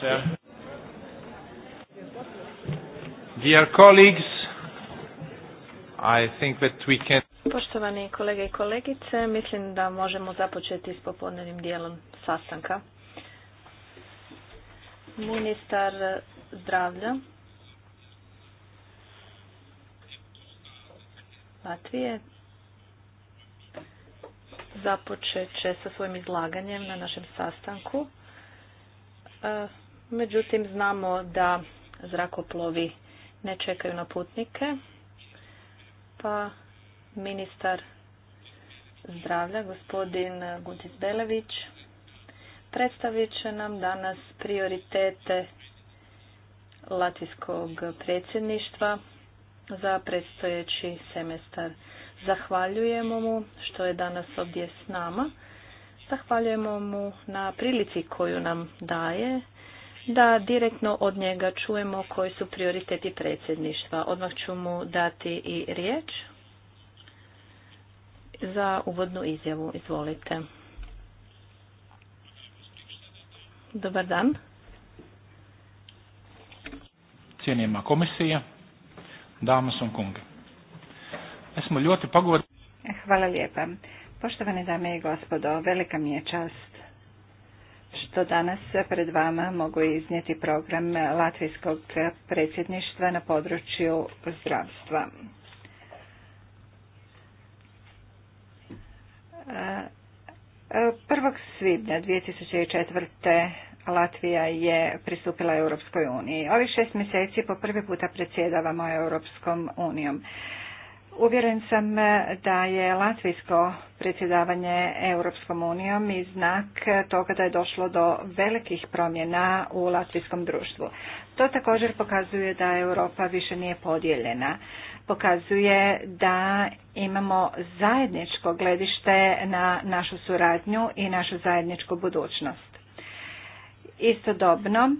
Dear colleagues, I think that we can... Poštovani kolege i kolegice, mislim da možemo započeti s popodnevnim dijelom sastanka. Ministar zdravlja Latvije započet će sa svojim izlaganjem na našem sastanku. E, Međutim, znamo da zrakoplovi ne čekaju na putnike, pa ministar zdravlja, gospodin Gutis Belević, predstavit će nam danas prioritete Latvijskog predsjedništva za predstojeći semestar. Zahvaljujemo mu što je danas ovdje s nama. Zahvaljujemo mu na prilici koju nam daje da direktno od njega čujemo koji su prioriteti predsjedništva. Odmah ću mu dati i riječ za uvodnu izjavu. Izvolite. Dobar dan. Cijenima komisija, e, Hvala lijepa. Poštovane dame i gospodo, velika mi je čast što danas pred vama mogu iznijeti program Latvijskog predsjedništva na području zdravstva. Prvog svibnja 2004. Latvija je pristupila Europskoj uniji. Ovi šest mjeseci po prvi puta predsjedavamo Europskom unijom. Uvjeren sam e, da je latvijsko predsjedavanje Europskom unijom i znak toga da je došlo do velikih promjena u latvijskom društvu. To također pokazuje da Europa više nije podijeljena. Pokazuje da imamo zajedničko gledište na našu suradnju i našu zajedničku budućnost. Istodobno,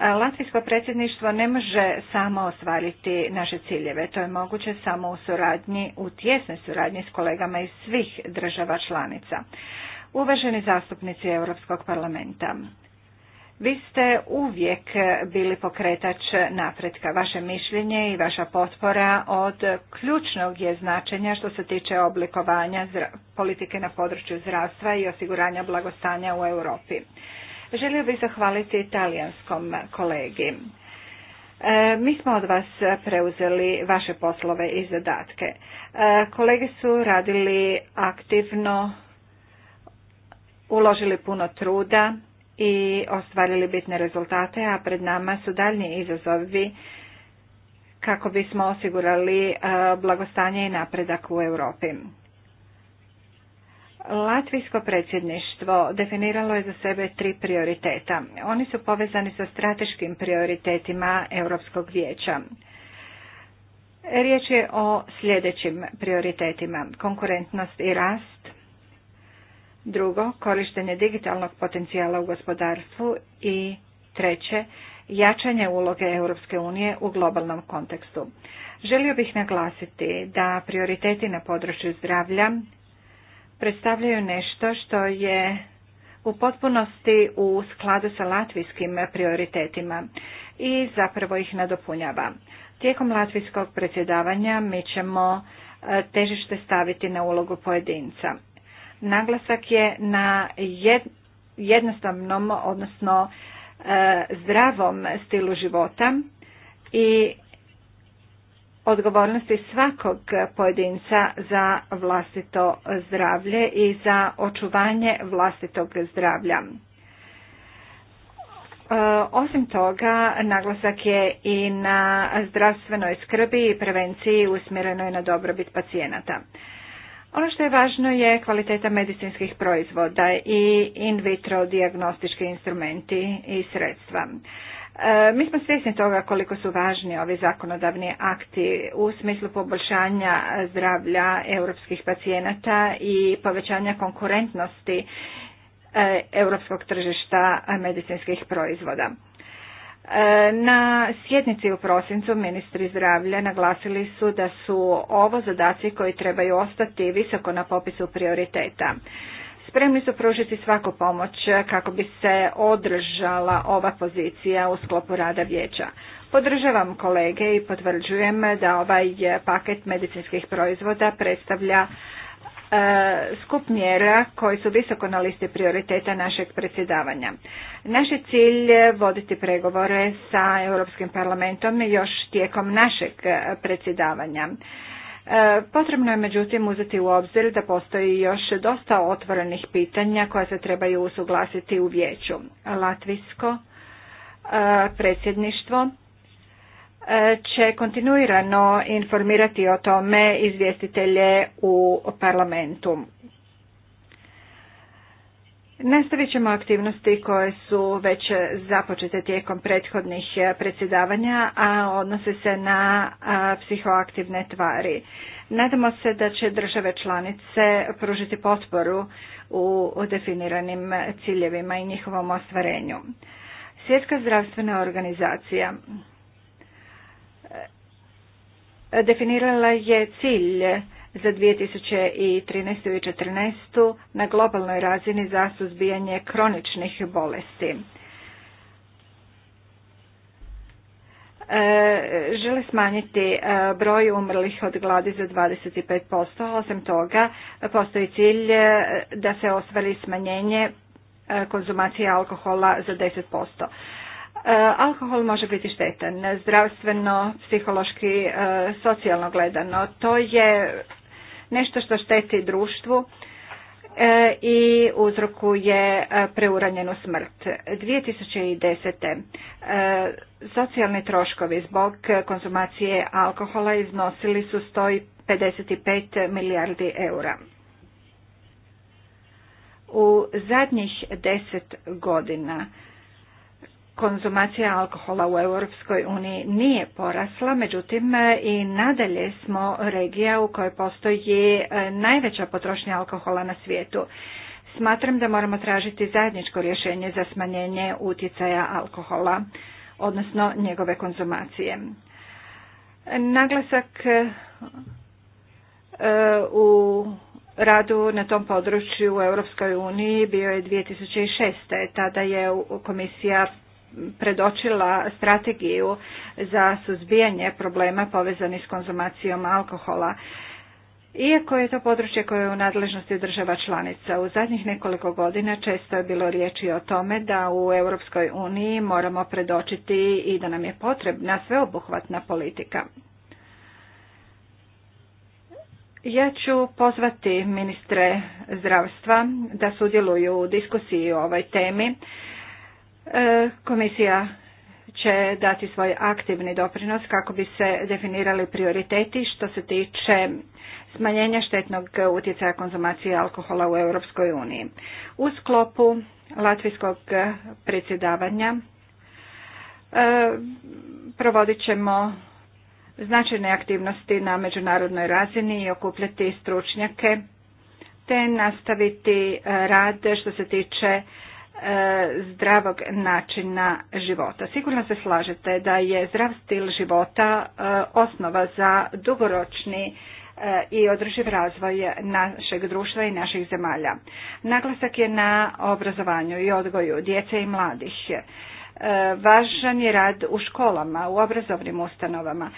Latvijsko predsjedništvo ne može samo ostvariti naše ciljeve. To je moguće samo u suradnji, u tjesnoj suradnji s kolegama iz svih država članica. Uvaženi zastupnici Europskog parlamenta, vi ste uvijek bili pokretač napretka. Vaše mišljenje i vaša potpora od ključnog je značenja što se tiče oblikovanja politike na području zdravstva i osiguranja blagostanja u Europi. Želio bih zahvaliti italijanskom kolegi. E, mi smo od vas preuzeli vaše poslove i zadatke. E, kolege su radili aktivno, uložili puno truda i ostvarili bitne rezultate, a pred nama su daljnji izazovi kako bismo osigurali e, blagostanje i napredak u Europi. Latvijsko predsjedništvo definiralo je za sebe tri prioriteta. Oni su povezani sa strateškim prioritetima Europskog vijeća. Riječ je o sljedećim prioritetima. Konkurentnost i rast. Drugo, korištenje digitalnog potencijala u gospodarstvu. I treće, jačanje uloge Europske unije u globalnom kontekstu. Želio bih naglasiti da prioriteti na području zdravlja, predstavljaju nešto što je u potpunosti u skladu sa latvijskim prioritetima i zapravo ih nadopunjava. Tijekom latvijskog predsjedavanja mi ćemo e, težište staviti na ulogu pojedinca. Naglasak je na jednostavnom, odnosno e, zdravom stilu života i odgovornosti svakog pojedinca za vlastito zdravlje i za očuvanje vlastitog zdravlja. E, osim toga, naglasak je i na zdravstvenoj skrbi i prevenciji usmjerenoj na dobrobit pacijenata. Ono što je važno je kvaliteta medicinskih proizvoda i in vitro diagnostički instrumenti i sredstva. E, mi smo svjesni toga koliko su važni ovi zakonodavni akti u smislu poboljšanja zdravlja europskih pacijenata i povećanja konkurentnosti e, europskog tržišta medicinskih proizvoda. E, na sjednici u prosincu ministri zdravlja naglasili su da su ovo zadaci koji trebaju ostati visoko na popisu prioriteta. Spremni su pružiti svaku pomoć kako bi se održala ova pozicija u sklopu rada vijeća. Podržavam kolege i potvrđujem da ovaj paket medicinskih proizvoda predstavlja e, skup mjera koji su visoko na listi prioriteta našeg predsjedavanja. Naš je cilj voditi pregovore sa Europskim parlamentom još tijekom našeg predsjedavanja. E, potrebno je međutim uzeti u obzir da postoji još dosta otvorenih pitanja koja se trebaju usuglasiti u vijeću. Latvijsko e, predsjedništvo e, će kontinuirano informirati o tome izvjestitelje u parlamentu. Nastavit ćemo aktivnosti koje su već započete tijekom prethodnih e, predsjedavanja, a odnose se na psihoaktivne tvari. Nadamo se da će države članice pružiti potporu u definiranim ciljevima i njihovom ostvarenju. Svjetska zdravstvena organizacija e, definirala je cilje za 2013. i 2014. na globalnoj razini za suzbijanje kroničnih bolesti. E, žele smanjiti e, broj umrlih od gladi za 25%. Osim toga, postoji cilj e, da se ostvari smanjenje konzumacije alkohola za 10%. Alkohol može biti štetan, zdravstveno, psihološki, socijalno gledano. To je nešto što šteti društvu e, i uzrokuje e, preuranjenu smrt. 2010. E, socijalni troškovi zbog konzumacije alkohola iznosili su 155 milijardi eura. U zadnjih deset godina konzumacija alkohola u Europskoj uniji nije porasla, međutim e, i nadalje smo regija u kojoj postoji e, najveća potrošnja alkohola na svijetu. Smatram da moramo tražiti zajedničko rješenje za smanjenje utjecaja alkohola, odnosno njegove konzumacije. Naglasak e, u radu na tom području u Europskoj uniji bio je 2006. Tada je komisija predočila strategiju za suzbijanje problema povezani s konzumacijom alkohola. Iako je to područje koje je u nadležnosti država članica, u zadnjih nekoliko godina često je bilo riječi o tome da u Europskoj uniji moramo predočiti i da nam je potrebna sveobuhvatna politika. Ja ću pozvati ministre zdravstva da sudjeluju u diskusiji o ovoj temi E, komisija će dati svoj aktivni doprinos kako bi se definirali prioriteti što se tiče smanjenja štetnog utjecaja konzumacije alkohola u Europskoj uniji. U sklopu latvijskog predsjedavanja e, provodit ćemo značajne aktivnosti na međunarodnoj razini i okupljati stručnjake te nastaviti e, rad što se tiče zdravog načina života. Sigurno se slažete da je zdrav stil života e, osnova za dugoročni e, i održiv razvoj našeg društva i naših zemalja. Naglasak je na obrazovanju i odgoju djece i mladih. E, važan je rad u školama, u obrazovnim ustanovama,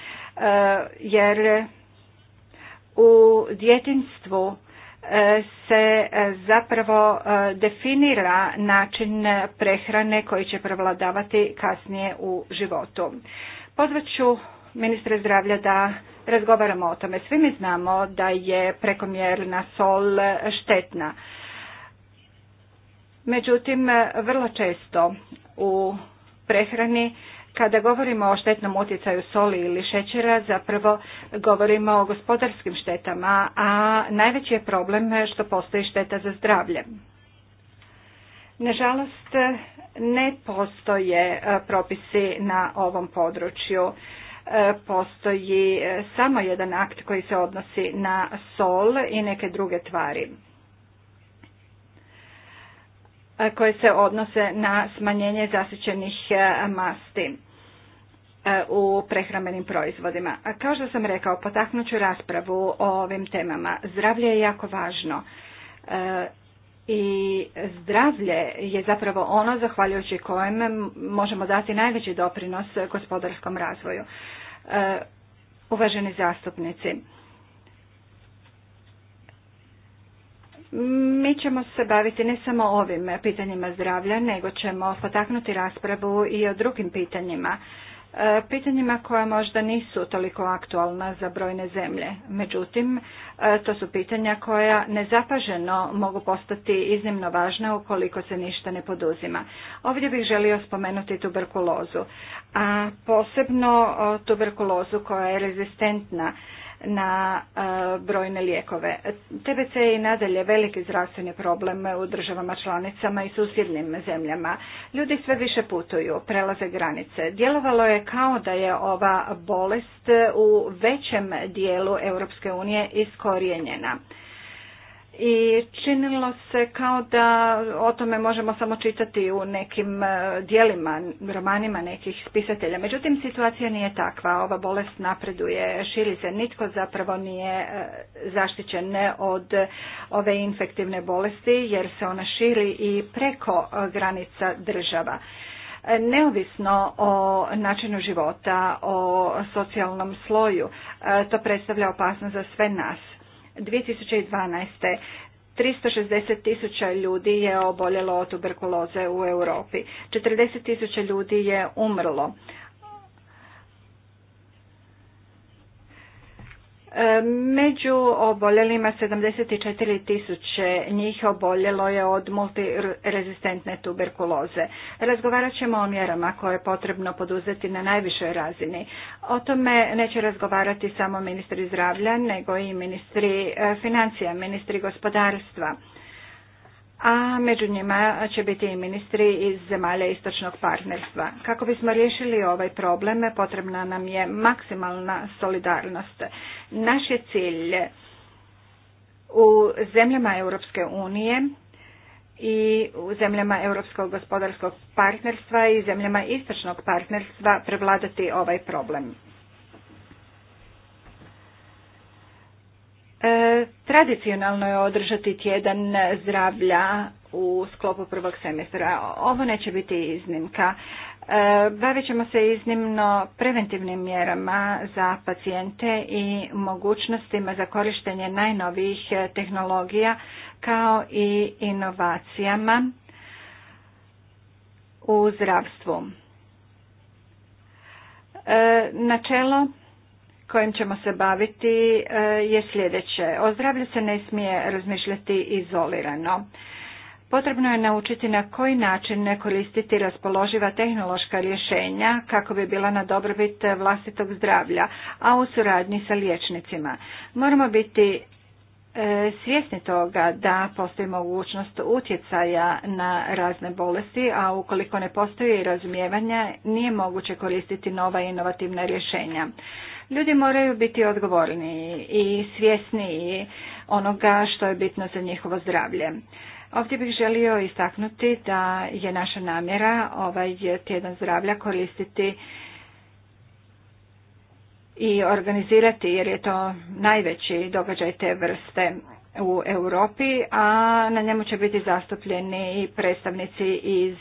jer u djetinstvu E, se e, zapravo e, definira način prehrane koji će prevladavati kasnije u životu. Pozvat ću ministra zdravlja da razgovaramo o tome. Svi mi znamo da je prekomjerna sol štetna. Međutim, vrlo često u prehrani kada govorimo o štetnom utjecaju soli ili šećera, zapravo govorimo o gospodarskim štetama, a najveći je problem što postoji šteta za zdravlje. Nažalost, ne postoje e, propisi na ovom području. E, postoji e, samo jedan akt koji se odnosi na sol i neke druge tvari koje se odnose na smanjenje zasićenih masti u prehrambenim proizvodima. Kao što sam rekao, potaknut ću raspravu o ovim temama. Zdravlje je jako važno i zdravlje je zapravo ono zahvaljujući kojem možemo dati najveći doprinos gospodarskom razvoju. Uvaženi zastupnici, Mi ćemo se baviti ne samo ovim pitanjima zdravlja, nego ćemo potaknuti raspravu i o drugim pitanjima. E, pitanjima koja možda nisu toliko aktualna za brojne zemlje. Međutim, e, to su pitanja koja nezapaženo mogu postati iznimno važna ukoliko se ništa ne poduzima. Ovdje bih želio spomenuti tuberkulozu, a posebno tuberkulozu koja je rezistentna na e, brojne lijekove. TBC je i nadalje veliki zdravstveni problem u državama članicama i susjednim zemljama. Ljudi sve više putuju, prelaze granice. Djelovalo je kao da je ova bolest u većem dijelu Europske unije iskorijenjena i činilo se kao da o tome možemo samo čitati u nekim e, dijelima, romanima nekih spisatelja. Međutim, situacija nije takva. Ova bolest napreduje, širi se. Nitko zapravo nije e, zaštićen od ove infektivne bolesti jer se ona širi i preko e, granica država. Neovisno o načinu života, o socijalnom sloju, to predstavlja opasnost za sve nas 2012. 360 tisuća ljudi je oboljelo od tuberkuloze u Europi. 40 tisuća ljudi je umrlo E, među oboljelima 74 tisuće njih oboljelo je od multirezistentne tuberkuloze. Razgovarat ćemo o mjerama koje je potrebno poduzeti na najvišoj razini. O tome neće razgovarati samo ministri zdravlja, nego i ministri e, financija, ministri gospodarstva a među njima će biti i ministri iz zemalja istočnog partnerstva. Kako bismo riješili ovaj problem, potrebna nam je maksimalna solidarnost. Naš je cilj u zemljama Europske unije i u zemljama Europskog gospodarskog partnerstva i zemljama istočnog partnerstva prevladati ovaj problem. E, tradicionalno je održati tjedan zdravlja u sklopu prvog semestra. Ovo neće biti iznimka. E, bavit ćemo se iznimno preventivnim mjerama za pacijente i mogućnostima za korištenje najnovijih tehnologija kao i inovacijama u zdravstvu. E, načelo kojim ćemo se baviti e, je sljedeće. O zdravlju se ne smije razmišljati izolirano. Potrebno je naučiti na koji način koristiti raspoloživa tehnološka rješenja kako bi bila na dobrobit vlastitog zdravlja, a u suradnji sa liječnicima. Moramo biti e, svjesni toga da postoji mogućnost utjecaja na razne bolesti, a ukoliko ne postoji razumijevanja, nije moguće koristiti nova inovativna rješenja. Ljudi moraju biti odgovorni i svjesni onoga što je bitno za njihovo zdravlje. Ovdje bih želio istaknuti da je naša namjera ovaj tjedan zdravlja koristiti i organizirati jer je to najveći događaj te vrste u Europi, a na njemu će biti zastupljeni i predstavnici iz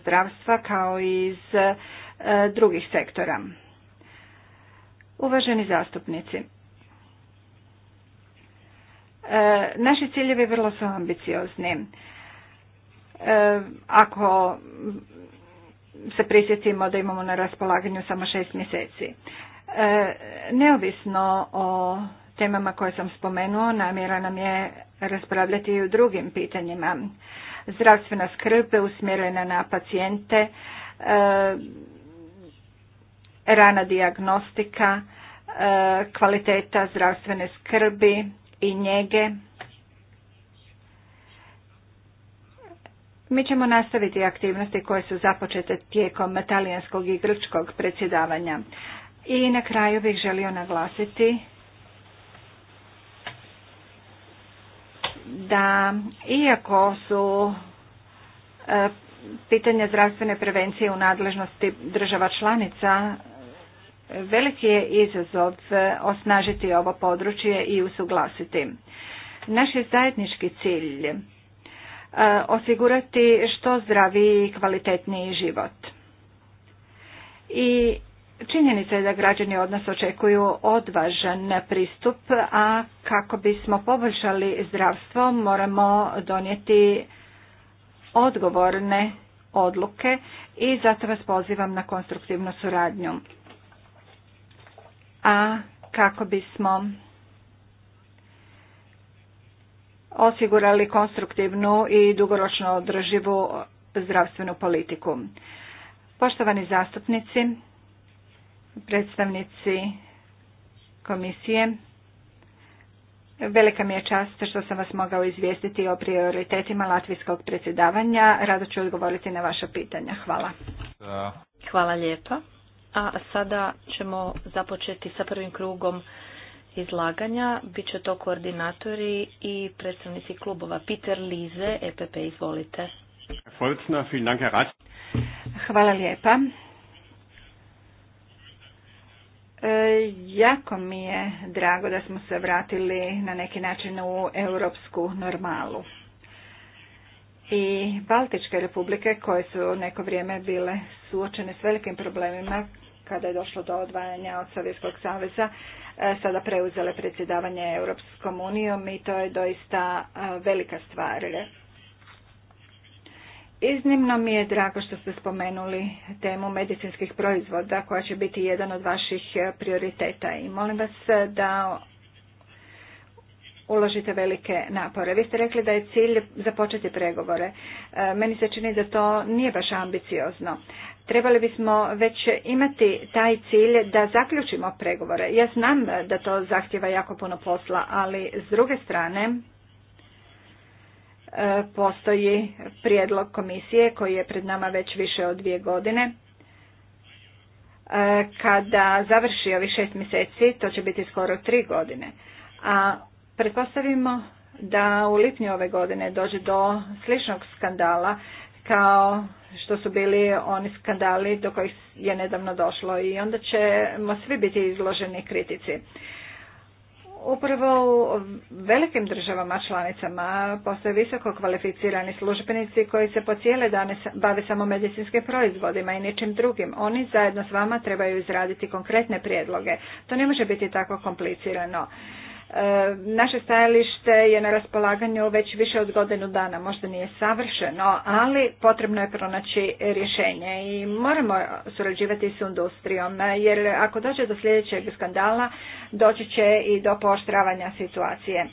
zdravstva kao i iz e, drugih sektora. Uvaženi zastupnici, e, naši ciljevi vrlo su ambiciozni. E, ako se prisjetimo da imamo na raspolaganju samo šest mjeseci. E, neovisno o temama koje sam spomenuo, namjera nam je raspravljati i o drugim pitanjima. Zdravstvena skrb usmjerena na pacijente, rana dijagnostika, e, kvaliteta zdravstvene skrbi i njege. Mi ćemo nastaviti aktivnosti koje su započete tijekom talijanskog i grčkog predsjedavanja. I na kraju bih želio naglasiti da iako su e, pitanja zdravstvene prevencije u nadležnosti država članica Veliki je izazov e, osnažiti ovo područje i usuglasiti. Naš je zajednički cilj e, osigurati što zdraviji i kvalitetniji život. I Činjenica je da građani od nas očekuju odvažan pristup, a kako bismo poboljšali zdravstvo moramo donijeti odgovorne odluke i zato vas pozivam na konstruktivnu suradnju a kako bismo osigurali konstruktivnu i dugoročno održivu zdravstvenu politiku. Poštovani zastupnici, predstavnici komisije, Velika mi je čast što sam vas mogao izvijestiti o prioritetima latvijskog predsjedavanja. Rado ću odgovoriti na vaša pitanja. Hvala. Hvala lijepa. A sada ćemo započeti sa prvim krugom izlaganja. Biće to koordinatori i predstavnici klubova. Peter Lize, EPP, izvolite. Hvala lijepa. E, jako mi je drago da smo se vratili na neki način u europsku normalu. I Baltičke republike koje su neko vrijeme bile suočene s velikim problemima kada je došlo do odvajanja od Sovjetskog saveza e, sada preuzele predsjedavanje Europskom unijom i to je doista e, velika stvar. Iznimno mi je drago što ste spomenuli temu medicinskih proizvoda koja će biti jedan od vaših e, prioriteta i molim vas da uložite velike napore. Vi ste rekli da je cilj započeti pregovore. E, meni se čini da to nije baš ambiciozno. Trebali bismo već imati taj cilj da zaključimo pregovore. Ja znam da to zahtjeva jako puno posla, ali s druge strane e, postoji prijedlog komisije koji je pred nama već više od dvije godine. E, kada završi ovih šest mjeseci, to će biti skoro tri godine. A Pretpostavimo da u lipnju ove godine dođe do sličnog skandala kao što su bili oni skandali do kojih je nedavno došlo i onda ćemo svi biti izloženi kritici. Upravo u velikim državama članicama postoje visoko kvalificirani službenici koji se po cijele dane bave samo medicinskim proizvodima i ničim drugim. Oni zajedno s vama trebaju izraditi konkretne prijedloge. To ne može biti tako komplicirano. Naše stajalište je na raspolaganju već više od godinu dana, možda nije savršeno, ali potrebno je pronaći rješenje i moramo surađivati s industrijom, jer ako dođe do sljedećeg skandala, doći će i do pooštravanja situacije.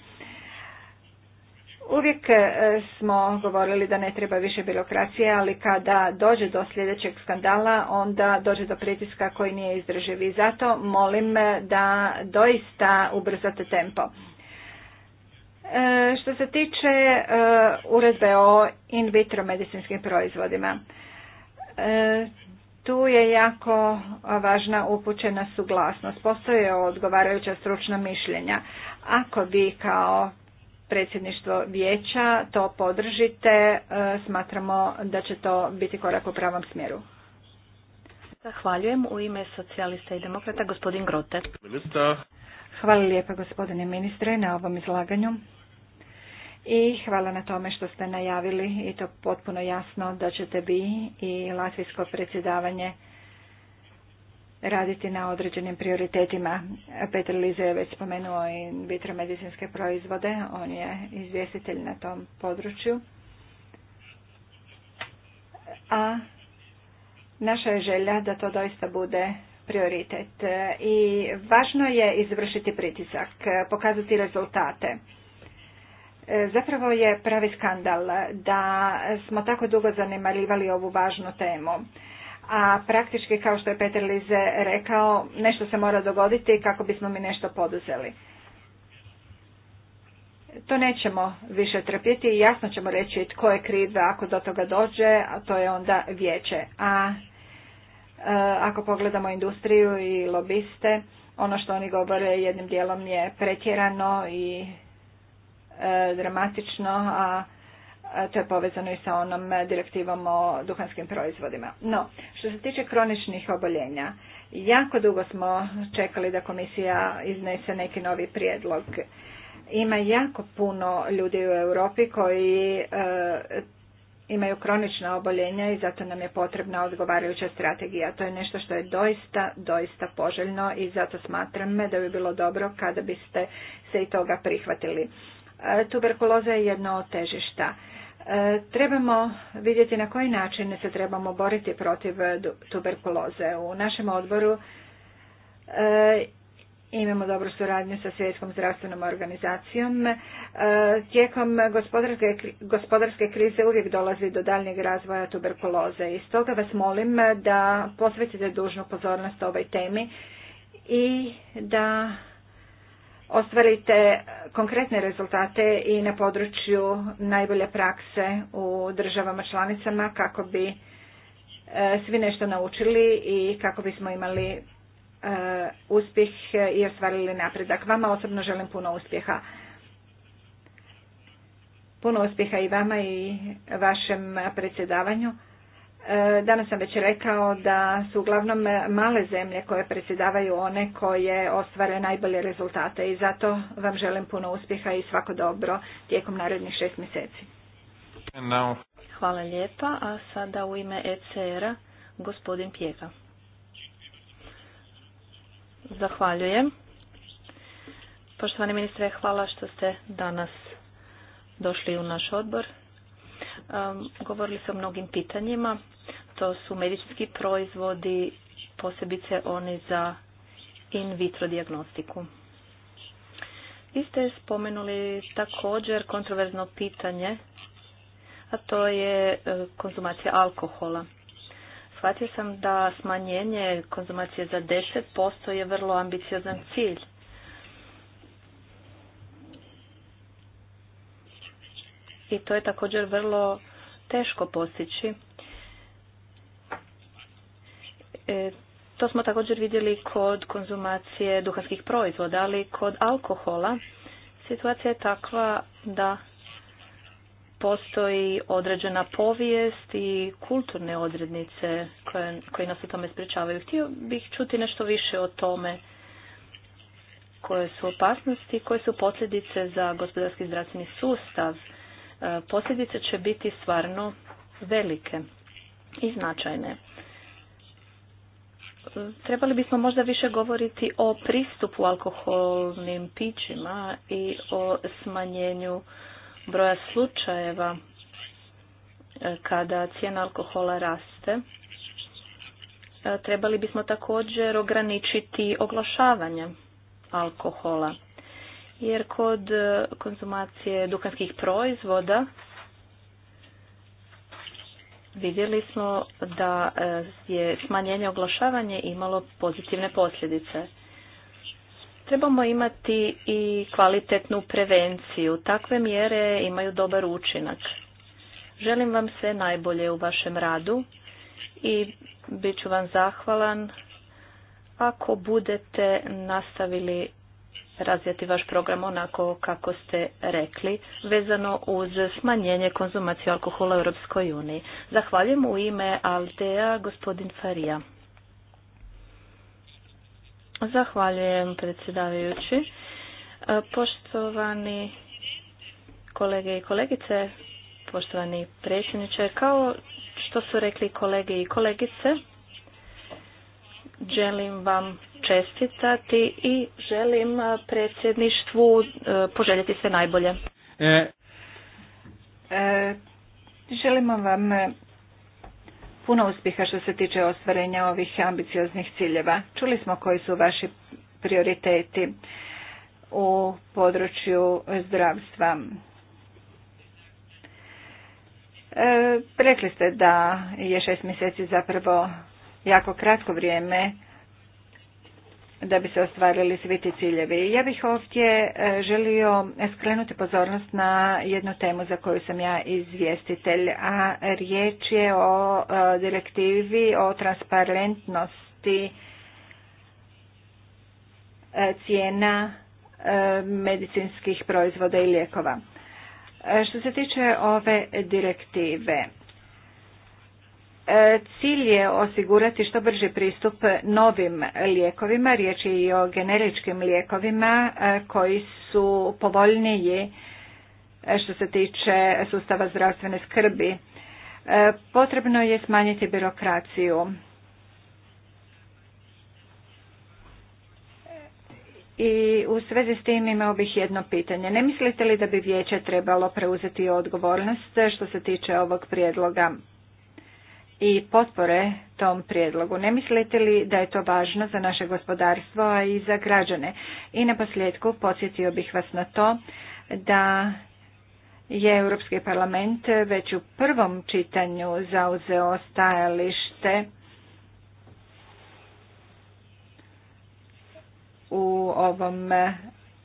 Uvijek e, smo govorili da ne treba više birokracije, ali kada dođe do sljedećeg skandala, onda dođe do pritiska koji nije izdrživ i zato molim e, da doista ubrzate tempo. E, što se tiče uredbe o in vitro medicinskim proizvodima, tu je jako važna upućena suglasnost. Postoje odgovarajuća stručna mišljenja. Ako vi kao predsjedništvo vijeća to podržite. E, smatramo da će to biti korak u pravom smjeru. Zahvaljujem u ime socijalista i demokrata gospodin Grote. Hvala lijepa gospodine ministre na ovom izlaganju i hvala na tome što ste najavili i to potpuno jasno da ćete vi i latvijsko predsjedavanje raditi na određenim prioritetima. Petar Lize je već spomenuo i vitromedicinske proizvode, on je izvjestitelj na tom području. A naša je želja da to doista bude prioritet i važno je izvršiti pritisak, pokazati rezultate. Zapravo je pravi skandal da smo tako dugo zanemarivali ovu važnu temu a praktički kao što je Peter Lize rekao, nešto se mora dogoditi kako bismo mi nešto poduzeli. To nećemo više trpjeti i jasno ćemo reći tko je kriv ako do toga dođe, a to je onda vijeće. A e, ako pogledamo industriju i lobiste, ono što oni govore jednim dijelom je pretjerano i e, dramatično, a to je povezano i sa onom direktivom o duhanskim proizvodima. No, što se tiče kroničnih oboljenja, jako dugo smo čekali da komisija iznese neki novi prijedlog. Ima jako puno ljudi u Europi koji e, imaju kronična oboljenja i zato nam je potrebna odgovarajuća strategija. To je nešto što je doista, doista poželjno i zato smatram da bi bilo dobro kada biste se i toga prihvatili. E, tuberkuloza je jedno od težišta. E, trebamo vidjeti na koji način se trebamo boriti protiv tuberkuloze. U našem odboru e, imamo dobru suradnju sa Svjetskom zdravstvenom organizacijom. E, tijekom gospodarske, gospodarske krize uvijek dolazi do daljnjeg razvoja tuberkuloze i stoga vas molim da posvetite dužnu pozornost ovoj temi i da ostvarite konkretne rezultate i na području najbolje prakse u državama članicama kako bi e, svi nešto naučili i kako bismo imali e, uspjeh i ostvarili napredak. Vama osobno želim puno uspjeha. Puno uspjeha i vama i vašem predsjedavanju. E, danas sam već rekao da su uglavnom male zemlje koje predsjedavaju one koje ostvare najbolje rezultate i zato vam želim puno uspjeha i svako dobro tijekom narednih šest mjeseci. Hvala lijepa, a sada u ime ECR-a gospodin Pjega. Zahvaljujem. Poštovani ministre, hvala što ste danas došli u naš odbor. Ehm, govorili ste o mnogim pitanjima to su medicinski proizvodi, posebice oni za in vitro diagnostiku. Vi ste spomenuli također kontroverzno pitanje, a to je e, konzumacija alkohola. Shvatio sam da smanjenje konzumacije za 10% je vrlo ambiciozan cilj. I to je također vrlo teško postići E, to smo također vidjeli kod konzumacije duhanskih proizvoda, ali kod alkohola situacija je takva da postoji određena povijest i kulturne odrednice koje, nas u tome spričavaju. Htio bih čuti nešto više o tome koje su opasnosti, koje su posljedice za gospodarski zdravstveni sustav. E, posljedice će biti stvarno velike i značajne. Trebali bismo možda više govoriti o pristupu alkoholnim pićima i o smanjenju broja slučajeva e, kada cijena alkohola raste. E, trebali bismo također ograničiti oglašavanje alkohola. Jer kod e, konzumacije dukanskih proizvoda vidjeli smo da e, je smanjenje oglašavanje imalo pozitivne posljedice. Trebamo imati i kvalitetnu prevenciju. Takve mjere imaju dobar učinak. Želim vam sve najbolje u vašem radu i bit ću vam zahvalan ako budete nastavili razvijati vaš program onako kako ste rekli, vezano uz smanjenje konzumacije alkohola u Europskoj uniji. Zahvaljujem u ime Altea gospodin Farija. Zahvaljujem predsjedavajući. E, poštovani kolege i kolegice, poštovani predsjedniče, kao što su rekli kolege i kolegice, želim vam čestitati i želim predsjedništvu e, poželjeti sve najbolje. E, e želimo vam e, puno uspjeha što se tiče ostvarenja ovih ambicioznih ciljeva. Čuli smo koji su vaši prioriteti u području zdravstva. rekli ste da je šest mjeseci zapravo jako kratko vrijeme da bi se ostvarili svi ti ciljevi. Ja bih ovdje e, želio skrenuti pozornost na jednu temu za koju sam ja izvjestitelj, a riječ je o e, direktivi o transparentnosti e, cijena medicinskih proizvoda i lijekova. Što se tiče ove direktive, E, cilj je osigurati što brži pristup novim lijekovima, riječ je i o generičkim lijekovima e, koji su povoljniji e, što se tiče sustava zdravstvene skrbi. Potrebno je smanjiti birokraciju. I u svezi s tim imao bih jedno pitanje. Ne mislite li da bi vijeće trebalo preuzeti odgovornost što se tiče ovog prijedloga i potpore tom prijedlogu. Ne mislite li da je to važno za naše gospodarstvo i za građane? I na posljedku podsjetio bih vas na to da je Europski parlament već u prvom čitanju zauzeo stajalište u ovom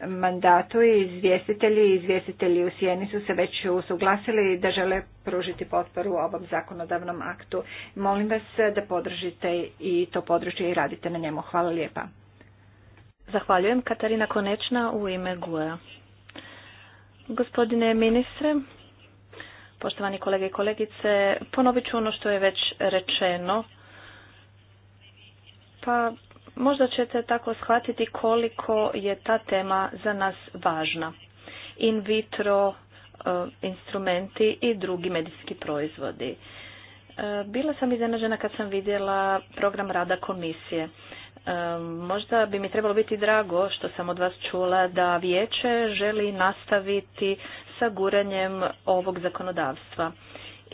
mandatu i izvjestitelji i izvjestitelji u sjeni su se već usuglasili da žele pružiti potporu ovom zakonodavnom aktu. Molim vas da podržite i to područje i radite na njemu. Hvala lijepa. Zahvaljujem. Katarina Konečna u ime GUE. Gospodine ministre, poštovani kolege i kolegice, ponovit ću ono što je već rečeno. Pa Možda ćete tako shvatiti koliko je ta tema za nas važna. In vitro e, instrumenti i drugi medijski proizvodi. E, bila sam iznenađena kad sam vidjela program rada komisije. E, možda bi mi trebalo biti drago što sam od vas čula da vijeće želi nastaviti sa guranjem ovog zakonodavstva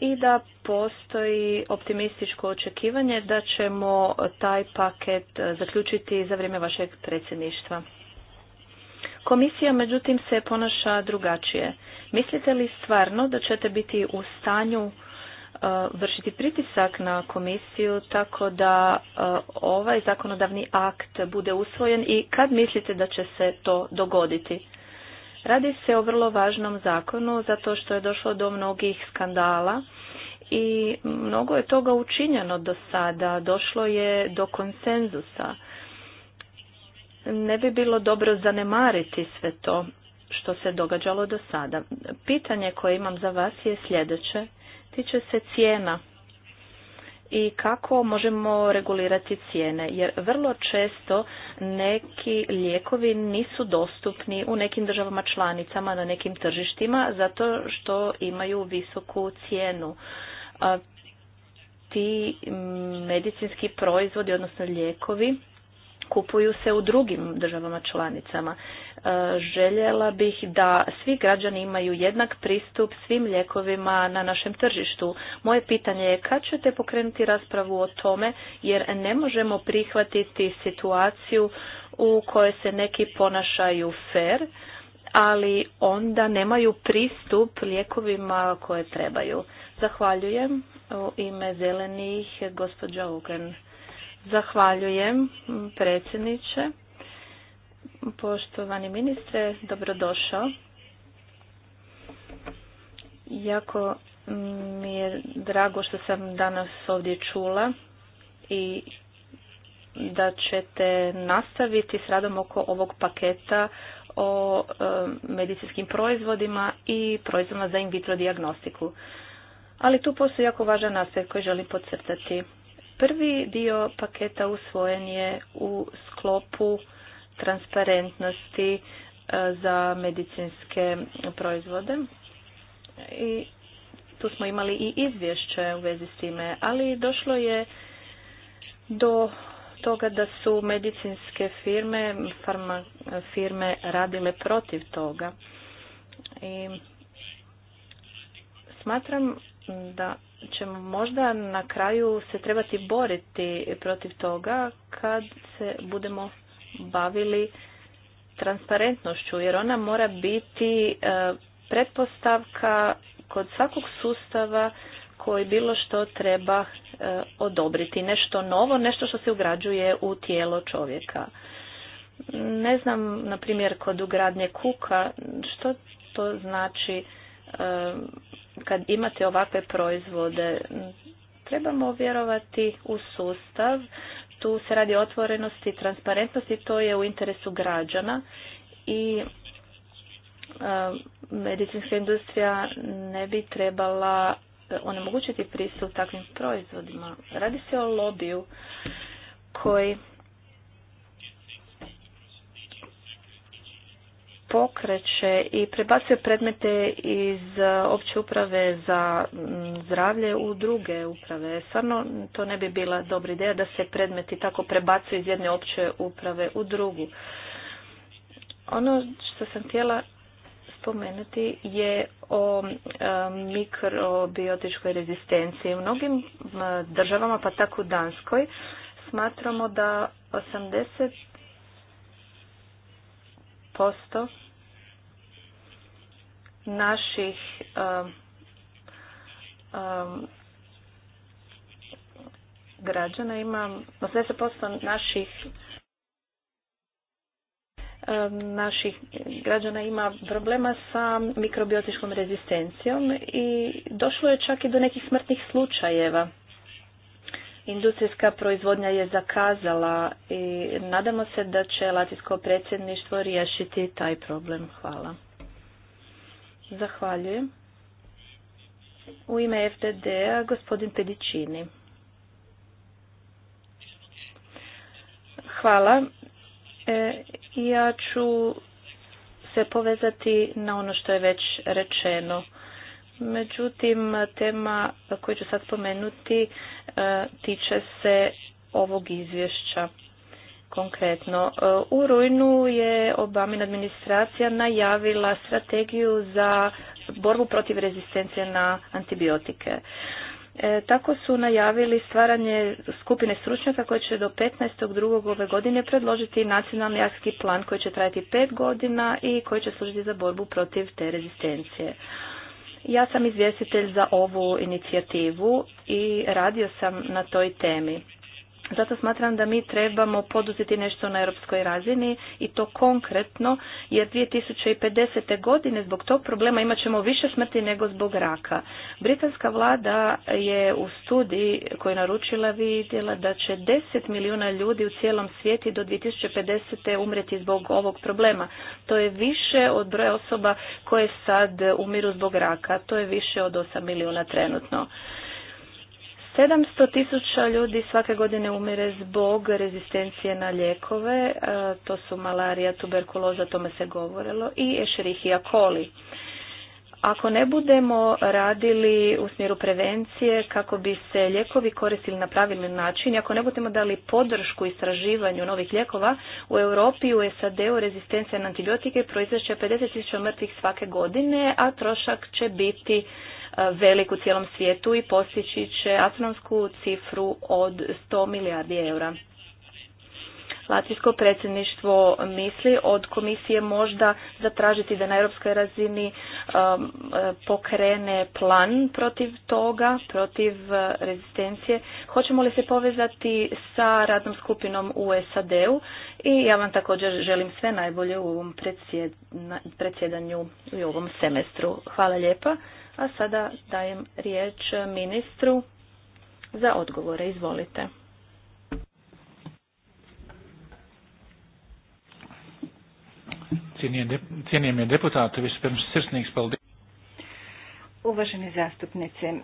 i da postoji optimističko očekivanje da ćemo taj paket e, zaključiti za vrijeme vašeg predsjedništva. Komisija međutim se ponaša drugačije. Mislite li stvarno da ćete biti u stanju e, vršiti pritisak na komisiju tako da e, ovaj zakonodavni akt bude usvojen i kad mislite da će se to dogoditi? Radi se o vrlo važnom zakonu zato što je došlo do mnogih skandala i mnogo je toga učinjeno do sada. Došlo je do konsenzusa. Ne bi bilo dobro zanemariti sve to što se događalo do sada. Pitanje koje imam za vas je sljedeće. Tiče se cijena i kako možemo regulirati cijene jer vrlo često neki lijekovi nisu dostupni u nekim državama članicama na nekim tržištima zato što imaju visoku cijenu. Ti medicinski proizvodi odnosno lijekovi kupuju se u drugim državama članicama. E, željela bih da svi građani imaju jednak pristup svim lijekovima na našem tržištu. Moje pitanje je kad ćete pokrenuti raspravu o tome jer ne možemo prihvatiti situaciju u kojoj se neki ponašaju fer, ali onda nemaju pristup lijekovima koje trebaju. Zahvaljujem u ime zelenih gospođa Ugen. Zahvaljujem predsjedniče. Poštovani ministre, dobrodošao. Jako mi je drago što sam danas ovdje čula i da ćete nastaviti s radom oko ovog paketa o e, medicinskim proizvodima i proizvodima za in vitro diagnostiku. Ali tu postoji jako važan aspekt koji želim podcrtati. Prvi dio paketa usvojen je u sklopu transparentnosti e, za medicinske proizvode i tu smo imali i izvješće u vezi s time, ali došlo je do toga da su medicinske firme, farma, firme radile protiv toga. I smatram da ćemo možda na kraju se trebati boriti protiv toga kad se budemo bavili transparentnošću jer ona mora biti e, pretpostavka kod svakog sustava koji bilo što treba e, odobriti, nešto novo, nešto što se ugrađuje u tijelo čovjeka. Ne znam, na primjer, kod ugradnje kuka, što to znači e, kad imate ovakve proizvode, trebamo vjerovati u sustav. Tu se radi o otvorenosti i transparentnosti, to je u interesu građana i e, medicinska industrija ne bi trebala onemogućiti pristup takvim proizvodima. Radi se o lobiju koji pokreće i prebacuje predmete iz e, opće uprave za zdravlje u druge uprave. Stvarno to ne bi bila dobra ideja da se predmeti tako prebacuju iz jedne opće uprave u drugu. Ono što sam htjela spomenuti je o e, mikrobiotičkoj rezistenciji. U mnogim državama, pa tako u Danskoj, smatramo da 80 posto naših um, um, građana ima 80% naših um, naših građana ima problema sa mikrobiotičkom rezistencijom i došlo je čak i do nekih smrtnih slučajeva Industrijska proizvodnja je zakazala i nadamo se da će Latinsko predsjedništvo riješiti taj problem. Hvala. Zahvaljujem. U ime FDD-a gospodin Pedicini. Hvala. E, ja ću se povezati na ono što je već rečeno. Međutim, tema koju ću sad spomenuti E, tiče se ovog izvješća. Konkretno, e, u rujnu je Obamin administracija najavila strategiju za borbu protiv rezistencije na antibiotike. E, tako su najavili stvaranje skupine stručnjaka koje će do 15.2. ove godine predložiti nacionalni akcijski plan koji će trajati pet godina i koji će služiti za borbu protiv te rezistencije. Ja sam izvjestitelj za ovu inicijativu i radio sam na toj temi. Zato smatram da mi trebamo poduzeti nešto na europskoj razini i to konkretno jer 2050. godine zbog tog problema imat ćemo više smrti nego zbog raka. Britanska vlada je u studiji koju je naručila vidjela da će 10 milijuna ljudi u cijelom svijeti do 2050. umreti zbog ovog problema. To je više od broja osoba koje sad umiru zbog raka. To je više od 8 milijuna trenutno. 700 tisuća ljudi svake godine umire zbog rezistencije na ljekove, e, to su malarija, tuberkuloza, tome se govorilo, i Escherichia coli. Ako ne budemo radili u smjeru prevencije kako bi se lijekovi koristili na pravilni način, ako ne budemo dali podršku istraživanju novih lijekova, u Europi u SAD-u rezistencija na antibiotike proizvešće 50.000 mrtvih svake godine, a trošak će biti e, velik u cijelom svijetu i postići će astronomsku cifru od 100 milijardi eura. Latvijsko predsjedništvo misli od komisije možda zatražiti da na europskoj razini um, pokrene plan protiv toga, protiv uh, rezistencije. Hoćemo li se povezati sa radnom skupinom u SAD-u i ja vam također želim sve najbolje u ovom predsjedanju i u ovom semestru. Hvala lijepa. A sada dajem riječ ministru za odgovore. Izvolite. je vispirms Uvaženi zastupnici, e,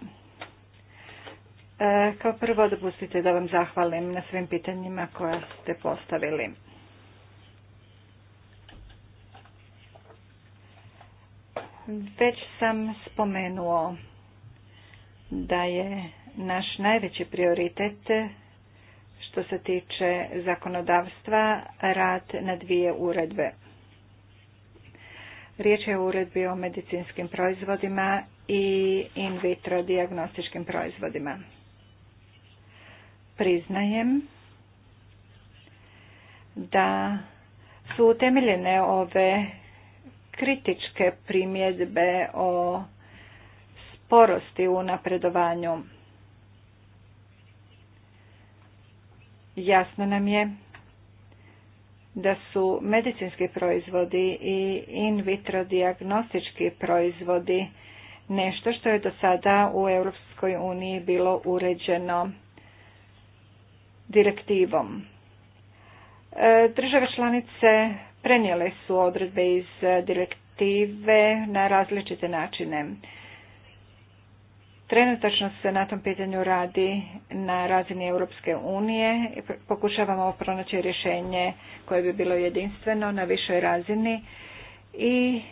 kao prvo dopustite da vam zahvalim na svim pitanjima koja ste postavili. Već sam spomenuo da je naš najveći prioritet što se tiče zakonodavstva rad na dvije uredbe. Riječ je o uredbi o medicinskim proizvodima i in vitro diagnostičkim proizvodima. Priznajem da su utemeljene ove kritičke primjedbe o sporosti u napredovanju. Jasno nam je da su medicinski proizvodi i in vitro diagnostički proizvodi nešto što je do sada u Europskoj uniji bilo uređeno direktivom. E, države članice prenijele su odredbe iz direktive na različite načine. Trenutačno se na tom pitanju radi na razini Europske unije. Pokušavamo pronaći rješenje koje bi bilo jedinstveno na višoj razini i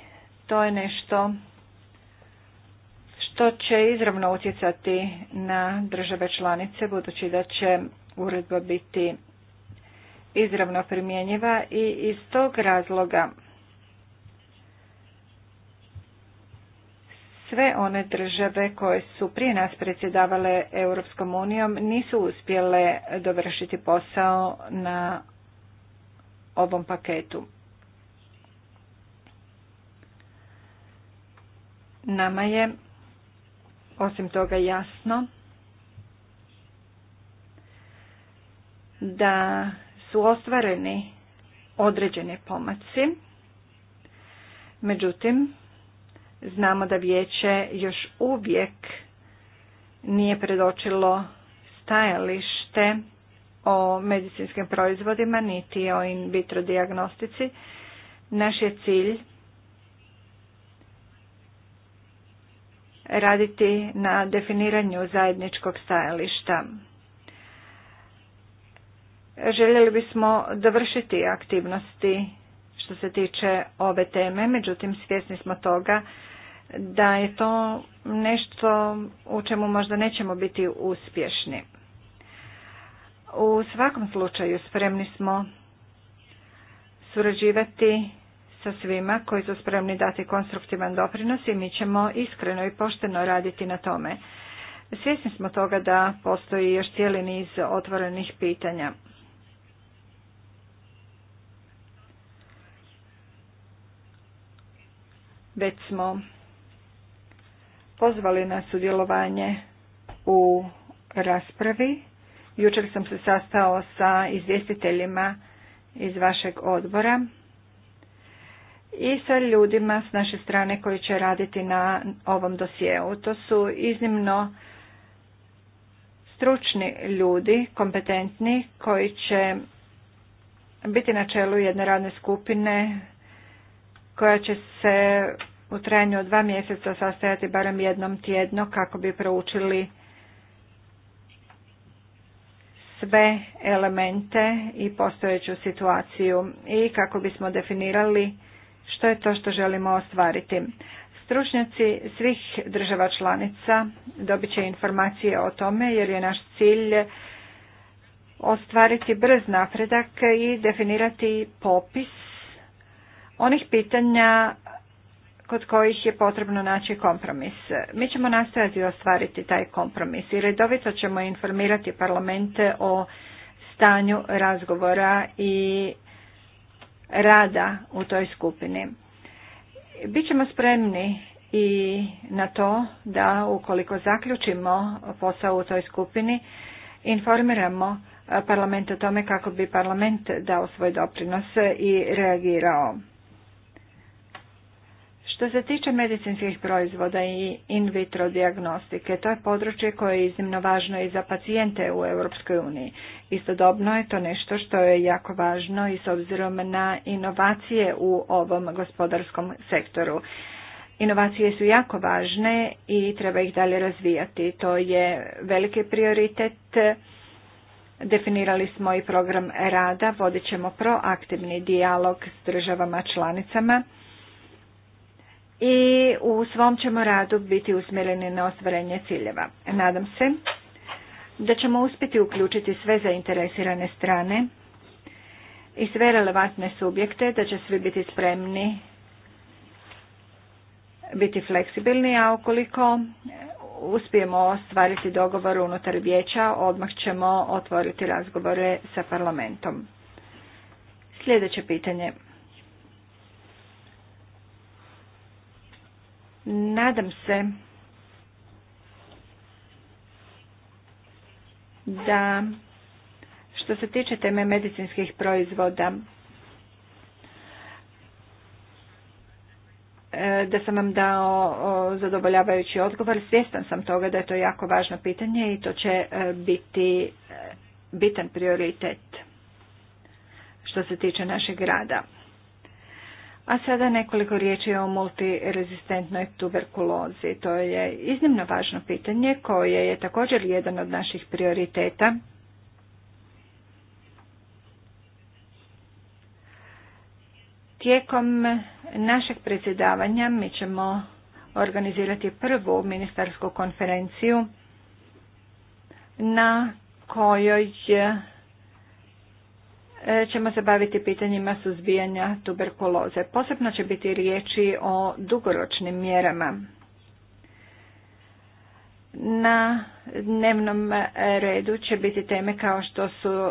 to je nešto što će izravno utjecati na države članice budući da će uredba biti izravno primjenjiva i iz tog razloga sve one države koje su prije nas predsjedavale Europskom unijom nisu uspjele dovršiti posao na ovom paketu. Nama je osim toga jasno da su ostvareni određeni pomaci. Međutim, Znamo da vijeće još uvijek nije predočilo stajalište o medicinskim proizvodima niti o in vitro diagnostici. Naš je cilj raditi na definiranju zajedničkog stajališta. Željeli bismo dovršiti aktivnosti što se tiče ove teme, međutim svjesni smo toga da je to nešto u čemu možda nećemo biti uspješni. U svakom slučaju spremni smo surađivati sa svima koji su spremni dati konstruktivan doprinos i mi ćemo iskreno i pošteno raditi na tome. Svjesni smo toga da postoji još cijeli niz otvorenih pitanja. Već smo pozvali na sudjelovanje u raspravi. Jučer sam se sastao sa izvjestiteljima iz vašeg odbora i sa ljudima s naše strane koji će raditi na ovom dosjeu. To su iznimno stručni ljudi, kompetentni, koji će biti na čelu jedne radne skupine koja će se u trajanju od dva mjeseca sastajati barem jednom tjedno kako bi proučili sve elemente i postojeću situaciju i kako bismo definirali što je to što želimo ostvariti. Stručnjaci svih država članica dobit će informacije o tome jer je naš cilj ostvariti brz napredak i definirati popis onih pitanja kod kojih je potrebno naći kompromis. Mi ćemo nastojati ostvariti taj kompromis i redovito ćemo informirati parlamente o stanju razgovora i rada u toj skupini. Bićemo spremni i na to da ukoliko zaključimo posao u toj skupini, informiramo parlament o tome kako bi parlament dao svoj doprinos i reagirao što se tiče medicinskih proizvoda i in vitro diagnostike, to je područje koje je iznimno važno i za pacijente u Europskoj uniji. Istodobno je to nešto što je jako važno i s obzirom na inovacije u ovom gospodarskom sektoru. Inovacije su jako važne i treba ih dalje razvijati. To je veliki prioritet. Definirali smo i program rada, vodit ćemo proaktivni dijalog s državama članicama i u svom ćemo radu biti usmjereni na ostvarenje ciljeva. Nadam se da ćemo uspjeti uključiti sve zainteresirane strane i sve relevantne subjekte, da će svi biti spremni biti fleksibilni, a ukoliko uspijemo ostvariti dogovor unutar vijeća, odmah ćemo otvoriti razgovore sa parlamentom. Sljedeće pitanje. Nadam se da što se tiče teme medicinskih proizvoda, e, da sam vam dao zadovoljavajući odgovor. Svjestan sam toga da je to jako važno pitanje i to će e, biti e, bitan prioritet što se tiče našeg rada. A sada nekoliko riječi o multirezistentnoj tuberkulozi. To je iznimno važno pitanje koje je također jedan od naših prioriteta. Tijekom našeg predsjedavanja mi ćemo organizirati prvu ministarsku konferenciju na kojoj E, ćemo se baviti pitanjima suzbijanja tuberkuloze. Posebno će biti riječi o dugoročnim mjerama. Na dnevnom redu će biti teme kao što su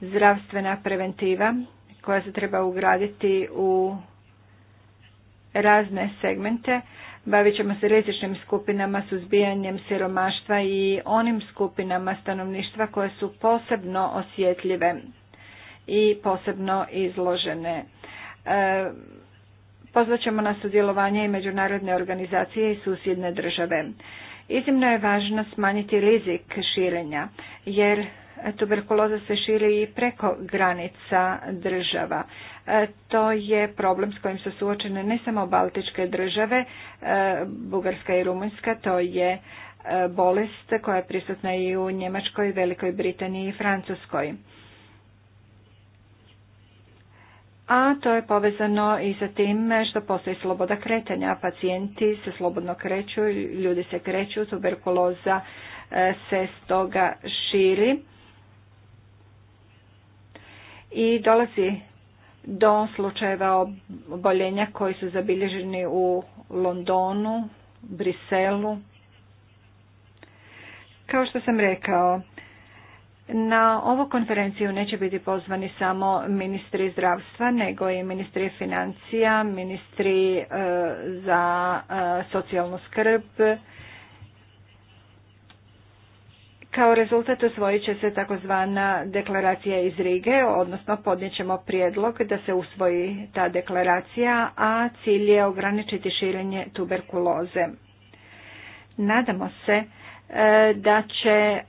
zdravstvena preventiva koja se treba ugraditi u razne segmente. Bavit ćemo se rizičnim skupinama, suzbijanjem siromaštva i onim skupinama stanovništva koje su posebno osjetljive i posebno izložene. E, pozvat ćemo na sudjelovanje i međunarodne organizacije i susjedne države. Iznimno je važno smanjiti rizik širenja, jer tuberkuloza se širi i preko granica država. E, to je problem s kojim su suočene ne samo baltičke države, e, Bugarska i Rumunjska, to je bolest koja je prisutna i u Njemačkoj, Velikoj Britaniji i Francuskoj. a to je povezano i sa tim što postoji sloboda kretanja. Pacijenti se slobodno kreću, ljudi se kreću, tuberkuloza e, se stoga širi i dolazi do slučajeva oboljenja koji su zabilježeni u Londonu, Briselu. Kao što sam rekao, na ovu konferenciju neće biti pozvani samo ministri zdravstva, nego i ministri financija, ministri e, za e, socijalnu skrb. Kao rezultat usvojit će se takozvana deklaracija iz Rige, odnosno ćemo prijedlog da se usvoji ta deklaracija, a cilj je ograničiti širenje tuberkuloze. Nadamo se e, da će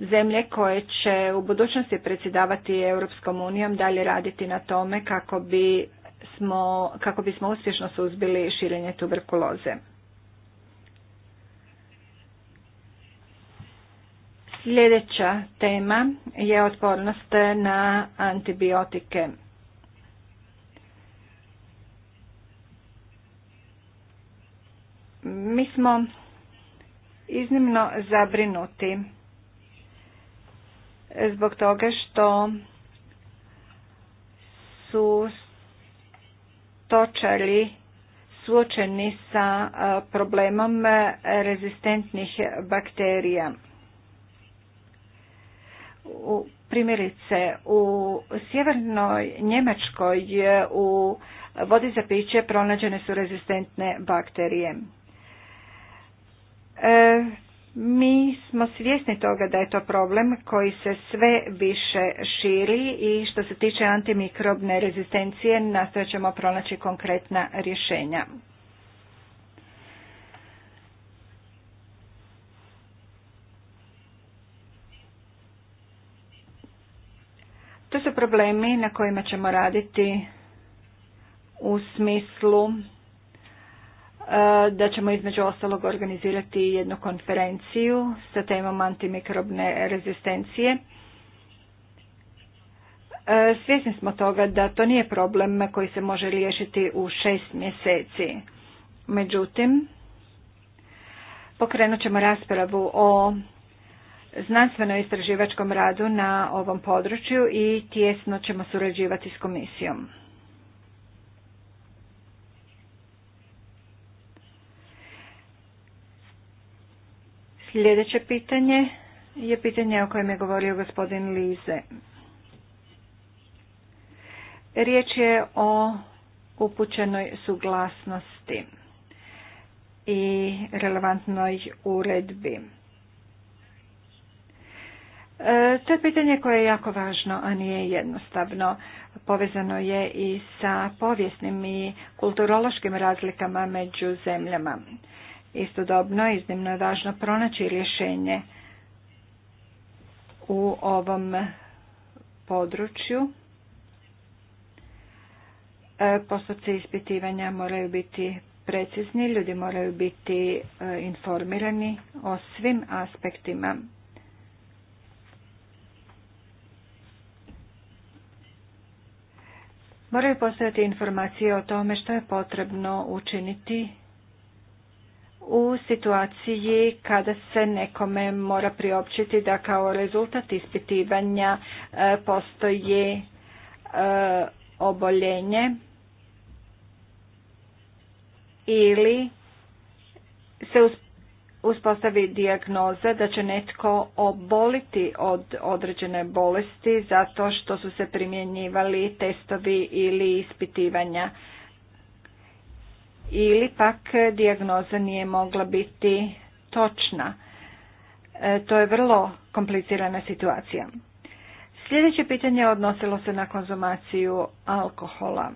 zemlje koje će u budućnosti predsjedavati Europskom unijom dalje raditi na tome kako bi smo, kako bismo uspješno suzbili širenje tuberkuloze. Sljedeća tema je otpornost na antibiotike. Mi smo iznimno zabrinuti zbog toga što su točari suočeni sa problemom rezistentnih bakterija. U primjerice u sjevernoj Njemačkoj u vodi za piće pronađene su rezistentne bakterije. E, mi smo svjesni toga da je to problem koji se sve više širi i što se tiče antimikrobne rezistencije nastojat ćemo pronaći konkretna rješenja. To su problemi na kojima ćemo raditi u smislu E, da ćemo između ostalog organizirati jednu konferenciju sa temom antimikrobne rezistencije. E, svjesni smo toga da to nije problem koji se može riješiti u šest mjeseci. Međutim, pokrenut ćemo raspravu o znanstveno-istraživačkom radu na ovom području i tjesno ćemo surađivati s komisijom. Sljedeće pitanje je pitanje o kojem je govorio gospodin Lize. Riječ je o upućenoj suglasnosti i relevantnoj uredbi. E, to je pitanje koje je jako važno, a nije jednostavno. Povezano je i sa povijesnim i kulturološkim razlikama među zemljama. Istodobno, iznimno je važno pronaći rješenje u ovom području. E, postupci ispitivanja moraju biti precizni, ljudi moraju biti e, informirani o svim aspektima Moraju postojati informacije o tome što je potrebno učiniti u situaciji kada se nekome mora priopćiti da kao rezultat ispitivanja e, postoji e, oboljenje ili se uspostavi dijagnoza da će netko oboliti od određene bolesti zato što su se primjenjivali testovi ili ispitivanja ili pak dijagnoza nije mogla biti točna. E, to je vrlo komplicirana situacija. Sljedeće pitanje odnosilo se na konzumaciju alkohola.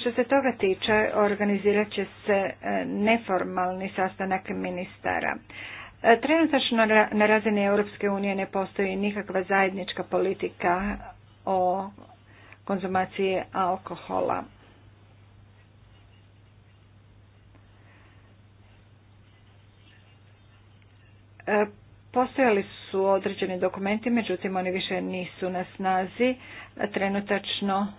Što se toga tiče, organizirat će se e, neformalni sastanak ministara. E, trenutačno na razini Europske unije ne postoji nikakva zajednička politika o konzumaciji alkohola. E, postojali su određeni dokumenti, međutim oni više nisu na snazi. Trenutačno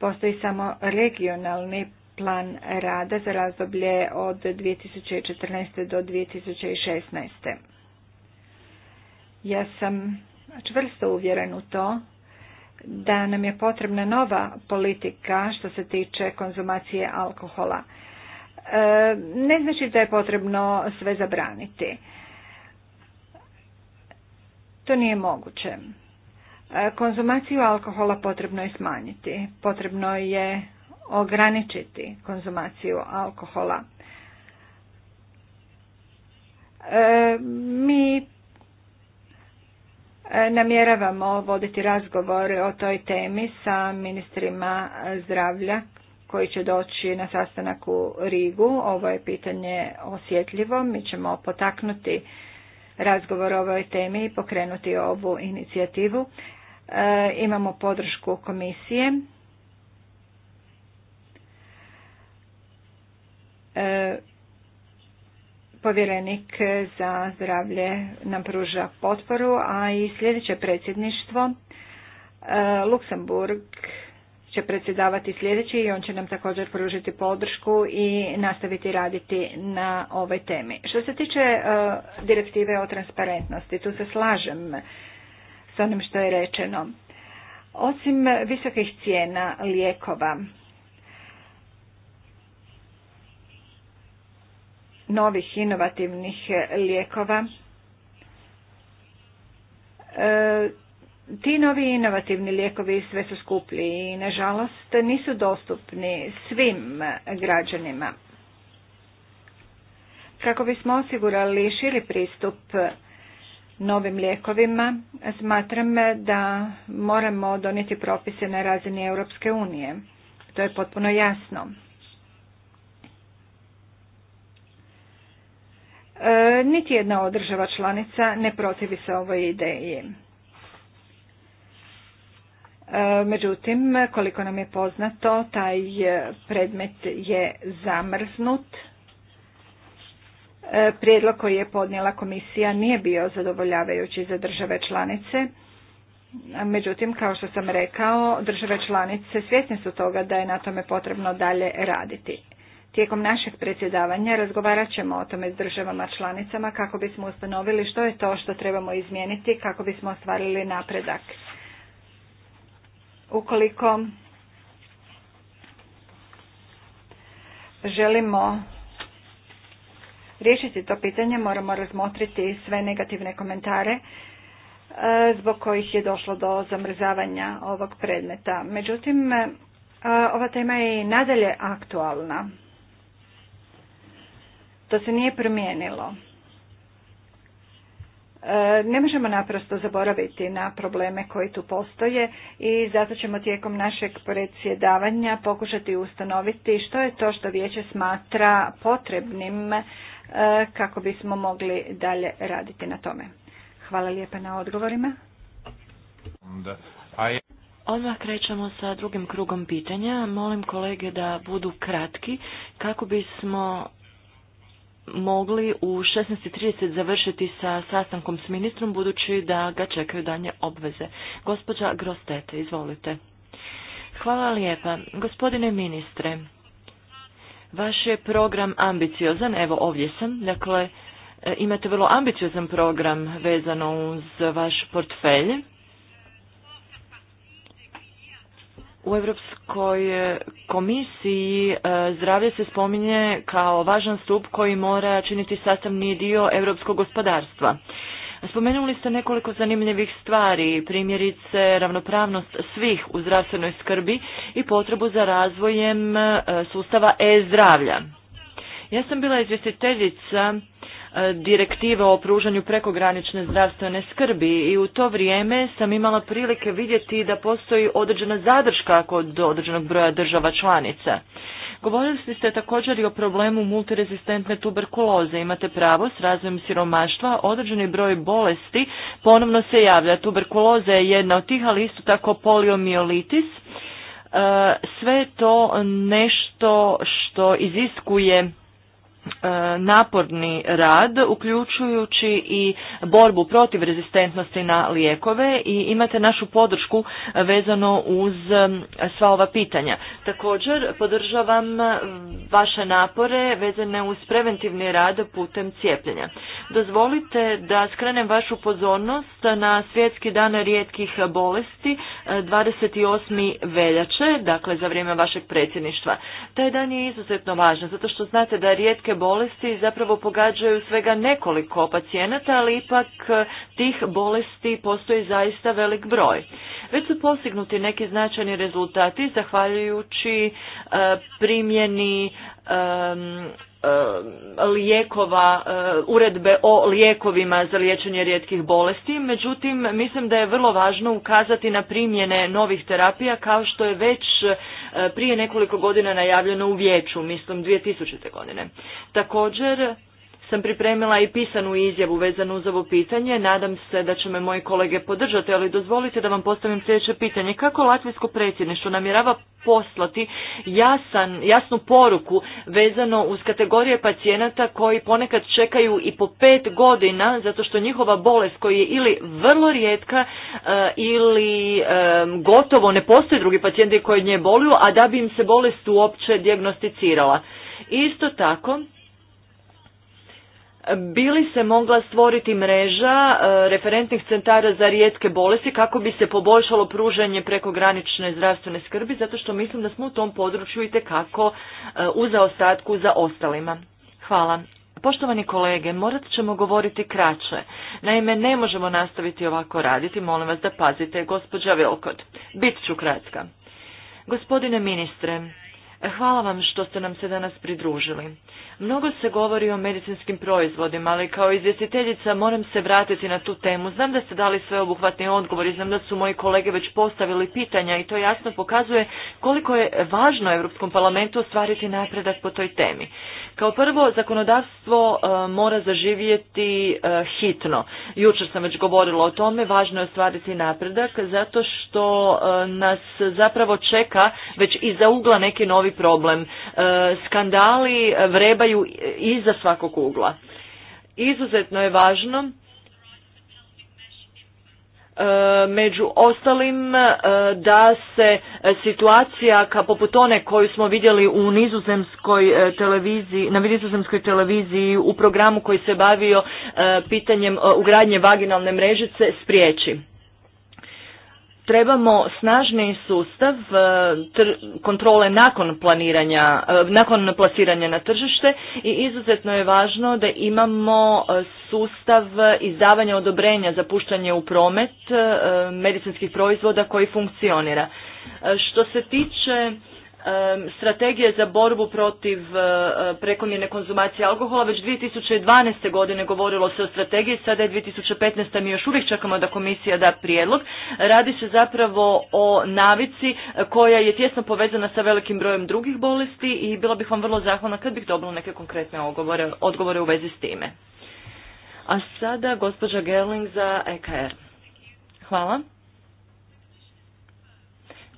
postoji samo regionalni plan rada za razdoblje od 2014. do 2016. Ja sam čvrsto uvjeren u to da nam je potrebna nova politika što se tiče konzumacije alkohola. E, ne znači da je potrebno sve zabraniti. To nije moguće. E, konzumaciju alkohola potrebno je smanjiti. Potrebno je ograničiti konzumaciju alkohola. E, mi Namjeravamo voditi razgovor o toj temi sa ministrima zdravlja koji će doći na sastanak u Rigu. Ovo je pitanje osjetljivo. Mi ćemo potaknuti razgovor o ovoj temi i pokrenuti ovu inicijativu. E, imamo podršku komisije. E, povjerenik za zdravlje nam pruža potporu, a i sljedeće predsjedništvo, e, Luksemburg, će predsjedavati sljedeći i on će nam također pružiti podršku i nastaviti raditi na ovoj temi. Što se tiče e, direktive o transparentnosti, tu se slažem s onim što je rečeno. Osim visokih cijena lijekova, novih inovativnih e, lijekova. E, ti novi inovativni lijekovi sve su skuplji i nažalost nisu dostupni svim građanima. Kako bismo osigurali širi pristup novim lijekovima, smatram da moramo donijeti propise na razini Europske unije. To je potpuno jasno. E, niti jedna od država članica ne protivi se ovoj ideji. E, međutim, koliko nam je poznato, taj predmet je zamrznut. E, prijedlog koji je podnijela komisija nije bio zadovoljavajući za države članice. Međutim, kao što sam rekao, države članice svjesni su toga da je na tome potrebno dalje raditi. Tijekom našeg predsjedavanja razgovarat ćemo o tome s državama članicama kako bismo ustanovili što je to što trebamo izmijeniti kako bismo ostvarili napredak. Ukoliko želimo riješiti to pitanje, moramo razmotriti sve negativne komentare e, zbog kojih je došlo do zamrzavanja ovog predmeta. Međutim, e, ova tema je i nadalje aktualna se nije promijenilo. E, ne možemo naprosto zaboraviti na probleme koji tu postoje i zato ćemo tijekom našeg predsjedavanja pokušati ustanoviti što je to što vijeće smatra potrebnim e, kako bismo mogli dalje raditi na tome. Hvala lijepa na odgovorima. Odmah krećemo sa drugim krugom pitanja. Molim kolege da budu kratki kako bismo mogli u 16.30 završiti sa sastankom s ministrom budući da ga čekaju danje obveze. Gospođa Grostete, izvolite. Hvala lijepa. Gospodine ministre, vaš je program ambiciozan, evo ovdje sam, dakle e, imate vrlo ambiciozan program vezano uz vaš portfelj U Europskoj e, komisiji e, zdravlje se spominje kao važan stup koji mora činiti sastavni dio europskog gospodarstva. Spomenuli ste nekoliko zanimljivih stvari, primjerice ravnopravnost svih u zdravstvenoj skrbi i potrebu za razvojem e, sustava e-zdravlja. Ja sam bila izvjestiteljica E, direktive o pružanju prekogranične zdravstvene skrbi i u to vrijeme sam imala prilike vidjeti da postoji određena zadrška kod određenog broja država članica. Govorili ste također i o problemu multirezistentne tuberkuloze. Imate pravo, s razvojem siromaštva određeni broj bolesti ponovno se javlja. Tuberkuloza je jedna od tih, ali isto tako poliomiolitis. E, sve to nešto što iziskuje E, naporni rad uključujući i borbu protiv rezistentnosti na lijekove i imate našu podršku vezano uz e, sva ova pitanja. Također podržavam vaše napore vezane uz preventivni rad putem cijepljenja. Dozvolite da skrenem vašu pozornost na svjetski dan rijetkih bolesti 28. E, veljače, dakle za vrijeme vašeg predsjedništva. Taj dan je izuzetno važan zato što znate da rijetke bolesti zapravo pogađaju svega nekoliko pacijenata, ali ipak e, tih bolesti postoji zaista velik broj. Već su postignuti neki značajni rezultati zahvaljujući e, primjeni e, lijekova, uredbe o lijekovima za liječenje rijetkih bolesti. Međutim, mislim da je vrlo važno ukazati na primjene novih terapija kao što je već E, prije nekoliko godina najavljeno u vijeću, mislim 2000. godine. Također sam pripremila i pisanu izjavu vezanu uz ovo pitanje. Nadam se da će me moji kolege podržati, ali dozvolite da vam postavim sljedeće pitanje. Kako Latvijsko predsjedništvo namjerava poslati jasan, jasnu poruku vezano uz kategorije pacijenata koji ponekad čekaju i po pet godina zato što njihova bolest koja je ili vrlo rijetka e, ili e, gotovo ne postoje drugi pacijenti koji nje boluju, a da bi im se bolest uopće dijagnosticirala. Isto tako, bili se mogla stvoriti mreža e, referentnih centara za rijetke bolesti kako bi se poboljšalo pružanje prekogranične zdravstvene skrbi, zato što mislim da smo u tom području i tekako e, u zaostatku za ostalima. Hvala. Poštovani kolege, morat ćemo govoriti kraće. Naime, ne možemo nastaviti ovako raditi, molim vas da pazite, gospođa Velkot, Bit ću kratka. Gospodine ministre, Hvala vam što ste nam se danas pridružili. Mnogo se govori o medicinskim proizvodima, ali kao izvjestiteljica moram se vratiti na tu temu. Znam da ste dali sve obuhvatne odgovori, i znam da su moji kolege već postavili pitanja i to jasno pokazuje koliko je važno Europskom parlamentu ostvariti napredak po toj temi. Kao prvo, zakonodavstvo e, mora zaživjeti e, hitno. Jučer sam već govorila o tome, važno je ostvariti napredak zato što e, nas zapravo čeka već iza ugla neki novi problem. Skandali vrebaju iza svakog ugla. Izuzetno je važno E, među ostalim e, da se situacija ka poput one koju smo vidjeli u nizozemskoj e, televiziji, na nizozemskoj televiziji u programu koji se bavio pitanjem ugradnje vaginalne mrežice spriječi trebamo snažni sustav e, kontrole nakon planiranja, e, nakon plasiranja na tržište i izuzetno je važno da imamo e, sustav izdavanja odobrenja za puštanje u promet medicinskih proizvoda koji funkcionira. Što se tiče strategije za borbu protiv eh, eh, prekomjerne konzumacije alkohola. Već 2012. godine govorilo se o strategiji, sada je 2015. mi još uvijek čekamo da komisija da prijedlog. Radi se zapravo o navici eh, koja je tjesno povezana sa velikim brojem drugih bolesti i bila bih vam vrlo zahvalna kad bih dobila neke konkretne odgovore, odgovore u vezi s time. A sada gospođa Gerling za EKR. Hvala.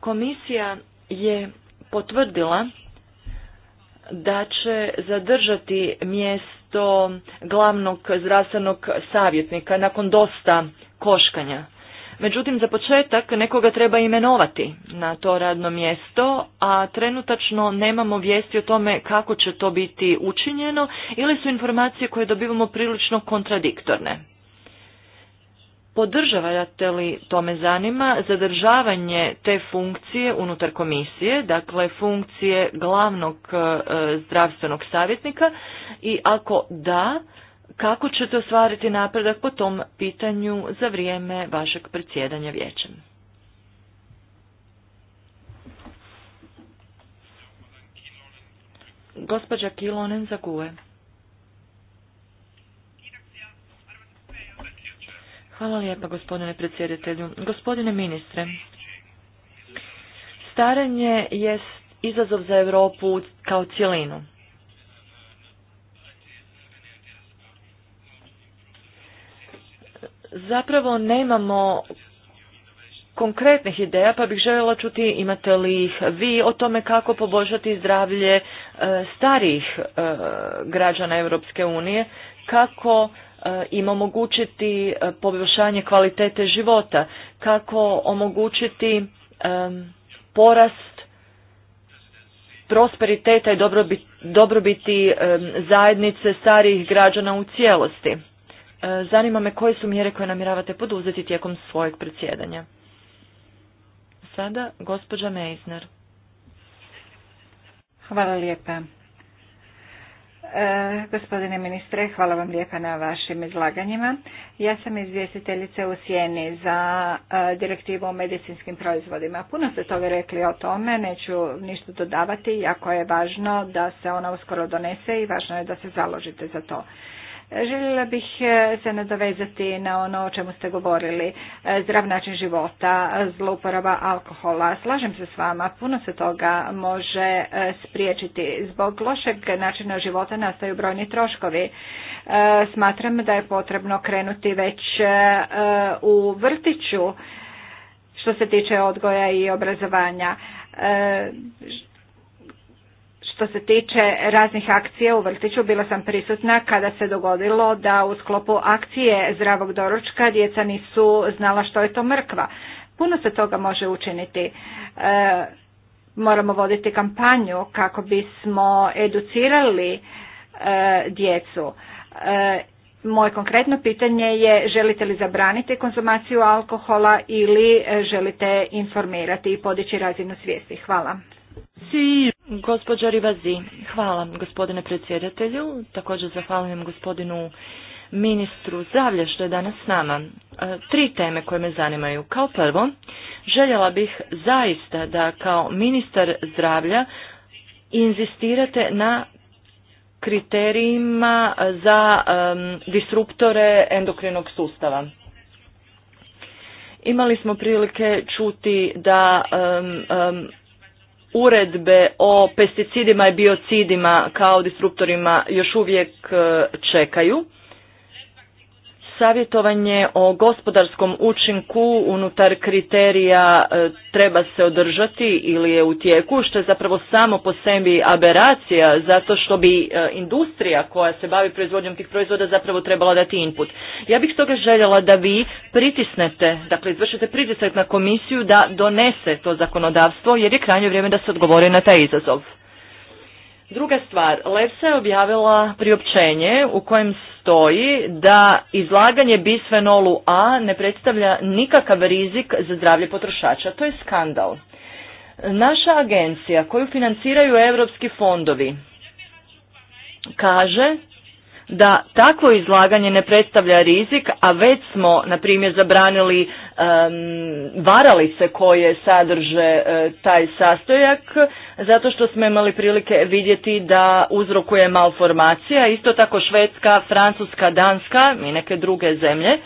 Komisija je potvrdila da će zadržati mjesto glavnog zdravstvenog savjetnika nakon dosta koškanja. Međutim, za početak nekoga treba imenovati na to radno mjesto, a trenutačno nemamo vijesti o tome kako će to biti učinjeno ili su informacije koje dobivamo prilično kontradiktorne. Podržavate li, to me zanima, zadržavanje te funkcije unutar komisije, dakle funkcije glavnog e, zdravstvenog savjetnika i ako da, kako ćete ostvariti napredak po tom pitanju za vrijeme vašeg predsjedanja vijećem? Gospođa Kilonen za GUE. Hvala lijepa gospodine predsjedatelju. Gospodine ministre, staranje je izazov za Europu kao cjelinu. Zapravo nemamo konkretnih ideja, pa bih željela čuti imate li ih vi o tome kako poboljšati zdravlje e, starijih e, građana Europske unije, kako E, im omogućiti e, poboljšanje kvalitete života, kako omogućiti e, porast prosperiteta i dobrobiti zajednice starijih građana u cijelosti. Zanima me koje su mjere koje namjeravate poduzeti tijekom svojeg predsjedanja. Sada gospođa Meisner. Hvala lijepa. E, gospodine ministre, hvala vam lijepa na vašim izlaganjima. Ja sam izvjestiteljica u Sjeni za e, direktivu o medicinskim proizvodima. Puno ste toga rekli o tome, neću ništa dodavati, jako je važno da se ona uskoro donese i važno je da se založite za to. Željela bih e, se nadovezati na ono o čemu ste govorili, e, zdrav način života, zlouporaba alkohola. Slažem se s vama, puno se toga može e, spriječiti. Zbog lošeg načina života nastaju brojni troškovi. Smatram da je potrebno krenuti već u vrtiću što se tiče odgoja i obrazovanja što se tiče raznih akcija u vrtiću, bila sam prisutna kada se dogodilo da u sklopu akcije zdravog doručka djeca nisu znala što je to mrkva. Puno se toga može učiniti. E, moramo voditi kampanju kako bismo educirali e, djecu. E, moje konkretno pitanje je želite li zabraniti konzumaciju alkohola ili želite informirati i podići razinu svijesti? Hvala. Si, gospođa Rivazi, hvala gospodine predsjedatelju, također zahvaljujem gospodinu ministru zdravlja što je danas s nama. E, tri teme koje me zanimaju. Kao prvo, željela bih zaista da kao ministar zdravlja inzistirate na kriterijima za disruptore endokrinog sustava. Imali smo prilike čuti da uredbe o pesticidima i biocidima kao destruktorima još uvijek e, čekaju Savjetovanje o gospodarskom učinku unutar kriterija e, treba se održati ili je u tijeku, što je zapravo samo po sebi aberacija, zato što bi e, industrija koja se bavi proizvodnjom tih proizvoda zapravo trebala dati input. Ja bih toga željela da vi pritisnete, dakle izvršite pritisak na komisiju da donese to zakonodavstvo, jer je krajnje vrijeme da se odgovori na taj izazov. Druga stvar, Lepsa je objavila priopćenje u kojem stoji da izlaganje bisfenolu A ne predstavlja nikakav rizik za zdravlje potrošača. To je skandal. Naša agencija koju financiraju europski fondovi kaže da takvo izlaganje ne predstavlja rizik, a već smo, na primjer, zabranili varalice koje sadrže e, taj sastojak zato što smo imali prilike vidjeti da uzrokuje malformacija. Isto tako Švedska, Francuska, Danska i neke druge zemlje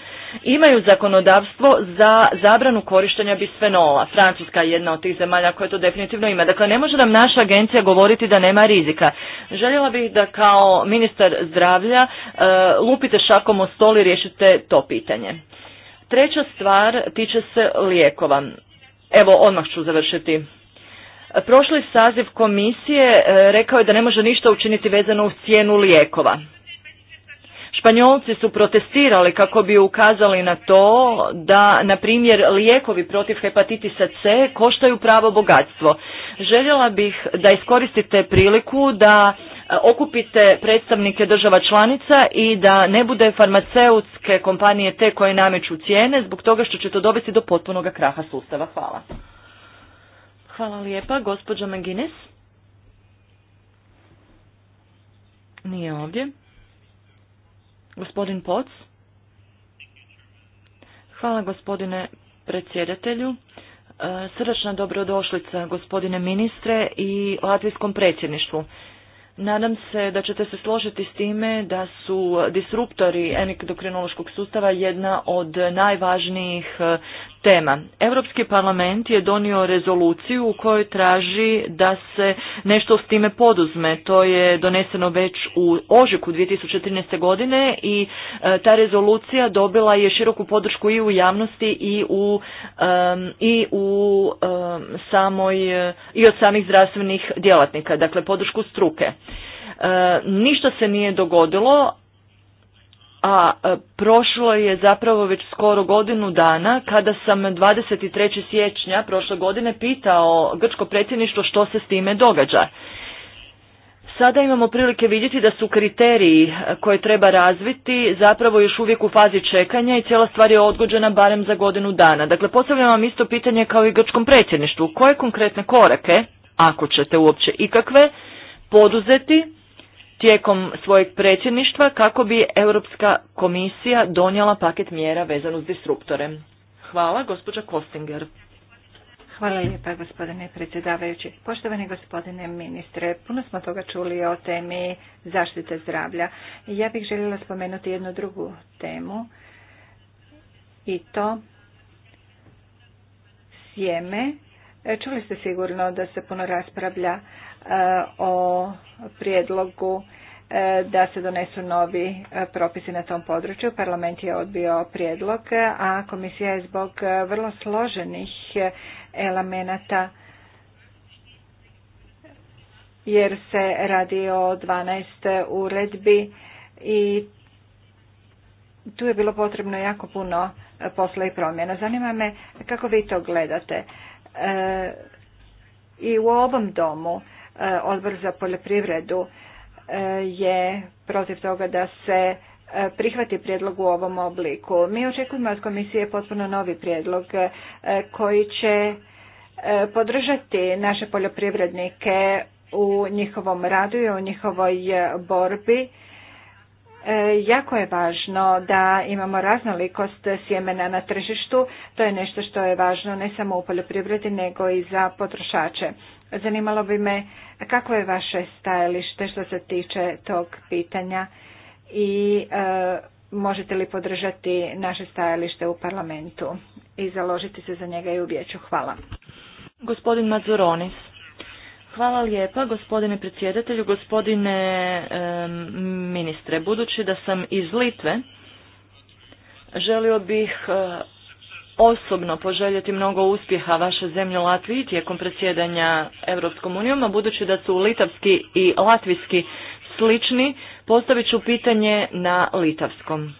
imaju zakonodavstvo za zabranu korištenja bisfenola. Francuska je jedna od tih zemalja koja to definitivno ima. Dakle, ne može nam naša agencija govoriti da nema rizika. Željela bih da kao ministar zdravlja e, lupite šakom o stol i riješite to pitanje. Treća stvar tiče se lijekova. Evo, odmah ću završiti. Prošli saziv komisije e, rekao je da ne može ništa učiniti vezano uz cijenu lijekova. Španjolci su protestirali kako bi ukazali na to da, na primjer, lijekovi protiv hepatitisa C koštaju pravo bogatstvo. Željela bih da iskoristite priliku da okupite predstavnike država članica i da ne bude farmaceutske kompanije te koje nameću cijene zbog toga što će to dobiti do potpunog kraha sustava. Hvala. Hvala lijepa. Gospođa Magines? Nije ovdje. Gospodin Poc? Hvala gospodine predsjedatelju. E, srdačna dobrodošlica gospodine ministre i latvijskom predsjedništvu. Nadam se da ćete se složiti s time da su disruptori endokrinološkog sustava jedna od najvažnijih tema. Europski parlament je donio rezoluciju u kojoj traži da se nešto s time poduzme. To je doneseno već u ožujku 2013. godine i e, ta rezolucija dobila je široku podršku i u javnosti i u i u samoj i od samih zdravstvenih djelatnika, dakle podršku struke. E, ništa se nije dogodilo, a e, prošlo je zapravo već skoro godinu dana kada sam 23. siječnja prošle godine pitao grčko predsjedništvo što se s time događa. Sada imamo prilike vidjeti da su kriteriji koje treba razviti zapravo još uvijek u fazi čekanja i cijela stvar je odgođena barem za godinu dana. Dakle, postavljam vam isto pitanje kao i grčkom predsjedništvu. Koje konkretne korake, ako ćete uopće ikakve, poduzeti tijekom svojeg predsjedništva kako bi Europska komisija donijela paket mjera vezan uz disruptore. Hvala, gospođa Kostinger. Hvala lijepa gospodine predsjedavajući. Poštovani gospodine ministre, puno smo toga čuli o temi zaštite zdravlja. Ja bih željela spomenuti jednu drugu temu i to sjeme. Čuli ste sigurno da se puno raspravlja E, o prijedlogu e, da se donesu novi e, propisi na tom području. Parlament je odbio prijedlog, a komisija je zbog vrlo složenih elemenata jer se radi o 12 uredbi i tu je bilo potrebno jako puno posla i promjena. Zanima me kako vi to gledate. I u ovom domu E, Odbor za poljoprivredu e, je protiv toga da se e, prihvati prijedlog u ovom obliku. Mi očekujemo od komisije potpuno novi prijedlog koji će podržati naše poljoprivrednike u njihovom radu i u njihovoj borbi. Jako je važno da imamo raznolikost sjemena na tržištu. To je nešto što je važno ne samo u poljoprivredi nego i za potrošače. Zanimalo bi me kako je vaše stajalište što se tiče tog pitanja i e, možete li podržati naše stajalište u parlamentu i založiti se za njega i u vijeću. Hvala. Gospodin Mazuronis. Hvala lijepa gospodine predsjedatelju, gospodine ministre. Budući da sam iz Litve, želio bih e, osobno poželjeti mnogo uspjeha vaše zemlje Latviji tijekom presjedanja Europskom unijom, a budući da su litavski i latvijski slični, postavit ću pitanje na litavskom.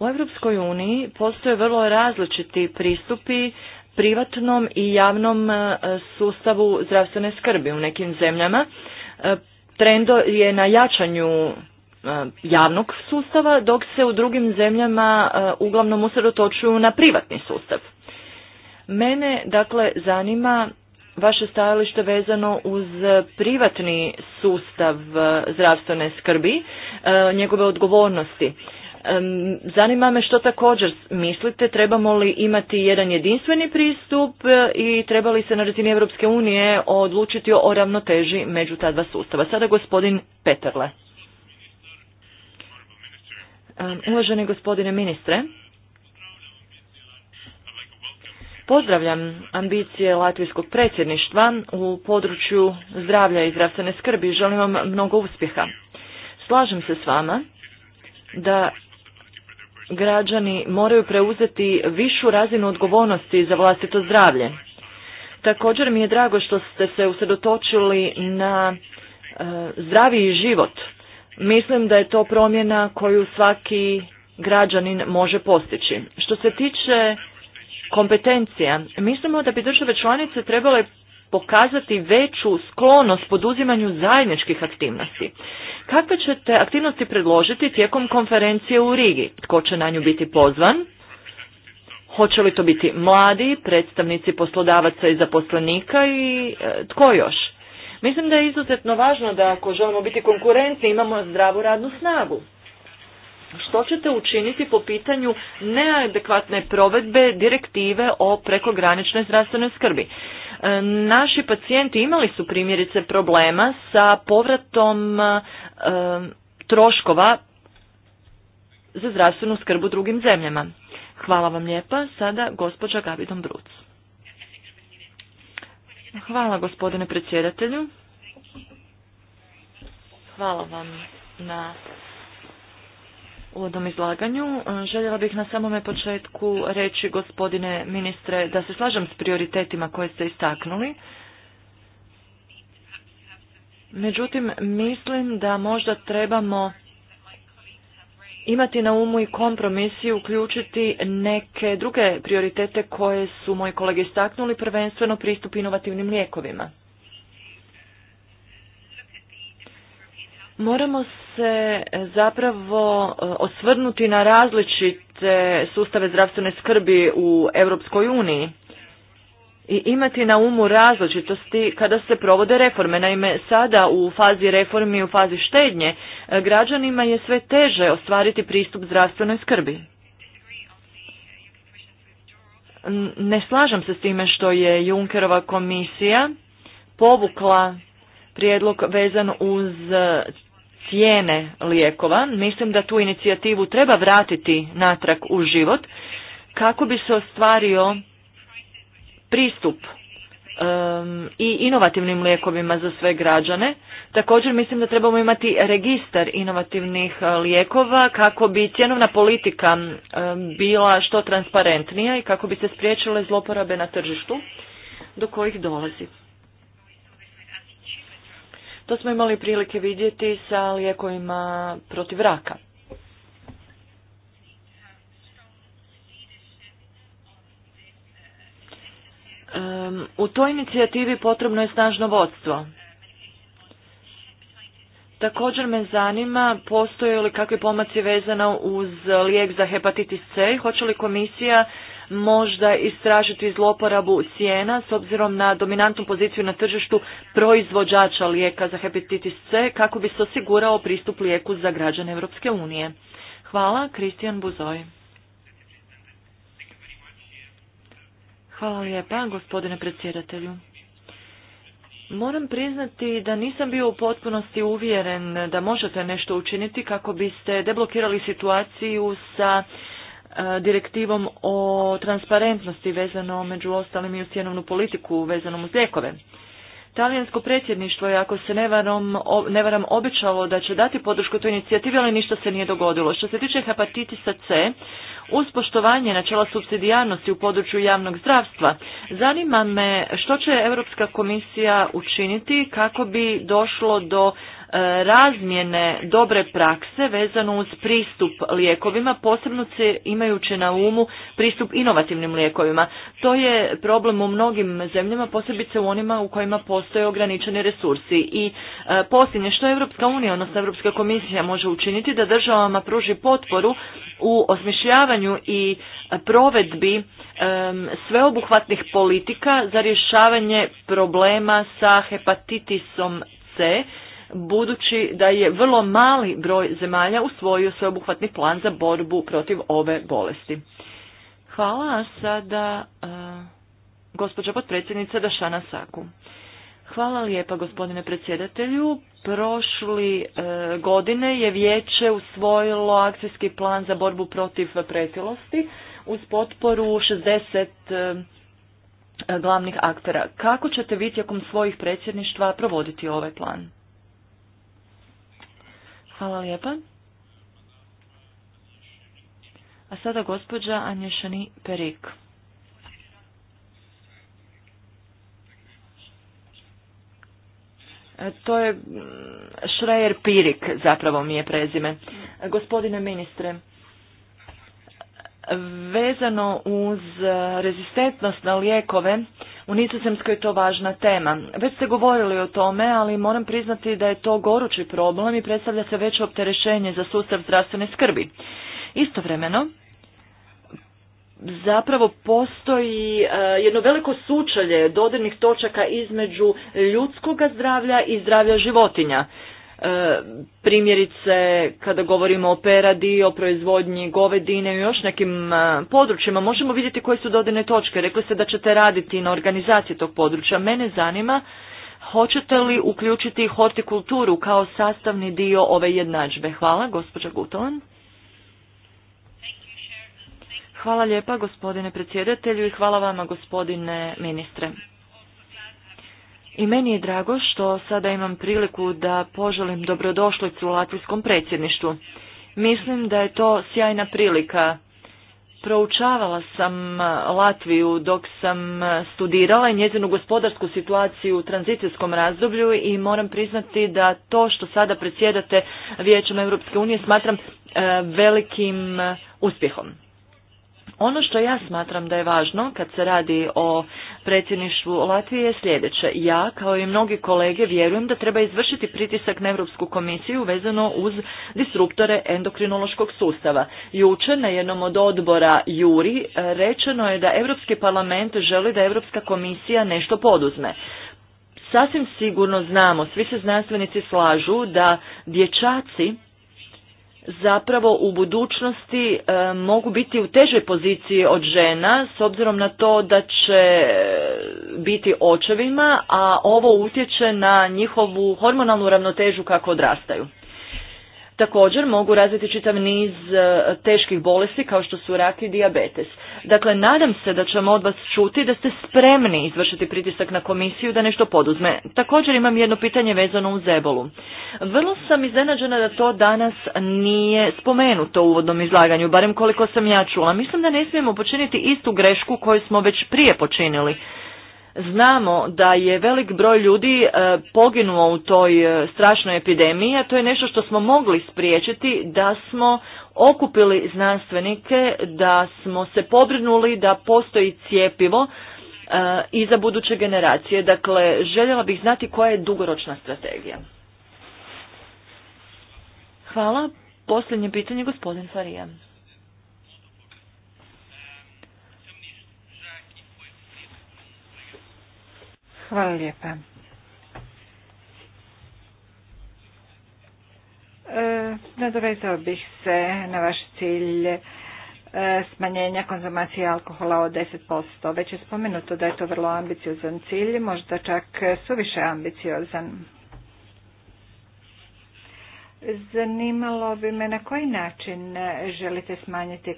U Europskoj uniji postoje vrlo različiti pristupi privatnom i javnom e, sustavu zdravstvene skrbi u nekim zemljama. E, trendo je na jačanju E, javnog sustava, dok se u drugim zemljama e, uglavnom usredotočuju na privatni sustav. Mene, dakle, zanima vaše stajalište vezano uz privatni sustav e, zdravstvene skrbi, njegove odgovornosti. Zanima me što također mislite, trebamo li imati jedan jedinstveni pristup i treba li se na razini Europske unije odlučiti o ravnoteži među ta dva sustava. Sada gospodin Peterle. Uvaženi gospodine ministre, Pozdravljam ambicije latvijskog predsjedništva u području zdravlja i zdravstvene skrbi. Želim vam mnogo uspjeha. Slažem se s vama da građani moraju preuzeti višu razinu odgovornosti za vlastito zdravlje. Također mi je drago što ste se usredotočili na e, zdraviji život Mislim da je to promjena koju svaki građanin može postići. Što se tiče kompetencija, mislimo da bi države članice trebale pokazati veću sklonost poduzimanju zajedničkih aktivnosti. Kakve ćete aktivnosti predložiti tijekom konferencije u Rigi? Tko će na nju biti pozvan? Hoće li to biti mladi, predstavnici poslodavaca i zaposlenika i e, tko još? Mislim da je izuzetno važno da ako želimo biti konkurentni imamo zdravu radnu snagu. Što ćete učiniti po pitanju neadekvatne provedbe direktive o prekograničnoj zdravstvenoj skrbi? E, naši pacijenti imali su primjerice problema sa povratom e, troškova za zdravstvenu skrbu drugim zemljama. Hvala vam lijepa. Sada gospođa Gavidon Bruc. Hvala gospodine predsjedatelju. Hvala vam na uvodnom izlaganju. Željela bih na samome početku reći gospodine ministre da se slažem s prioritetima koje ste istaknuli. Međutim, mislim da možda trebamo imati na umu i kompromis i uključiti neke druge prioritete koje su moji kolege istaknuli, prvenstveno pristup inovativnim lijekovima. Moramo se e, zapravo e, osvrnuti na različite sustave zdravstvene skrbi u Europskoj uniji i imati na umu različitosti kada se provode reforme. Naime, sada u fazi reformi i u fazi štednje e, građanima je sve teže ostvariti pristup zdravstvenoj skrbi. Ne slažem se s time što je Junkerova komisija povukla prijedlog vezan uz cijene lijekova. Mislim da tu inicijativu treba vratiti natrag u život kako bi se ostvario pristup i inovativnim lijekovima za sve građane. Također mislim da trebamo imati registar inovativnih eh, lijekova kako bi cjenovna politika bila što transparentnija i kako bi se spriječile zloporabe na tržištu do kojih dolazi. To smo imali prilike vidjeti sa lijekovima protiv raka. u toj inicijativi potrebno je snažno vodstvo. Također me zanima postoje li kakvi pomaci vezano uz lijek za hepatitis C hoće li komisija možda istražiti zloporabu cijena s obzirom na dominantnu poziciju na tržištu proizvođača lijeka za hepatitis C kako bi se osigurao pristup lijeku za građane Europske unije. Hvala, Kristijan Buzoj. Hvala lijepa, gospodine predsjedatelju. Moram priznati da nisam bio u potpunosti uvjeren da možete nešto učiniti kako biste deblokirali situaciju sa e, direktivom o transparentnosti vezano među ostalim i u cjenovnu politiku vezanom uz lijekove. Talijansko predsjedništvo je, ako se ne varam, običalo da će dati podršku toj inicijativi, ali ništa se nije dogodilo. Što se tiče hepatitisa C, uz poštovanje načela subsidijarnosti u području javnog zdravstva, zanima me što će Europska komisija učiniti kako bi došlo do E, razmjene dobre prakse vezano uz pristup lijekovima, posebno se imajući na umu pristup inovativnim lijekovima. To je problem u mnogim zemljama, posebice u onima u kojima postoje ograničeni resursi. I e, posljednje što Evropska unija, odnosno Evropska komisija može učiniti da državama pruži potporu u osmišljavanju i provedbi sveobuhvatnih politika za rješavanje problema sa hepatitisom C budući da je vrlo mali broj zemalja usvojio sveobuhvatni plan za borbu protiv ove bolesti. Hvala sada uh, gospođa potpredsjednica Dašana Saku. Hvala lijepa gospodine predsjedatelju. Prošli e, godine je vijeće usvojilo akcijski plan za borbu protiv pretilosti uz potporu 60 e, glavnih aktera. Kako ćete vi tijekom svojih predsjedništva provoditi ovaj plan? Hvala lijepa. A sada gospođa Anješani Perik. E, to je mm, Šrejer Pirik, zapravo mi je prezime. Gospodine ministre, Vezano uz e, rezistentnost na lijekove, u Nizozemskoj je to važna tema. Već ste govorili o tome, ali moram priznati da je to gorući problem i predstavlja se veće opterećenje za sustav zdravstvene skrbi. Istovremeno, zapravo postoji e, jedno veliko sučelje dodirnih točaka između ljudskog zdravlja i zdravlja životinja. E, primjerice kada govorimo o peradi, o proizvodnji govedine i još nekim e, područjima, možemo vidjeti koje su dodane točke. Rekli ste da ćete raditi na organizaciji tog područja. Mene zanima hoćete li uključiti hortikulturu kao sastavni dio ove jednadžbe. Hvala, gospođa Gutovan. Hvala lijepa gospodine predsjedatelju i hvala vama gospodine ministre. I meni je drago što sada imam priliku da poželim dobrodošlicu u Latvijskom predsjedništvu. Mislim da je to sjajna prilika. Proučavala sam Latviju dok sam studirala i njezinu gospodarsku situaciju u tranzicijskom razdoblju i moram priznati da to što sada predsjedate Vijećem Europske unije smatram e, velikim uspjehom. Ono što ja smatram da je važno kad se radi o predsjedništvu Latvije je sljedeće. Ja, kao i mnogi kolege, vjerujem da treba izvršiti pritisak na Europsku komisiju vezano uz disruptore endokrinološkog sustava. Jučer na jednom od odbora Juri e, rečeno je da Europski parlament želi da Europska komisija nešto poduzme. Sasvim sigurno znamo, svi se znanstvenici slažu da dječaci zapravo u budućnosti e, mogu biti u težoj poziciji od žena s obzirom na to da će biti očevima, a ovo utječe na njihovu hormonalnu ravnotežu kako odrastaju. Također mogu razviti čitav niz e, teških bolesti kao što su rak i dijabetes. Dakle, nadam se da ćemo od vas čuti da ste spremni izvršiti pritisak na komisiju da nešto poduzme. Također imam jedno pitanje vezano u zebolu. Vrlo sam iznenađena da to danas nije spomenuto u uvodnom izlaganju, barem koliko sam ja čula. Mislim da ne smijemo počiniti istu grešku koju smo već prije počinili. Znamo da je velik broj ljudi e, poginuo u toj e, strašnoj epidemiji, a to je nešto što smo mogli spriječiti da smo okupili znanstvenike, da smo se pobrinuli da postoji cijepivo e, i za buduće generacije. Dakle, željela bih znati koja je dugoročna strategija. Hvala. Posljednje pitanje, gospodin Farijan. Hvala lijepa. E, nadovezao bih se na vaš cilj e, smanjenja konzumacije alkohola od 10%. Već je spomenuto da je to vrlo ambiciozan cilj, možda čak suviše ambiciozan. Zanimalo bi me na koji način želite smanjiti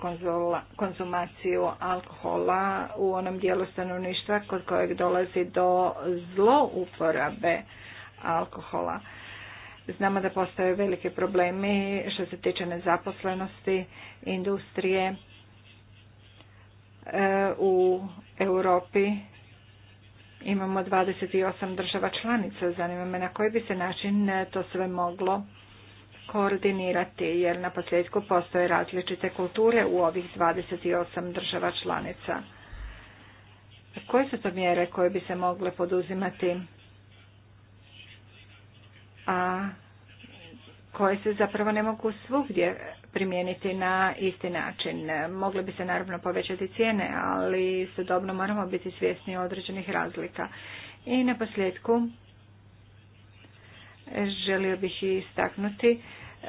konzumaciju alkohola u onom dijelu stanovništva kod kojeg dolazi do zlouporabe alkohola. Znamo da postoje velike problemi što se tiče nezaposlenosti, industrije e, u Europi. Imamo 28 država članica. Zanima me na koji bi se način to sve moglo koordinirati jer na posljedku postoje različite kulture u ovih 28 država članica. Koje su to mjere koje bi se mogle poduzimati, a koje se zapravo ne mogu svugdje primijeniti na isti način. Mogle bi se naravno povećati cijene, ali istodobno moramo biti svjesni određenih razlika. I na posljedku, želio bih istaknuti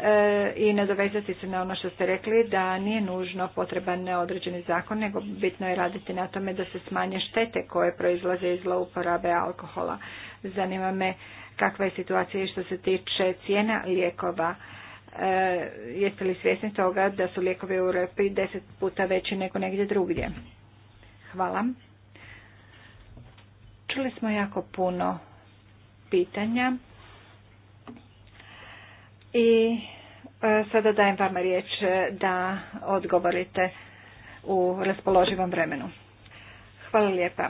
e, i nadovezati se na ono što ste rekli da nije nužno potreban određeni zakon, nego bitno je raditi na tome da se smanje štete koje proizlaze iz zlouporabe alkohola. Zanima me kakva je situacija što se tiče cijena lijekova. E, jeste li svjesni toga da su lijekovi u Europi deset puta veći nego negdje drugdje? Hvala. Čuli smo jako puno pitanja. I e, sada dajem vama riječ e, da odgovorite u raspoloživom vremenu. Hvala lijepa.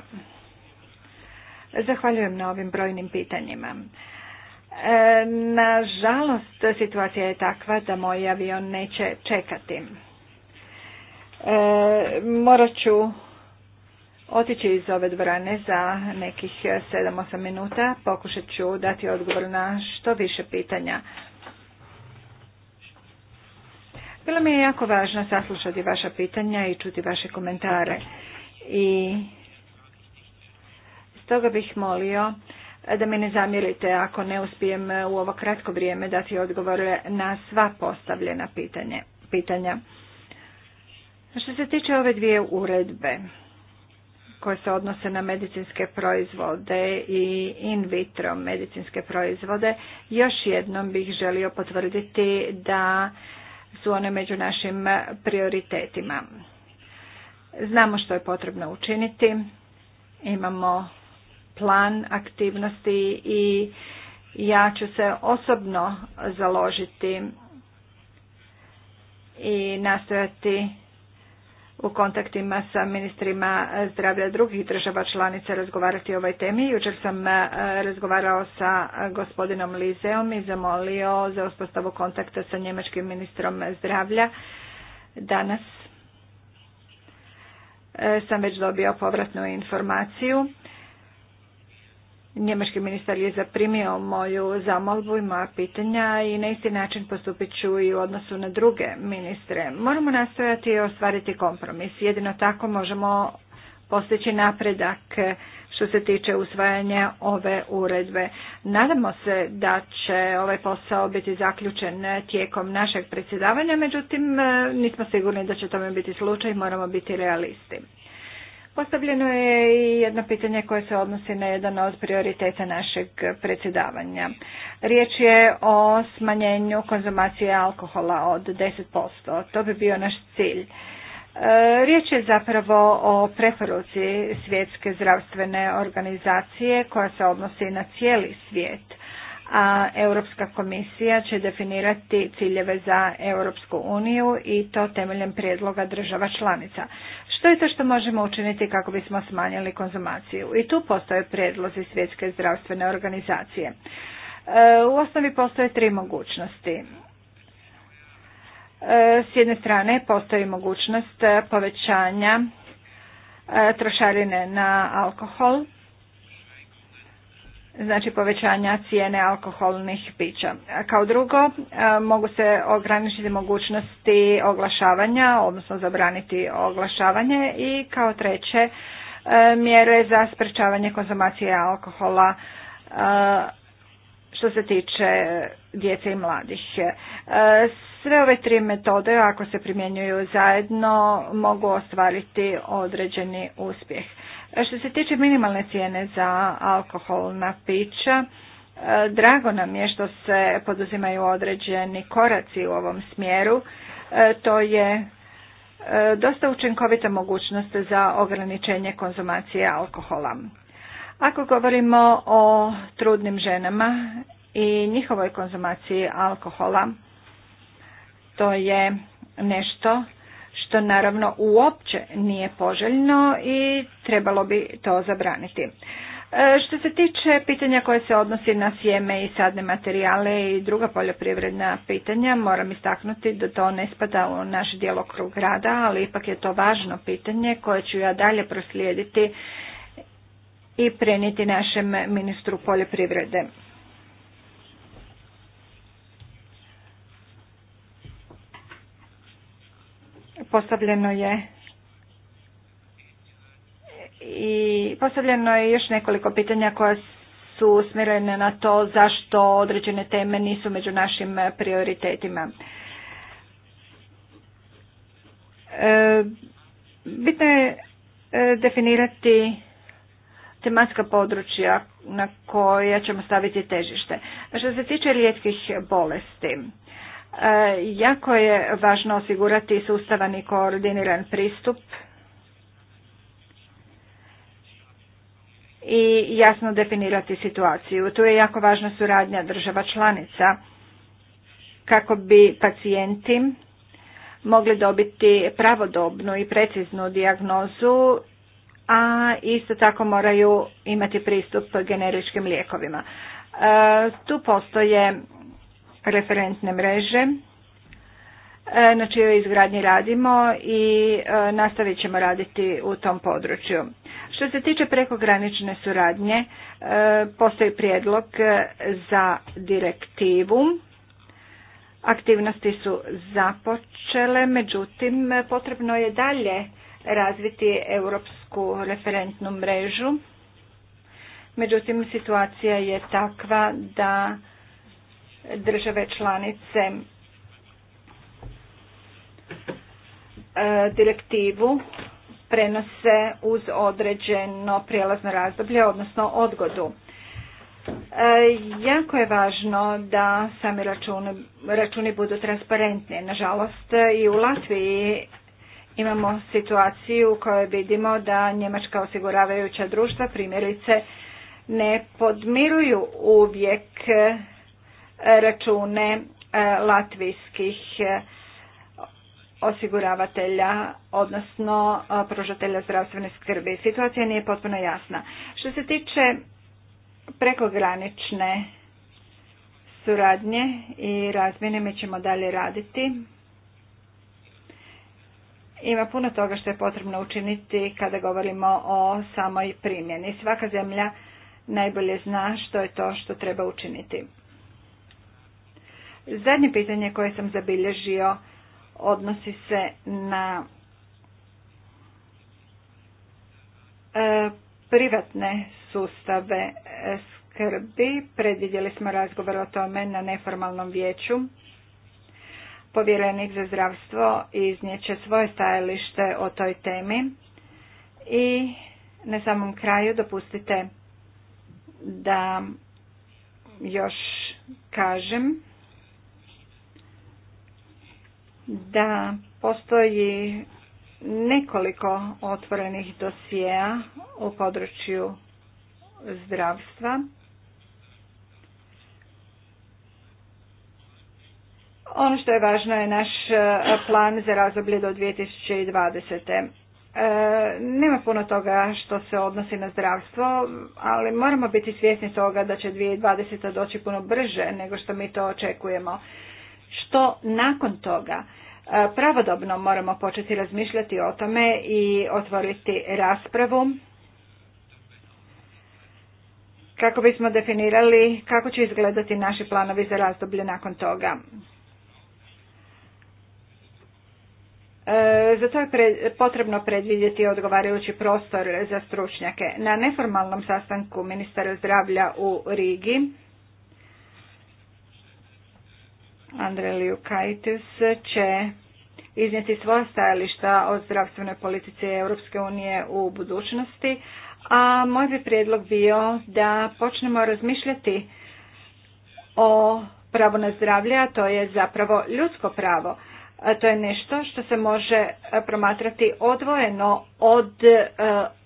Zahvaljujem na ovim brojnim pitanjima. E, nažalost, situacija je takva da moj avion neće čekati. Morat ću otići iz ove dvorane za nekih 7-8 minuta. Pokušat ću dati odgovor na što više pitanja. Bilo mi je jako važno saslušati vaša pitanja i čuti vaše komentare. I stoga bih molio da mi ne zamjerite ako ne uspijem u ovo kratko vrijeme dati odgovore na sva postavljena pitanje, pitanja. Što se tiče ove dvije uredbe koje se odnose na medicinske proizvode i in vitro medicinske proizvode, još jednom bih želio potvrditi da su one među našim e, prioritetima. Znamo što je potrebno učiniti, imamo plan aktivnosti i ja ću se osobno založiti i nastojati u kontaktima sa ministrima zdravlja drugih država članica razgovarati o ovoj temi. Jučer sam e, razgovarao sa gospodinom Lizeom i zamolio za uspostavu kontakta sa njemačkim ministrom zdravlja. Danas e, sam već dobio povratnu informaciju. Njemački ministar je zaprimio moju zamolbu i moja pitanja i na isti način postupit ću i u odnosu na druge ministre. Moramo nastojati ostvariti kompromis. Jedino tako možemo postići napredak što se tiče usvajanja ove uredbe. Nadamo se da će ovaj posao biti zaključen tijekom našeg predsjedavanja, međutim nismo sigurni da će tome biti slučaj, moramo biti realisti. Postavljeno je i jedno pitanje koje se odnosi na jedan od prioriteta našeg predsjedavanja. Riječ je o smanjenju konzumacije alkohola od 10%. To bi bio naš cilj. E, riječ je zapravo o preporuci svjetske zdravstvene organizacije koja se odnosi na cijeli svijet a Europska komisija će definirati ciljeve za Europsku uniju i to temeljem prijedloga država članica. Što je to što možemo učiniti kako bismo smanjili konzumaciju? I tu postoje predlozi svjetske zdravstvene organizacije. E, u osnovi postoje tri mogućnosti. E, s jedne strane postoji mogućnost povećanja e, trošarine na alkohol znači povećanja cijene alkoholnih pića. Kao drugo, e, mogu se ograničiti mogućnosti oglašavanja, odnosno zabraniti oglašavanje i kao treće, e, mjere za sprečavanje konzumacije alkohola e, što se tiče djece i mladih. Sve ove tri metode, ako se primjenjuju zajedno, mogu ostvariti određeni uspjeh. E, što se tiče minimalne cijene za alkoholna pića, e, drago nam je što se poduzimaju određeni koraci u ovom smjeru. E, to je dosta učinkovita mogućnost za ograničenje konzumacije alkohola. Ako govorimo o trudnim ženama i njihovoj konzumaciji alkohola, to je nešto što naravno uopće nije poželjno i trebalo bi to zabraniti. E, što se tiče pitanja koje se odnosi na sjeme i sadne materijale i druga poljoprivredna pitanja, moram istaknuti da to ne spada u naš djelokrug rada, ali ipak je to važno pitanje koje ću ja dalje proslijediti i prenijeti našem ministru poljoprivrede. postavljeno je i postavljeno je još nekoliko pitanja koja su usmjerene na to zašto određene teme nisu među našim prioritetima. E, bitno je e, definirati tematska područja na koja ćemo staviti težište. Što se tiče rijetkih bolesti, E, jako je važno osigurati sustavan i koordiniran pristup i jasno definirati situaciju. Tu je jako važna suradnja država članica kako bi pacijenti mogli dobiti pravodobnu i preciznu dijagnozu, a isto tako moraju imati pristup generičkim lijekovima. E, tu postoje referentne mreže e, na čijoj izgradnji radimo i e, nastavit ćemo raditi u tom području. Što se tiče prekogranične suradnje, e, postoji prijedlog za direktivu. Aktivnosti su započele, međutim potrebno je dalje razviti europsku referentnu mrežu. Međutim, situacija je takva da države članice e, direktivu prenose uz određeno prijelazno razdoblje, odnosno odgodu. E, jako je važno da sami računi, budu transparentni. Nažalost, i u Latviji imamo situaciju u kojoj vidimo da njemačka osiguravajuća društva primjerice ne podmiruju uvijek račune e, latvijskih e, osiguravatelja, odnosno e, pružatelja zdravstvene skrbi. Situacija nije potpuno jasna. Što se tiče prekogranične suradnje i razmjene, mi ćemo dalje raditi. Ima puno toga što je potrebno učiniti kada govorimo o samoj primjeni. Svaka zemlja najbolje zna što je to što treba učiniti. Zadnje pitanje koje sam zabilježio odnosi se na e, privatne sustave e, skrbi. Predvidjeli smo razgovor o tome na neformalnom vijeću. Povjerenik za zdravstvo iznijeće svoje stajalište o toj temi. I na samom kraju dopustite da još kažem da postoji nekoliko otvorenih dosijeja u području zdravstva. Ono što je važno je naš e, plan za razdoblje do 2020. E, nema puno toga što se odnosi na zdravstvo, ali moramo biti svjesni toga da će 2020. doći puno brže nego što mi to očekujemo što nakon toga e, pravodobno moramo početi razmišljati o tome i otvoriti raspravu kako bismo definirali kako će izgledati naši planovi za razdoblje nakon toga. E, za to je potrebno predvidjeti odgovarajući prostor za stručnjake. Na neformalnom sastanku ministara zdravlja u Rigi Andreliju Kaitis će iznijeti svoja stajališta o zdravstvenoj politici Europske unije u budućnosti, a moj bi prijedlog bio da počnemo razmišljati o pravu na zdravlje, a to je zapravo ljudsko pravo. To je nešto što se može promatrati odvojeno od e,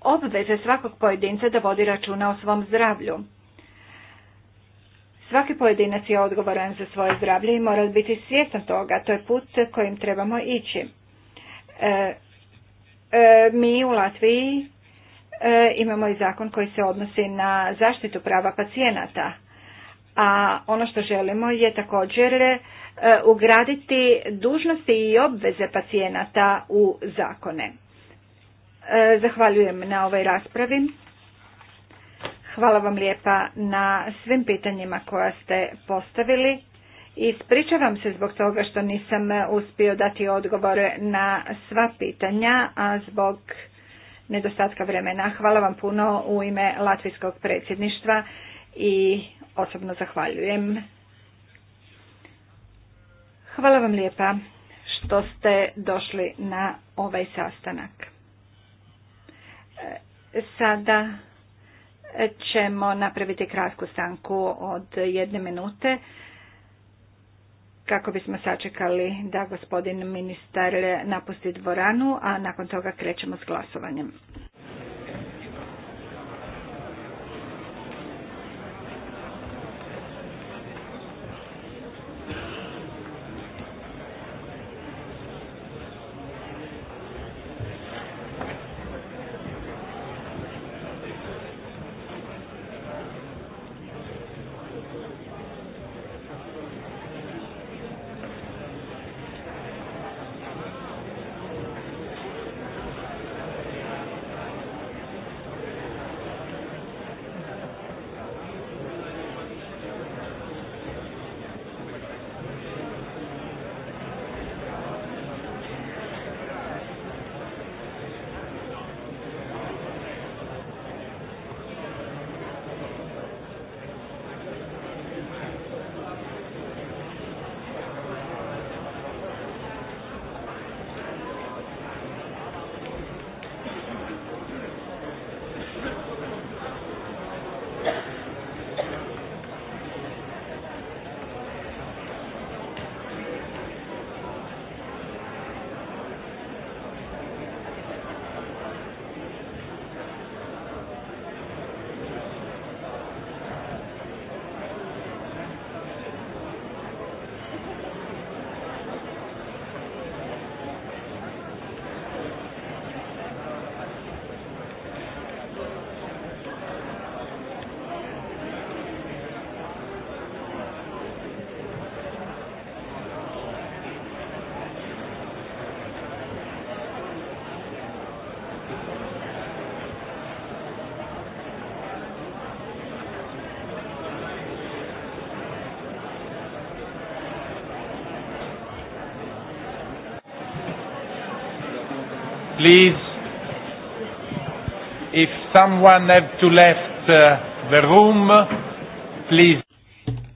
obveze svakog pojedinca da vodi računa o svom zdravlju. Svaki pojedinac je odgovoran za svoje zdravlje i mora biti svjestan toga. To je put kojim trebamo ići. E, e, mi u Latviji e, imamo i zakon koji se odnosi na zaštitu prava pacijenata. A ono što želimo je također ugraditi dužnosti i obveze pacijenata u zakone. Zahvaljujem na ovoj raspravi. Hvala vam lijepa na svim pitanjima koja ste postavili. Ispričavam se zbog toga što nisam uspio dati odgovore na sva pitanja, a zbog nedostatka vremena. Hvala vam puno u ime Latvijskog predsjedništva i osobno zahvaljujem. Hvala vam lijepa što ste došli na ovaj sastanak. E, sada ćemo napraviti kratku stanku od jedne minute kako bismo sačekali da gospodin ministar napusti dvoranu, a nakon toga krećemo s glasovanjem. please, if someone have to left uh, the room, please.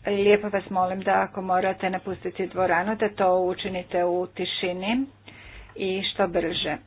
Lijepo vas molim da ako morate napustiti dvoranu, da to učinite u tišini i što brže.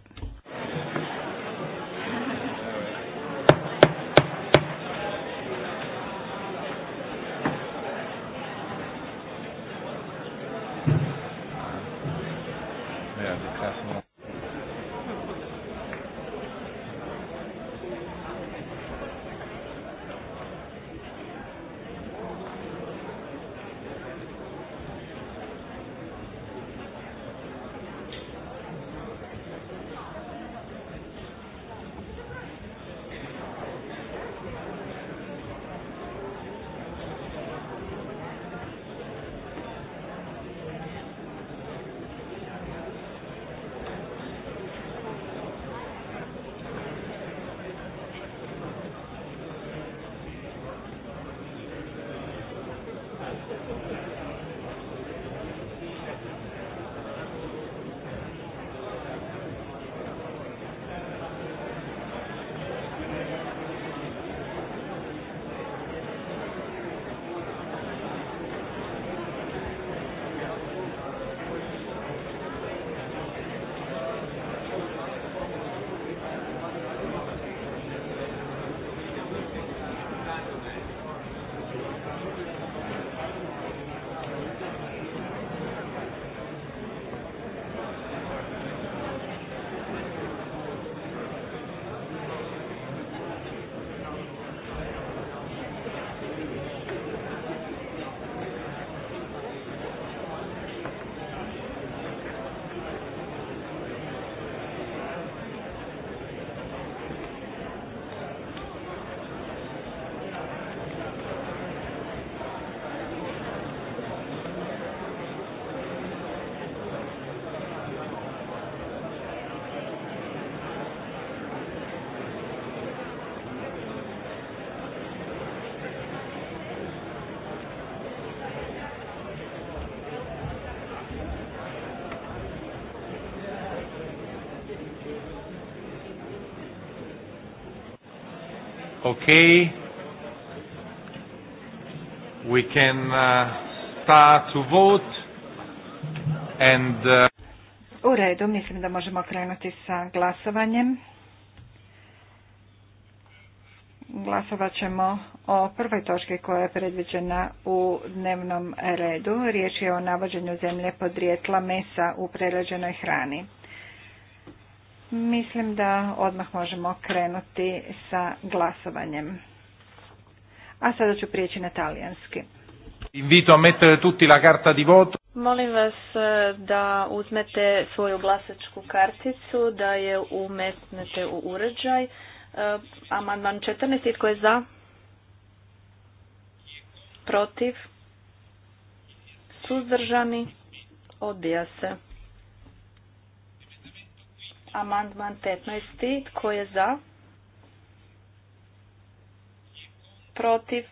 Okay. We can uh, start to vote and uh, U redu, mislim da možemo krenuti sa glasovanjem. Glasovat ćemo o prvoj točki koja je predviđena u dnevnom redu. Riječ je o navođenju zemlje podrijetla mesa u prerađenoj hrani. Mislim da odmah možemo krenuti sa glasovanjem. A sada ću prijeći na talijanski. Invito a mettere tutti la carta di voto. Molim vas e, da uzmete svoju glasačku karticu, da je umetnete u uređaj. E, amandman 14. Tko je za? Protiv? Suzdržani? Odbija se. Amandman 15. Tko je za? Protiv?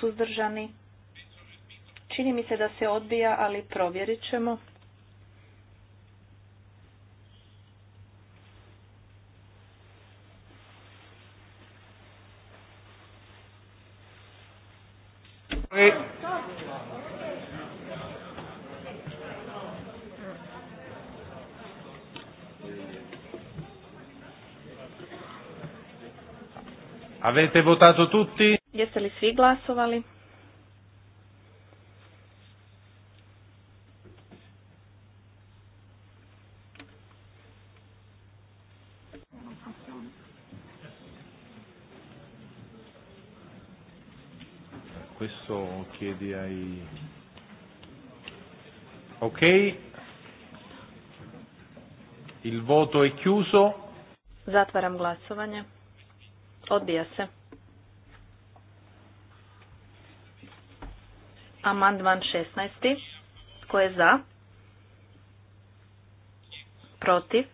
Suzdržani? Čini mi se da se odbija, ali provjerit ćemo. Avete votato tutti? Jeste li svi glasovali? Questo chiedi ai... Ok. Il voto è chiuso. Zatvaram glasovanje. Odbija se. Amandman 16. Tko je za? Protiv?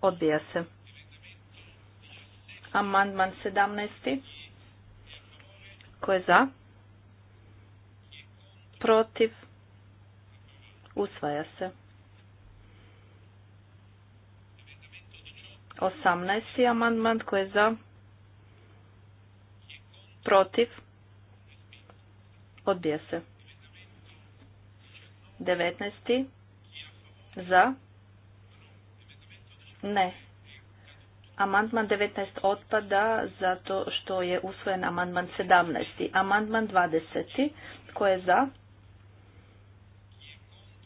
Odbija se. Amandman 17. Tko je za? Protiv? Usvaja se. 18. amandman tko je za? Protiv? Odbija se. 19. Za? Ne. Amandman 19 otpada zato što je usvojen amandman 17. Amandman 20. Tko je za?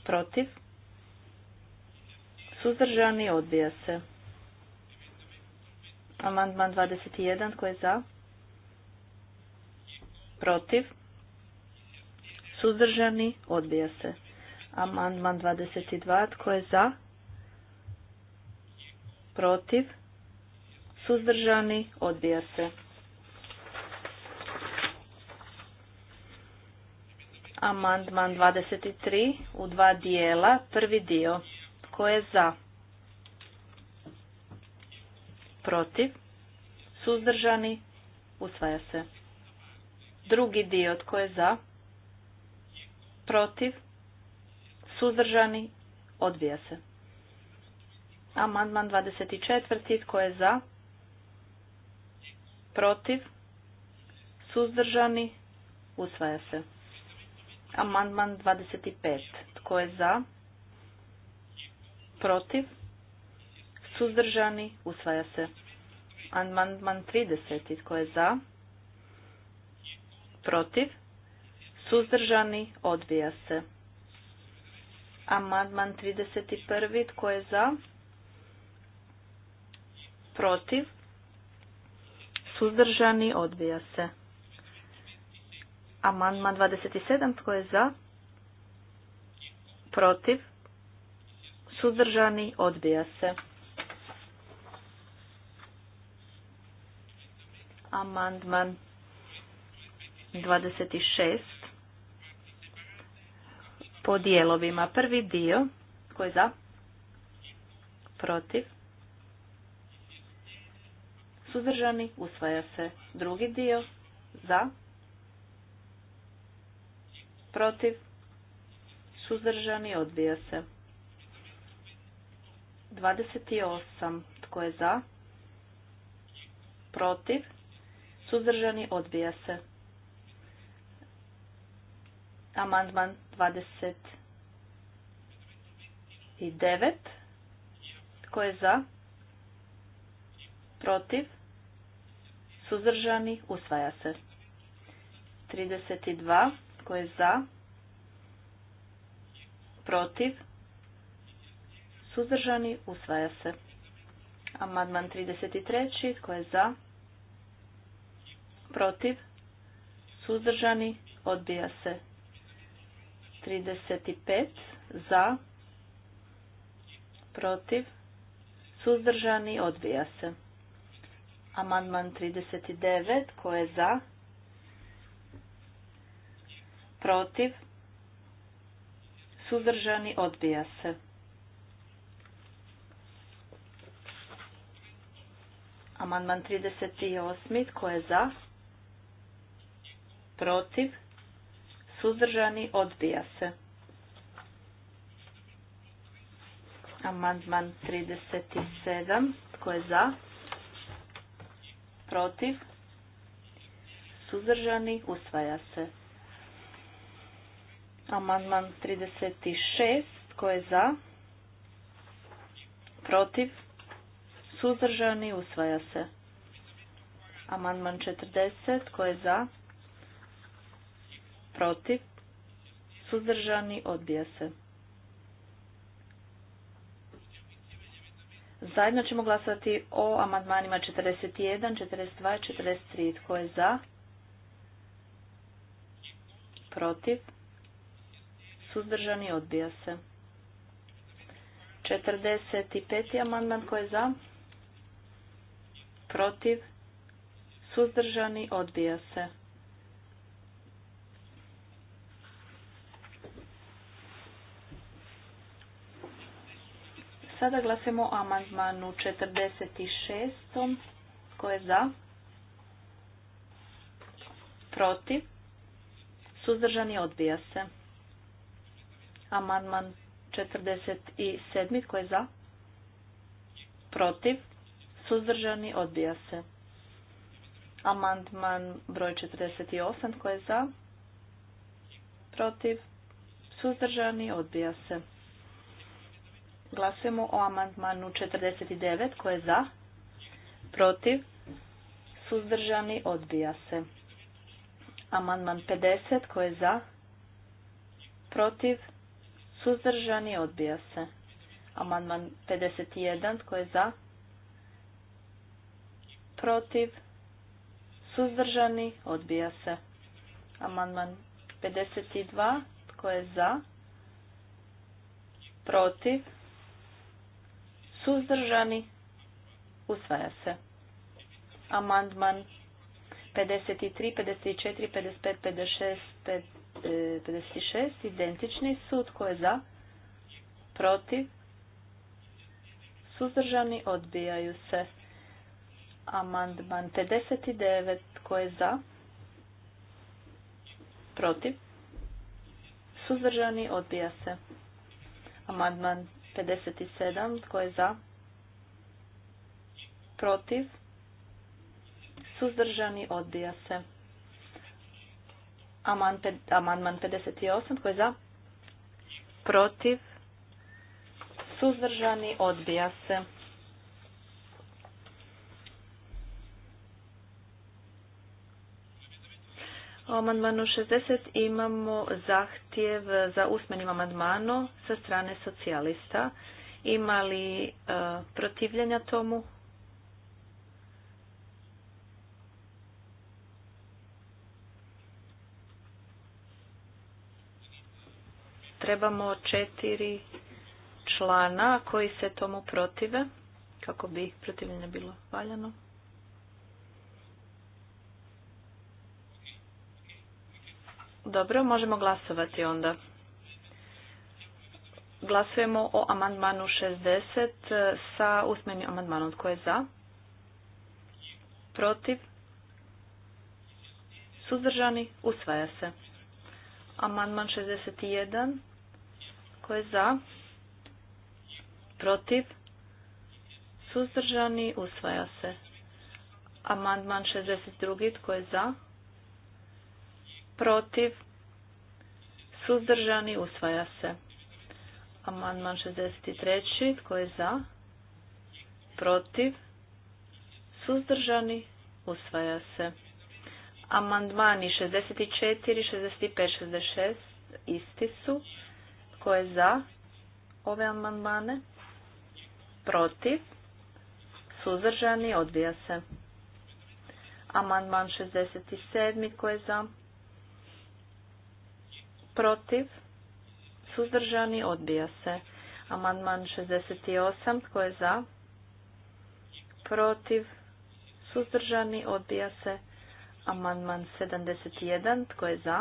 Protiv? Suzdržani odbija se. Amandman 21. Tko je za? Protiv? Suzdržani? Odbija se. Amandman 22. Tko je za? Protiv? Suzdržani? Odbija se. Amandman 23 u dva dijela. Prvi dio. Tko je za? protiv, suzdržani, usvaja se. Drugi dio tko je za, protiv, suzdržani, odvija se. Amandman 24. Tko je za? Protiv? Suzdržani? Usvaja se. Amandman 25. Tko je za? Protiv? Suzdržani? Usvaja se. Amandman 30. Tko je za? Protiv? Suzdržani? Odbija se. Amandman 31. Tko je za? Protiv? Suzdržani? Odbija se. Amandman 27. Tko je za? Protiv? Suzdržani? Odbija se. amandman 26 po dijelovima. Prvi dio, koji je za? Protiv. Suzdržani, usvaja se. Drugi dio, za? Protiv. Suzdržani, odbija se. 28. Tko je za? Protiv. Suzdržani odbija se. Amandman 29. Tko je za? Protiv? Suzdržani usvaja se. 32. Tko je za? Protiv? Suzdržani usvaja se. Amandman 33. Tko je za? protiv, suzdržani, odbija se. 35 za, protiv, suzdržani, odbija se. Amandman 39, ko je za, protiv, suzdržani, odbija se. Amandman 38, tko je za, protiv, suzdržani, odbija se. Amandman 37, tko je za, protiv, suzdržani, usvaja se. Amandman 36, tko je za, protiv, suzdržani, usvaja se. Amandman 40, tko je za, protiv, suzdržani, odbija se. Zajedno ćemo glasati o amandmanima 41, 42 i 43. Tko je za? Protiv? Suzdržani odbija se. 45. amandman tko je za? Protiv? Suzdržani odbija se. Sada glasimo o amandmanu 46. Tko je za? Protiv? Suzdržani odbija se. Amandman 47. Tko je za? Protiv? Suzdržani odbija se. Amandman broj 48. Tko je za? Protiv? Suzdržani odbija se. Glasujemo o amandmanu 49 koje je za, protiv, suzdržani, odbija se. Amandman 50 koje je za, protiv, suzdržani, odbija se. Amandman 51 koje je za, protiv, suzdržani, odbija se. Amandman 52 tko je za, protiv, Suzdržani? Usvaja se. Amandman 53, 54, 55, 56, 56. Identični sud Tko je za? Protiv? Suzdržani? Odbijaju se. Amandman 59. koji je za? Protiv? Suzdržani? Odbija se. Amandman 57. Tko je za? Protiv? Suzdržani odbija se. Amandman 58. Tko je za? Protiv? Suzdržani odbija se. O amandmanu 60 imamo zahtjev za usmenim amandmanom sa strane socijalista. Ima li e, protivljenja tomu? Trebamo četiri člana koji se tomu protive, kako bi protivljenje bilo valjano. Dobro, možemo glasovati onda. Glasujemo o amandmanu 60 e, sa usmenim amandmanom. Tko je za? Protiv? Suzdržani? Usvaja se. Amandman 61. Tko je za? Protiv? Suzdržani? Usvaja se. Amandman 62. Tko je za? protiv, suzdržani, usvaja se. Amandman 63. Tko je za? Protiv, suzdržani, usvaja se. Amandmani 64, 65, 66 isti su. Tko je za ove amandmane? Protiv, suzdržani, odbija se. Amandman 67. Tko je za? protiv, suzdržani, odbija se. Amandman 68, tko je za, protiv, suzdržani, odbija se. Amandman 71, tko je za,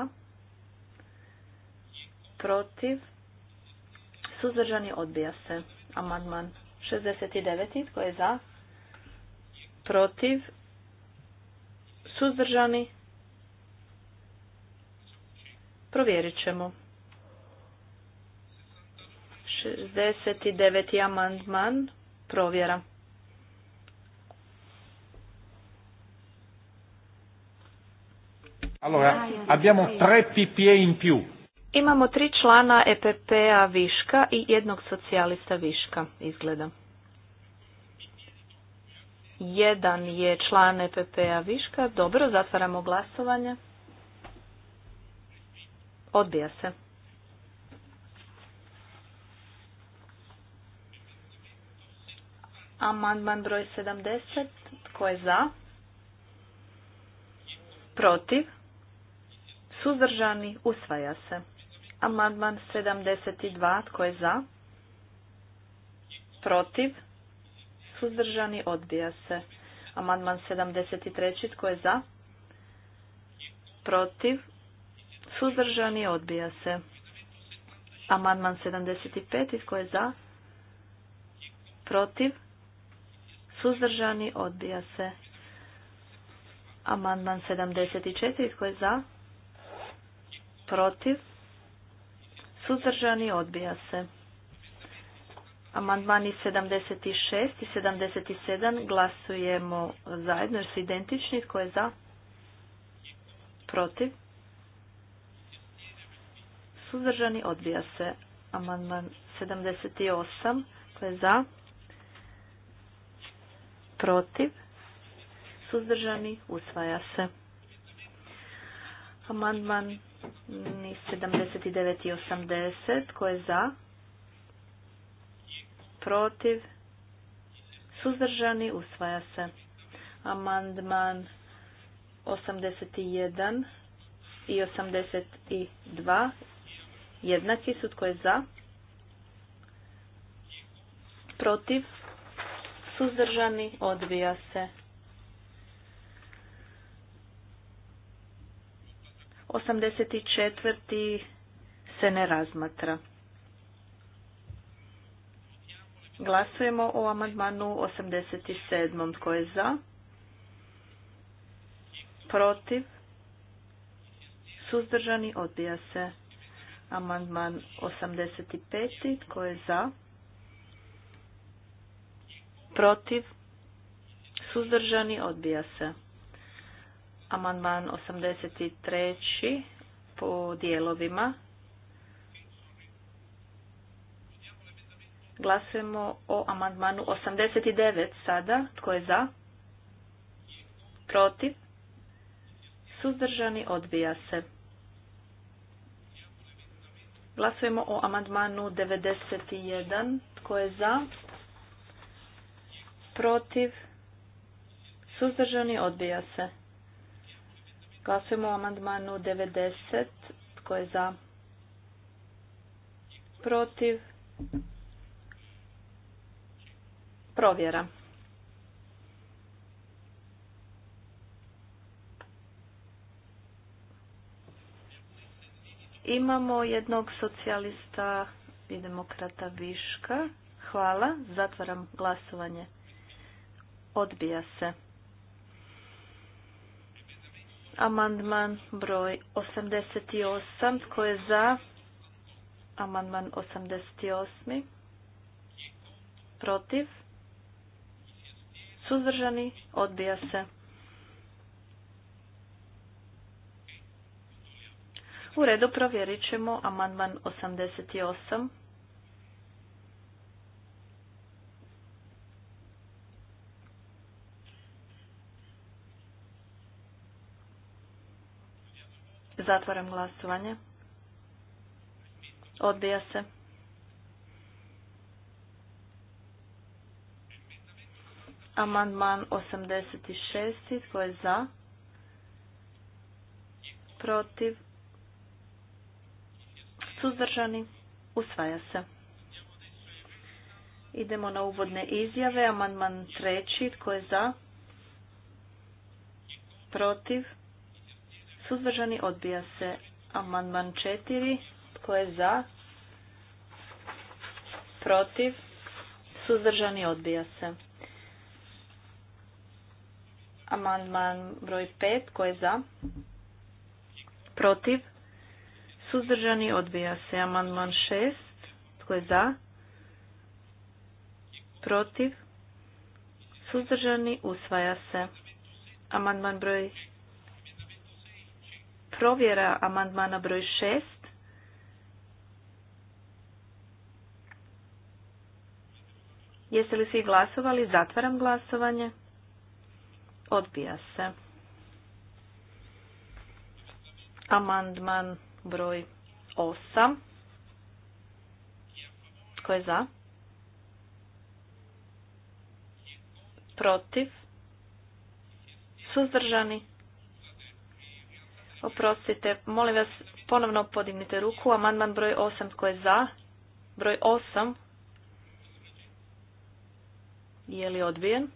protiv, suzdržani, odbija se. Amandman 69, tko je za, protiv, suzdržani, Provjerit ćemo. 69. amandman. Provjera. Allora, abbiamo tre e in più. Imamo tri člana EPP-a viška i jednog socijalista viška, izgleda. Jedan je član EPP-a viška. Dobro, zatvaramo glasovanje. Odbija se. Amandman broj 70. Tko je za? Protiv? Suzdržani? Usvaja se. Amandman 72. Tko je za? Protiv? Suzdržani? Odbija se. Amandman 73. Tko je za? Protiv? Suzdržani odbija se. Amandman 75. Tko je za? Protiv? Suzdržani odbija se. Amandman 74. Tko je za? Protiv? Suzdržani odbija se. Amandmani 76 i 77 glasujemo zajedno jer su identični. Tko je za? Protiv? suzdržani, odbija se. Amandman 78, tko je za, protiv, suzdržani, usvaja se. Amandman 79 i 80, tko je za, protiv, suzdržani, usvaja se. Amandman 81 i 82 jednaki su tko je za, protiv, suzdržani, odbija se. 84. se ne razmatra. Glasujemo o amandmanu 87. Tko je za? Protiv? Suzdržani odbija se. Amandman 85. Tko je za? Protiv? Suzdržani? Odbija se. Amandman 83. Po dijelovima. Glasujemo o amandmanu 89 sada. Tko je za? Protiv? Suzdržani? Odbija se. Glasujemo o amandmanu 91. Tko je za? Protiv? Suzdržani odbija se. Glasujemo o amandmanu 90. Tko je za? Protiv? Provjera. Imamo jednog socijalista i demokrata Viška. Hvala. Zatvaram glasovanje. Odbija se. Amandman broj 88. Tko je za? Amandman 88. Protiv? Suzdržani? Odbija se. U redu provjerit ćemo amandman 88. Zatvaram glasovanje. Odbija se. Amandman 86. Tko je za? Protiv? Suzdržani? Usvaja se. Idemo na uvodne izjave. Amandman treći. Tko je za? Protiv? Suzdržani? Odbija se. Amandman četiri. Tko je za? Protiv? Suzdržani? Odbija se. Amandman broj pet, Tko je za? Protiv? Suzdržani odbija se. Amandman 6. Tko je za? Protiv? Suzdržani usvaja se. Amandman broj... Provjera amandmana broj 6. Jeste li svi glasovali? Zatvaram glasovanje. Odbija se. Amandman broj 8. Tko je za? Protiv? Suzdržani? Oprostite, molim vas ponovno podignite ruku. Amandman broj 8 tko je za? Broj 8 je li odbijen?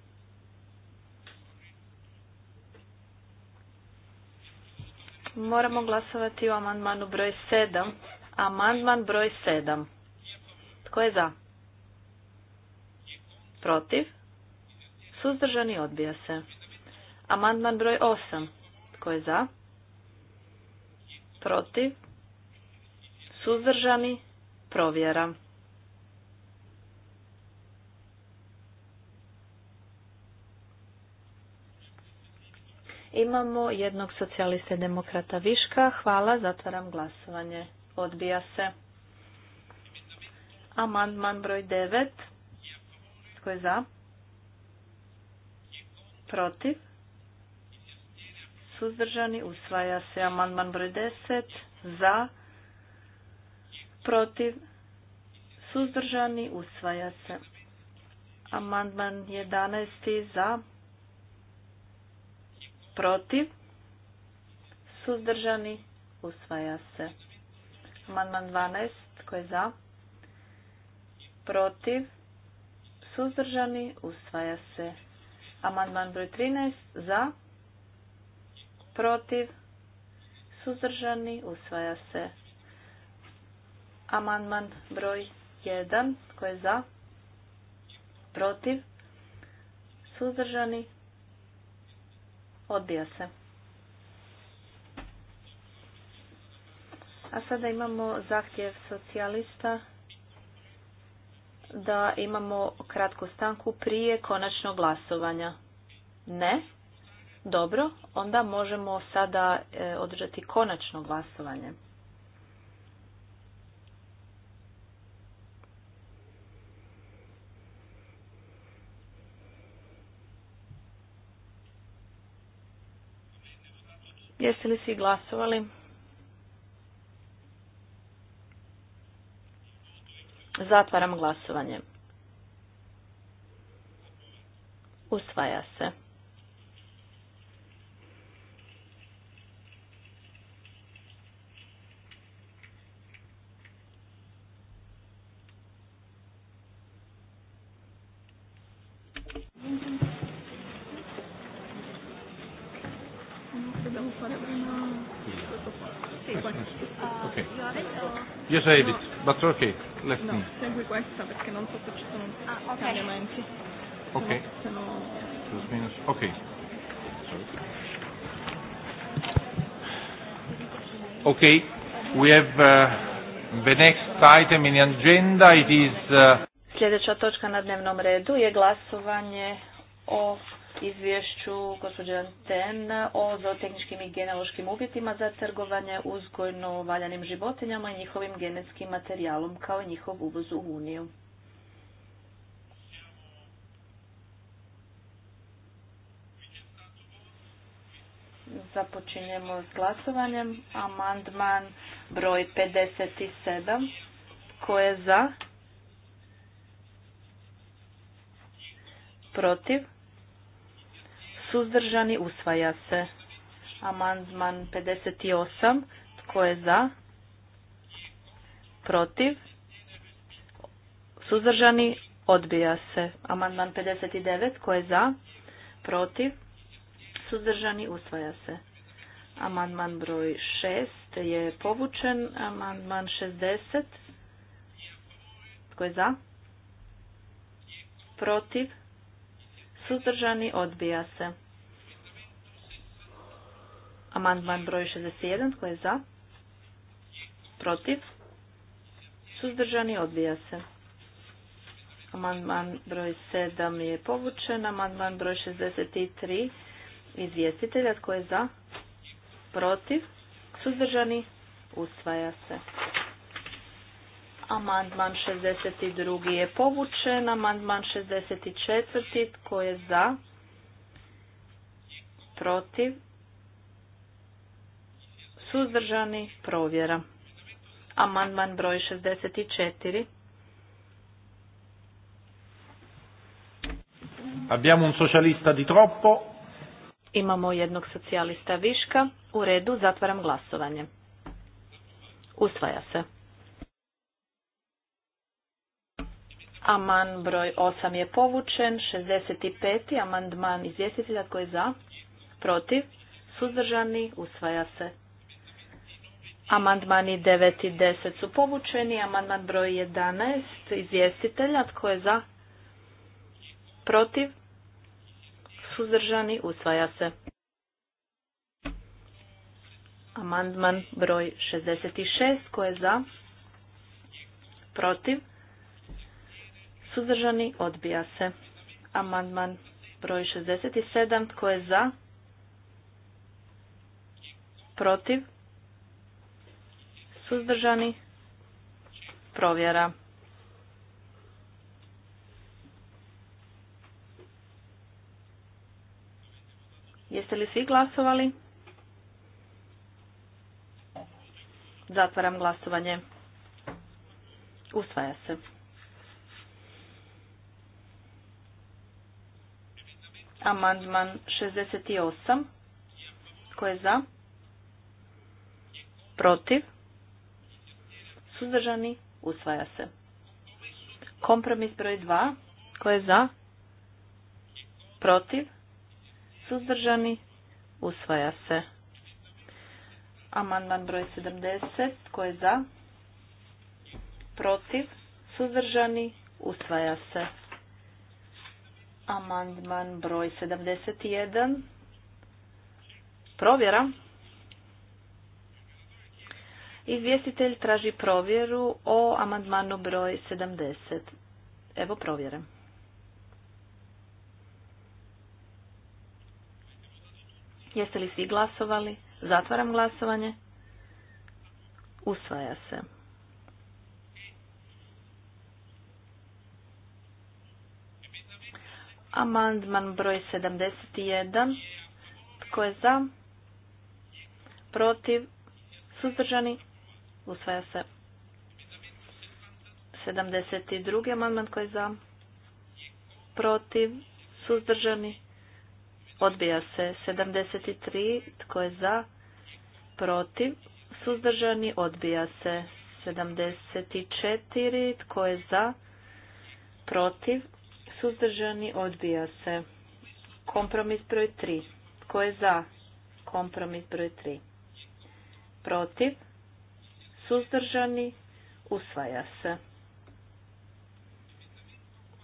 Moramo glasovati o amandmanu broj 7. Amandman broj 7. Tko je za? Protiv? Suzdržani odbija se. Amandman broj 8. Tko je za? Protiv? Suzdržani? Provjera. Imamo jednog socijaliste demokrata viška. Hvala, zatvaram glasovanje. Odbija se. Amandman broj 9. Tko je za? Protiv? Suzdržani? Usvaja se amandman broj 10. Za? Protiv? Suzdržani? Usvaja se. Amandman 11. Za? protiv, suzdržani, usvaja se. Amandman 12, tko je za, protiv, suzdržani, usvaja se. Amandman broj 13, za, protiv, suzdržani, usvaja se. Amandman broj 1, tko je za, protiv, suzdržani, Odbija se. A sada imamo zahtjev socijalista da imamo kratku stanku prije konačnog glasovanja. Ne? Dobro, onda možemo sada e, održati konačno glasovanje. Jeste li svi glasovali? Zatvaram glasovanje. Usvaja se. Io sarei but ok, let's No, segui questa perché non so se ci sono ah, okay. cambiamenti. Ok. Se no, se no... Ok. Ok, we have uh, the next item in the agenda, it is... Uh... Sljedeća točka na dnevnom redu je glasovanje o izvješću gospođe Anten o zootehničkim i genealoškim uvjetima za trgovanje uzgojno valjanim životinjama i njihovim genetskim materijalom kao i njihov uvoz u Uniju. Započinjemo s glasovanjem. Amandman broj 57. Ko je za? Protiv? suzdržani, usvaja se. Amandman 58, tko je za, protiv, suzdržani, odbija se. Amandman 59, tko je za, protiv, suzdržani, usvaja se. Amandman broj 6 je povučen. Amandman 60. Tko je za? Protiv? suzdržani, odbija se. Amandman broj 61, tko je za? Protiv? Suzdržani, odbija se. Amandman broj 7 je povučen. Amandman broj 63 izvjestitelja. Tko je za? Protiv? Suzdržani? Usvaja se. Amandman 62. je povučen. Amandman 64. tko je za? Protiv? Suzdržani? Provjera. Amandman broj 64. Abbiamo un socialista di troppo. Imamo jednog socijalista viška. U redu zatvaram glasovanje. Usvaja se. Aman broj 8 je povučen. 65. amandman izvjestitelja koji je za, protiv, suzdržani, usvaja se. Amandmani 9 i 10 su povučeni. Amandman broj 11 izvjestitelja tko je za, protiv, suzdržani, usvaja se. Amandman broj 66 tko je za, protiv, Suzdržani odbija se. Amandman broj 67. Tko je za? Protiv? Suzdržani? Provjera. Jeste li svi glasovali? Zatvaram glasovanje. Usvaja se. Amandman 68. Tko je za? Protiv? Suzdržani? Usvaja se. Kompromis broj 2. Tko je za? Protiv? Suzdržani? Usvaja se. Amandman broj 70. Tko je za? Protiv? Suzdržani? Usvaja se. Amandman broj 71. Provjera. Izvjestitelj traži provjeru o amandmanu broj 70. Evo provjere. Jeste li svi glasovali? Zatvaram glasovanje. Usvaja se. Amandman broj 71. Tko je za? Protiv? Suzdržani? Usvaja se. 72. amandman tko je za? Protiv? Suzdržani? Odbija se. 73. Tko je za? Protiv? Suzdržani? Odbija se. 74. Tko je za? Protiv? Suzdržani odbija se. Kompromis broj tri. Tko je za? Kompromis broj 3. Protiv? Suzdržani? Usvaja se.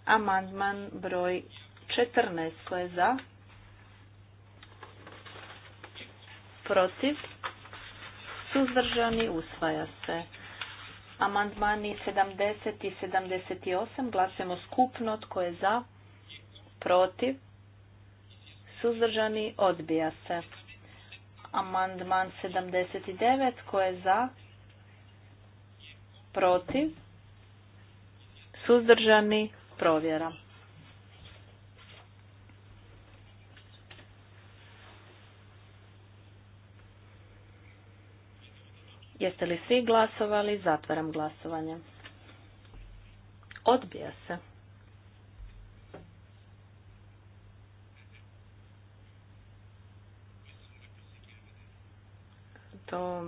Amandman broj 14. Tko je za? Protiv? Suzdržani? Usvaja se. Amandmani 70 i 78 glasujemo skupno tko je za, protiv, suzdržani, odbija se. Amandman 79 tko je za, protiv, suzdržani, provjera. Jeste li svi glasovali? Zatvaram glasovanje. Odbija se. To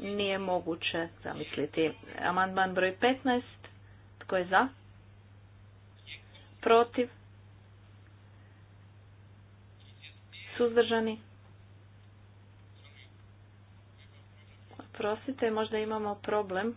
nije moguće zamisliti. Amandman broj 15. Tko je za? Protiv? Suzdržani? Oprostite, možda imamo problem.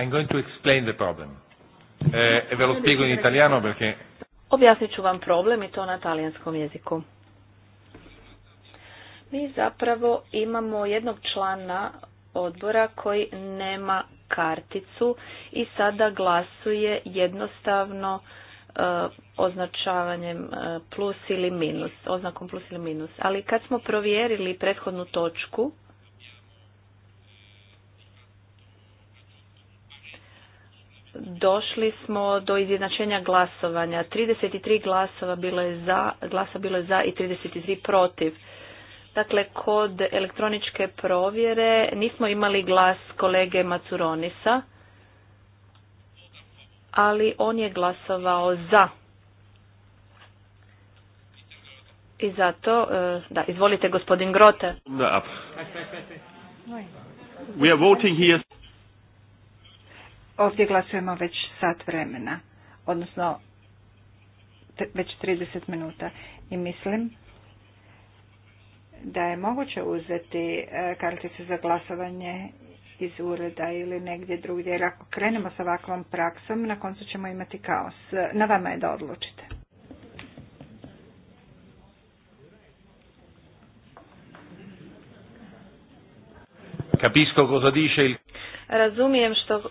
I'm going to explain the problem. Eh, e in italiano perché... Objasnit ću vam problem i to na talijanskom jeziku. Mi zapravo imamo jednog člana odbora koji nema karticu i sada glasuje jednostavno eh, označavanjem eh, plus ili minus, oznakom plus ili minus. Ali kad smo provjerili prethodnu točku, došli smo do izjednačenja glasovanja. 33 glasova bilo je za, glasa bilo je za i 33 protiv. Dakle, kod elektroničke provjere nismo imali glas kolege Macuronisa, ali on je glasovao za. I zato, e, da, izvolite gospodin Grote. We are voting here. Ovdje glasujemo već sat vremena, odnosno već 30 minuta i mislim da je moguće uzeti e, kartice za glasovanje iz ureda ili negdje drugdje, jer ako krenemo sa ovakvom praksom, na koncu ćemo imati kaos. Na vama je da odlučite. Capisco cosa dice il Razumijem što e,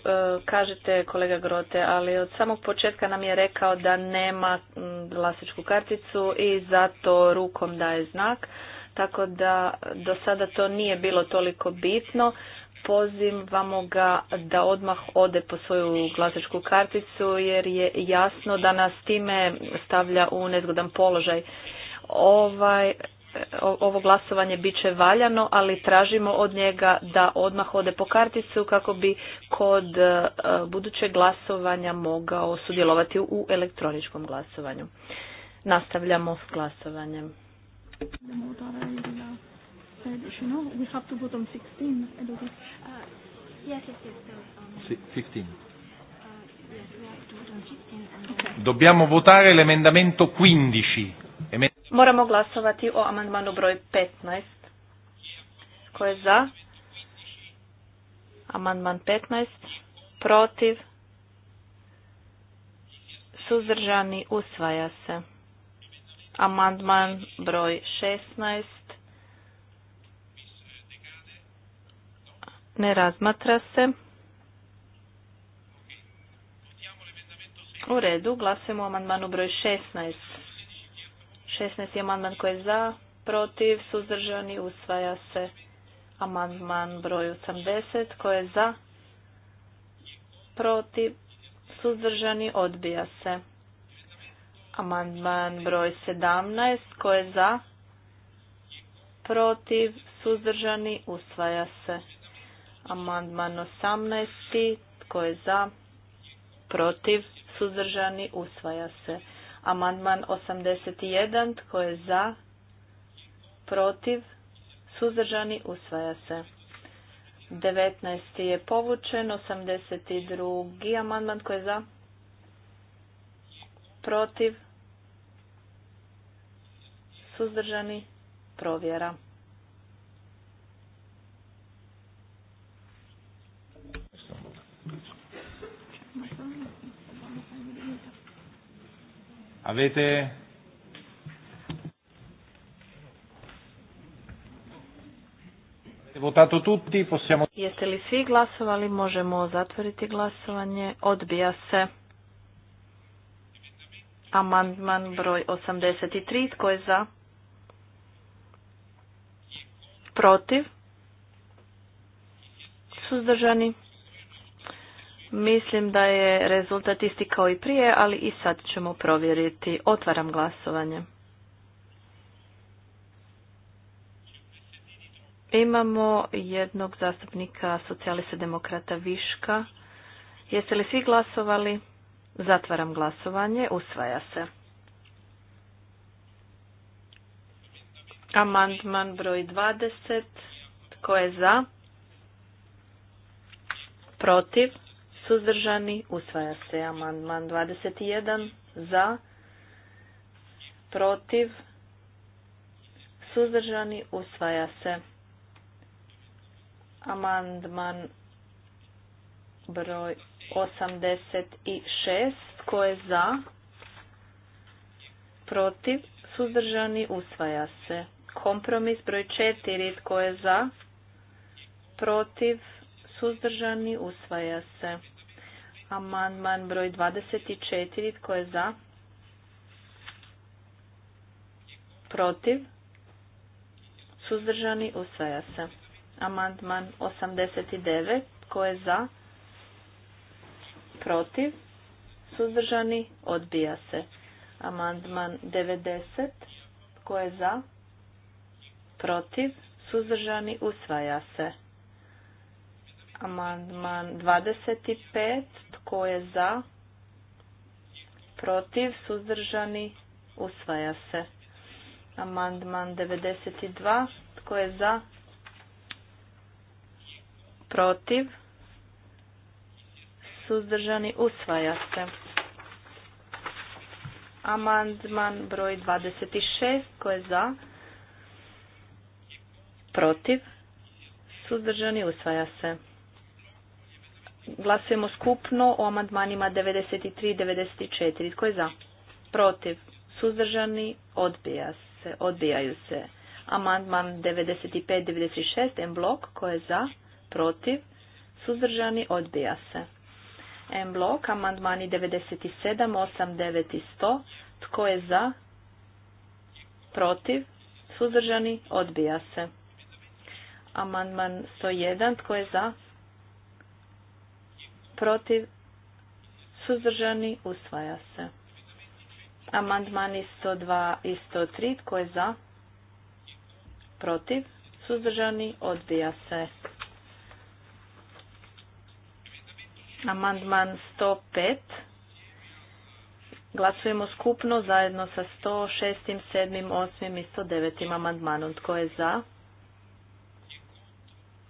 kažete kolega Grote, ali od samog početka nam je rekao da nema glasačku karticu i zato rukom daje znak, tako da do sada to nije bilo toliko bitno. Pozivamo ga da odmah ode po svoju glasačku karticu jer je jasno da nas time stavlja u nezgodan položaj. Ovaj ovo glasovanje bit će valjano, ali tražimo od njega da odmah ode po karticu kako bi kod e, budućeg glasovanja mogao sudjelovati u elektroničkom glasovanju. Nastavljamo s glasovanjem. Dobbiamo votare l'emendamento 15. Moramo glasovati o amandmanu broj 15. Ko je za? Amandman 15. Protiv? Suzdržani usvaja se. Amandman broj 16. Ne razmatra se. U redu, glasujemo o amandmanu broj 16. 16. amandman koji je za, protiv, suzdržani, usvaja se. Amandman broj 80 koji je za, protiv, suzdržani, odbija se. Amandman broj 17 koji je za, protiv, suzdržani, usvaja se. Amandman 18. koji je za? Protiv? Suzdržani? Usvaja se. Amandman 81. Tko je za? Protiv? Suzdržani? Usvaja se. 19. je povučen. 82. Amandman tko je za? Protiv? Suzdržani? Provjera. Avete votato tutti, possiamo... Jeste li svi glasovali? Možemo zatvoriti glasovanje. Odbija se. Amandman broj 83. Tko je za? Protiv? Suzdržani? Mislim da je rezultat isti kao i prije, ali i sad ćemo provjeriti. Otvaram glasovanje. Imamo jednog zastupnika socijalista demokrata Viška. Jeste li svi glasovali? Zatvaram glasovanje. Usvaja se. Amandman broj 20. Tko je za? Protiv? suzdržani, usvaja se amandman 21 za, protiv, suzdržani, usvaja se amandman broj 86 tko je za, protiv, suzdržani, usvaja se. Kompromis broj 4 tko je za, protiv, suzdržani, usvaja se. Amandman broj 24. Tko je za? Protiv? Suzdržani? Usvaja se. Amandman 89. Tko je za? Protiv? Suzdržani? Odbija se. Amandman 90. Tko je za? Protiv? Suzdržani? Usvaja se. Amandman 25. Tko je za? Protiv? Suzdržani? Usvaja se. Amandman 92. Tko je za? Protiv? Suzdržani? Usvaja se. Amandman broj 26. Tko je za? Protiv? Suzdržani? Usvaja se. Glasujemo skupno o amandmanima 93 i 94. Tko je za? Protiv. Suzdržani. Odbija se. Odbijaju se. Amandman 95 96. M blok. Tko je za? Protiv. Suzdržani. Odbija se. M blok. Amandmani 97, 8, 9 i 100. Tko je za? Protiv. Suzdržani. Odbija se. Amandman 101. Tko je za? protiv, suzdržani, usvaja se. Amandmani 102 i 103, tko je za, protiv, suzdržani, odbija se. Amandman 105. Glasujemo skupno zajedno sa 106, 7, 8 i 109 amandmanom. Tko je za?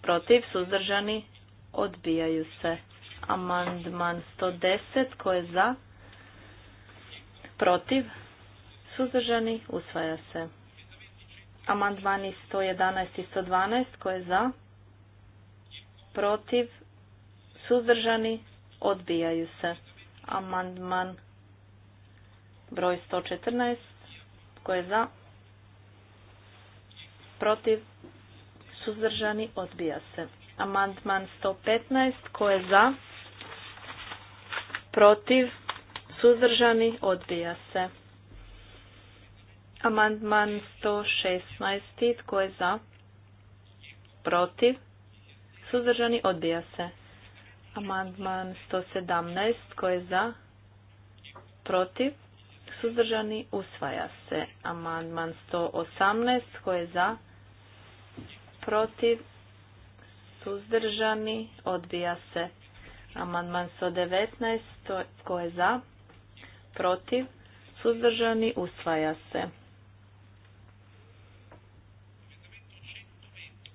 Protiv, suzdržani, odbijaju se. Amandman 110. Ko je za? Protiv? Suzdržani? Usvaja se. Amandmani 111 i 112. Ko je za? Protiv? Suzdržani? Odbijaju se. Amandman broj 114. Ko je za? Protiv? Suzdržani? Odbija se. Amandman 115. Ko je za? protiv, suzdržani, odbija se. Amandman 116. Tko je za? Protiv? Suzdržani? Odbija se. Amandman 117. Tko je za? Protiv? Suzdržani? Usvaja se. Amandman 118. Tko je za? Protiv? Suzdržani? Odbija se. Amandman 119. Tko je za? Protiv? Suzdržani? Usvaja se.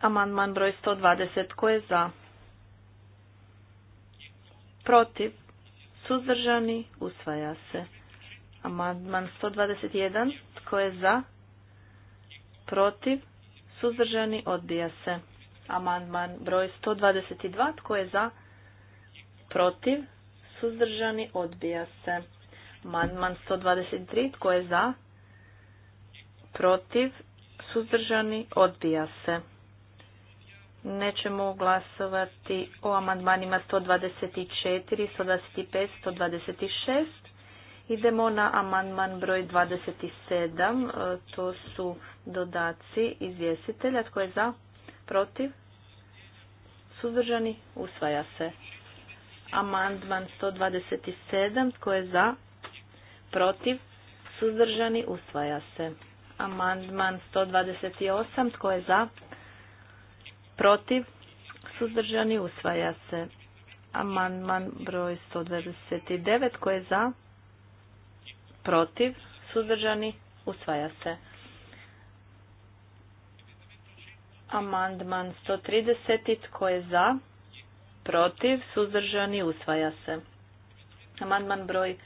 Amandman broj 120. Tko je za? Protiv? Suzdržani? Usvaja se. Amandman 121. Tko je za? Protiv? Suzdržani? Odbija se. Amandman broj 122. Tko je za? protiv, suzdržani, odbija se. Amandman 123, tko je za, protiv, suzdržani, odbija se. Nećemo glasovati o amandmanima 124, 125, 126. Idemo na amandman broj 27, e, to su dodaci izvjestitelja. Tko je za? Protiv? Suzdržani? Usvaja se. Amandman 127. Tko je za? Protiv? Suzdržani? Usvaja se. Amandman 128. Tko je za? Protiv? Suzdržani? Usvaja se. Amandman broj 129. Tko je za? Protiv? Suzdržani? Usvaja se. Amandman 130. Tko je za? protiv, suzdržani, usvaja se. Amandman broj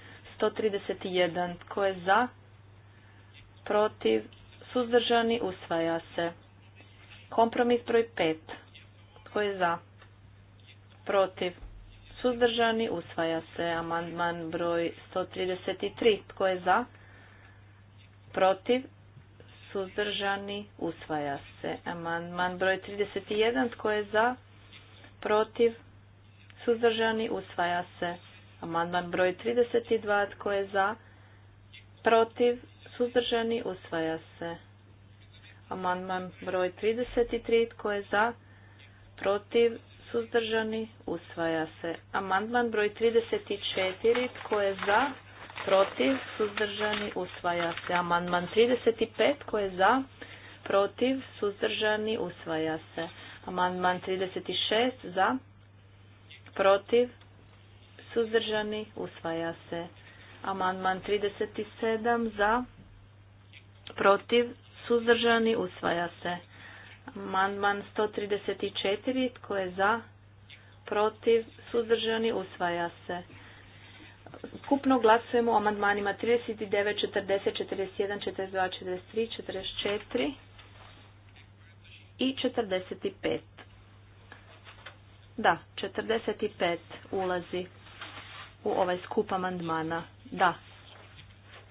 131. Tko je za, protiv, suzdržani, usvaja se. Kompromis broj 5. Tko je za, protiv, suzdržani, usvaja se. Amandman broj 133. Tko je za, protiv, suzdržani, usvaja se. Amandman broj 31. Tko je za, protiv, suzdržani, usvaja se. Amandman broj 32, tko je za, protiv, suzdržani, usvaja se. Amandman broj 33, tko je za, protiv, suzdržani, usvaja se. Amandman broj 34, tko je za, protiv, suzdržani, usvaja se. Amandman 35, tko je za, protiv, suzdržani, usvaja se. Amandman 36, za, protiv, suzdržani, usvaja se. Amandman 37 za, protiv, suzdržani, usvaja se. Amandman 134 tko je za, protiv, suzdržani, usvaja se. Kupno glasujemo o amandmanima 39, 40, 41, 42, 43, 44 i 45. Da, 45 ulazi u ovaj skup amandmana. Da,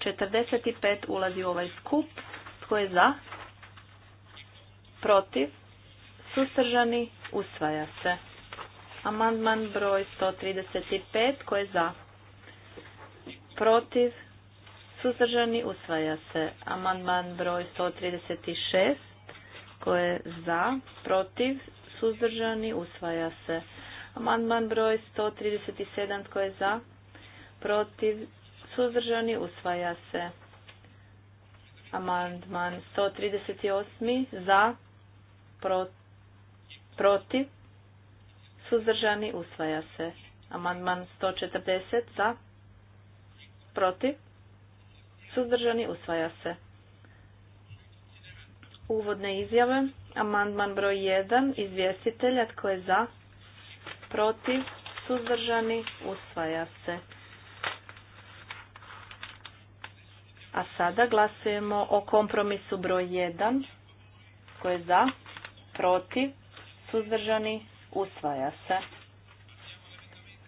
45 ulazi u ovaj skup. Tko je za? Protiv? Sustržani? Usvaja se. Amandman broj 135. Tko je za? Protiv? Sustržani? Usvaja se. Amandman broj 136. Tko je za? Protiv? suzdržani, usvaja se. Amandman broj 137 tko je za, protiv, suzdržani, usvaja se. Amandman 138 za, protiv, suzdržani, usvaja se. Amandman 140 za, protiv, suzdržani, usvaja se. Uvodne izjave. Amandman broj 1 izvjestitelja tko je za, protiv, suzdržani, usvaja se. A sada glasujemo o kompromisu broj 1 tko je za, protiv, suzdržani, usvaja se.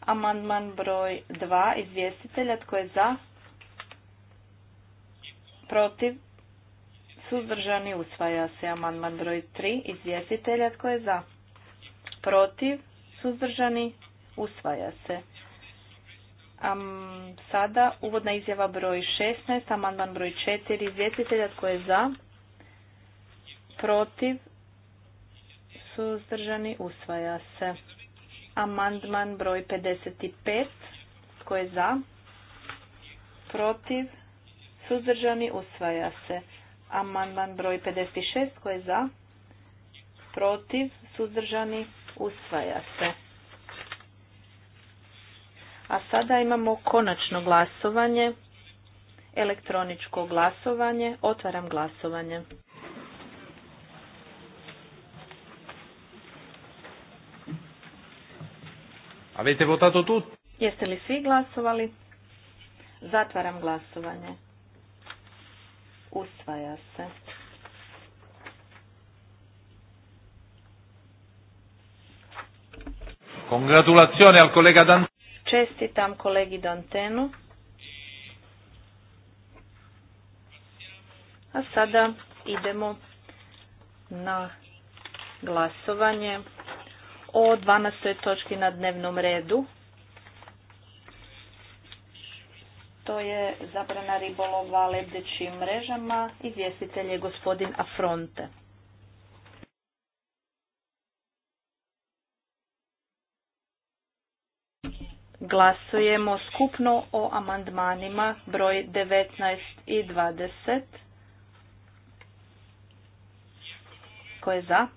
Amandman broj 2 izvjestitelja tko je za, protiv, suzdržani, usvaja se amandman broj 3 izvjestitelja tko je za, protiv, suzdržani, usvaja se. Am, sada uvodna izjava broj 16, amandman broj 4 izvjestitelja tko je za, protiv, suzdržani, usvaja se. Amandman broj 55 tko je za, protiv, suzdržani, usvaja se. Amandman broj 56 koji je za, protiv, suzdržani, usvaja se. A sada imamo konačno glasovanje, elektroničko glasovanje, otvaram glasovanje. Avete votato tutti? Jeste li svi glasovali? Zatvaram glasovanje usvaja se. al collega Dan. Čestitam kolegi Dantenu. A sada idemo na glasovanje o 12. točki na dnevnom redu. to je zabrana ribolova lebdećim mrežama. Izvjestitelj je gospodin Afronte. Glasujemo skupno o amandmanima broj 19 i 20. Ko je za?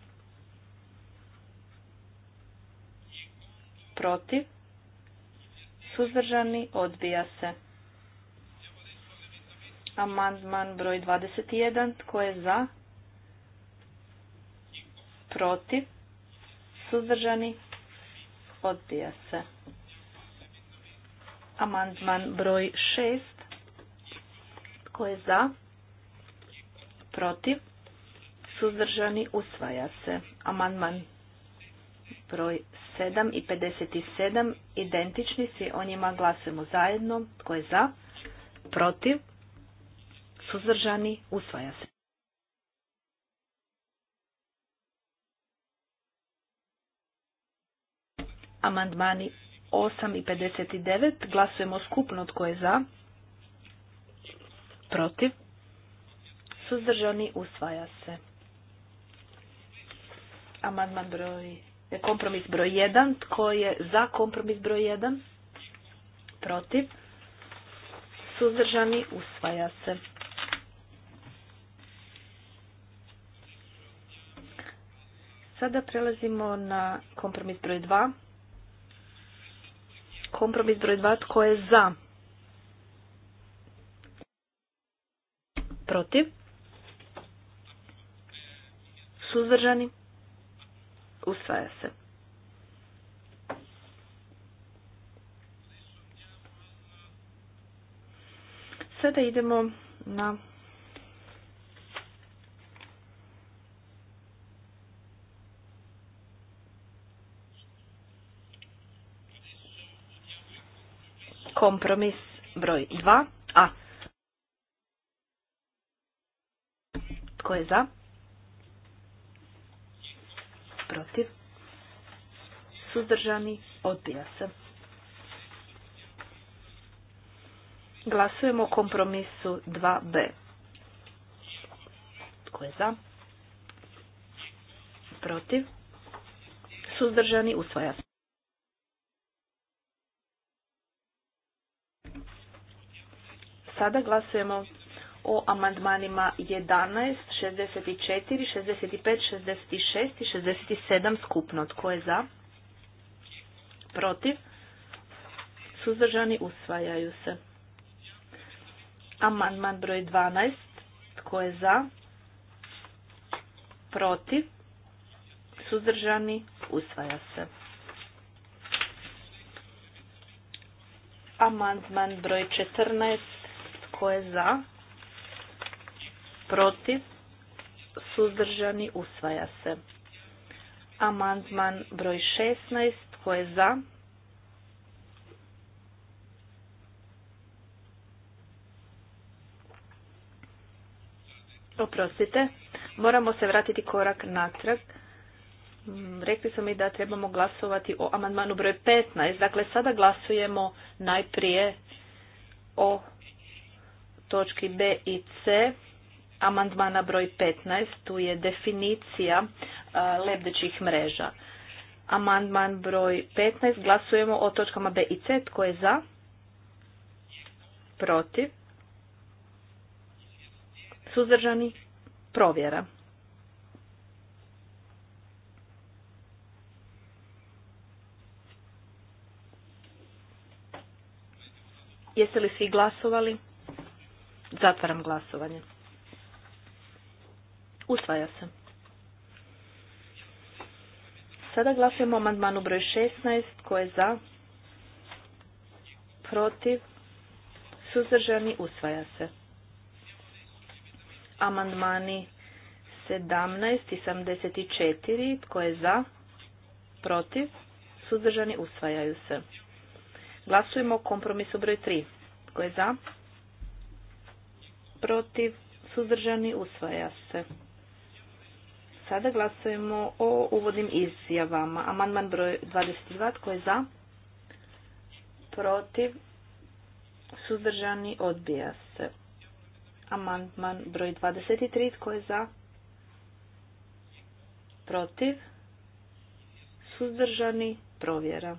Protiv? Suzdržani odbija se. Amandman broj 21. Tko je za? Protiv? Suzdržani? Odbija se. Amandman broj 6. Tko je za? Protiv? Suzdržani? Usvaja se. Amandman broj 7 i 57. Identični si o njima glasujemo zajedno. Tko je za? Protiv? suzdržani, usvaja se. Amandmani 8 i 59 glasujemo skupno tko je za, protiv, suzdržani, usvaja se. Amandman broj, kompromis broj 1, tko je za kompromis broj 1, protiv, suzdržani, usvaja se. Sada prelazimo na kompromis broj 2. Kompromis broj 2 tko je za? Protiv? Suzdržani? Usvaja se. Sada idemo na kompromis broj 2. A. Tko je za? Protiv. Suzdržani. Odbija se. Glasujemo kompromisu 2b. Tko je za? Protiv. Suzdržani. Usvaja se. Sada glasujemo o amandmanima 11, 64, 65, 66 i 67 skupno. Tko je za? Protiv? Suzdržani usvajaju se. Amandman broj 12. Tko je za? Protiv? Suzdržani usvaja se. Amandman broj 14 tko je za? Protiv? Suzdržani? Usvaja se. Amandman broj 16. Tko je za? Oprostite, moramo se vratiti korak natrag. Mm, rekli smo mi da trebamo glasovati o amandmanu broj 15. Dakle, sada glasujemo najprije o točki B i C amandmana broj 15, tu je definicija lebdećih mreža. Amandman broj 15, glasujemo o točkama B i C, tko je za? Protiv? Suzdržani? Provjera. Jeste li svi glasovali? Zatvaram glasovanje. Usvaja se. Sada glasujemo amandmanu broj 16. Ko je za? Protiv? Suzdržani? Usvaja se. Amandmani 17 i 74. Tko je za? Protiv? Suzdržani? Usvajaju se. Glasujemo kompromisu broj 3. Tko je za? protiv, suzdržani, usvaja se. Sada glasujemo o uvodnim izjavama. Amandman broj 22, tko je za? Protiv, suzdržani, odbija se. Amandman broj 23, tko je za? Protiv, suzdržani, provjera.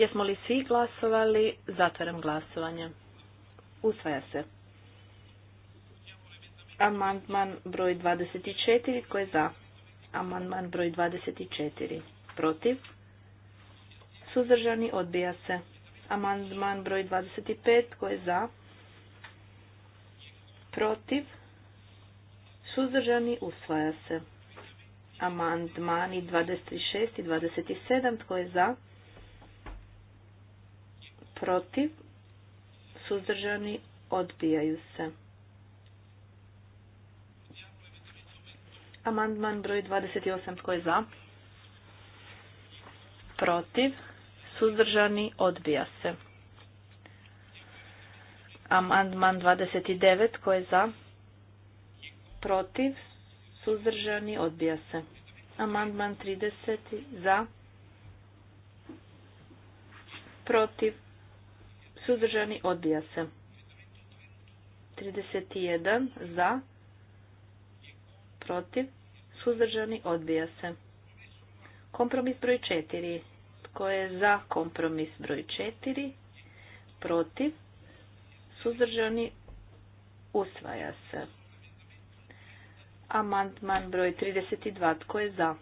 Jesmo li svi glasovali? Zatvaram glasovanje. Usvaja se. Amandman broj 24. Tko je za? Amandman broj 24. Protiv? Suzdržani odbija se. Amandman broj 25. Tko je za? Protiv? Suzdržani usvaja se. Amandmani 26 i 27. Tko je za? protiv, suzdržani, odbijaju se. Amandman broj 28 tko je za? Protiv, suzdržani, odbija se. Amandman 29 tko je za? Protiv, suzdržani, odbija se. Amandman 30 za? Protiv, suzdržani, odbija se. 31 za, protiv, suzdržani, odbija se. Kompromis broj 4. Tko je za kompromis broj 4? Protiv, suzdržani, usvaja se. Amandman broj 32. Tko je za?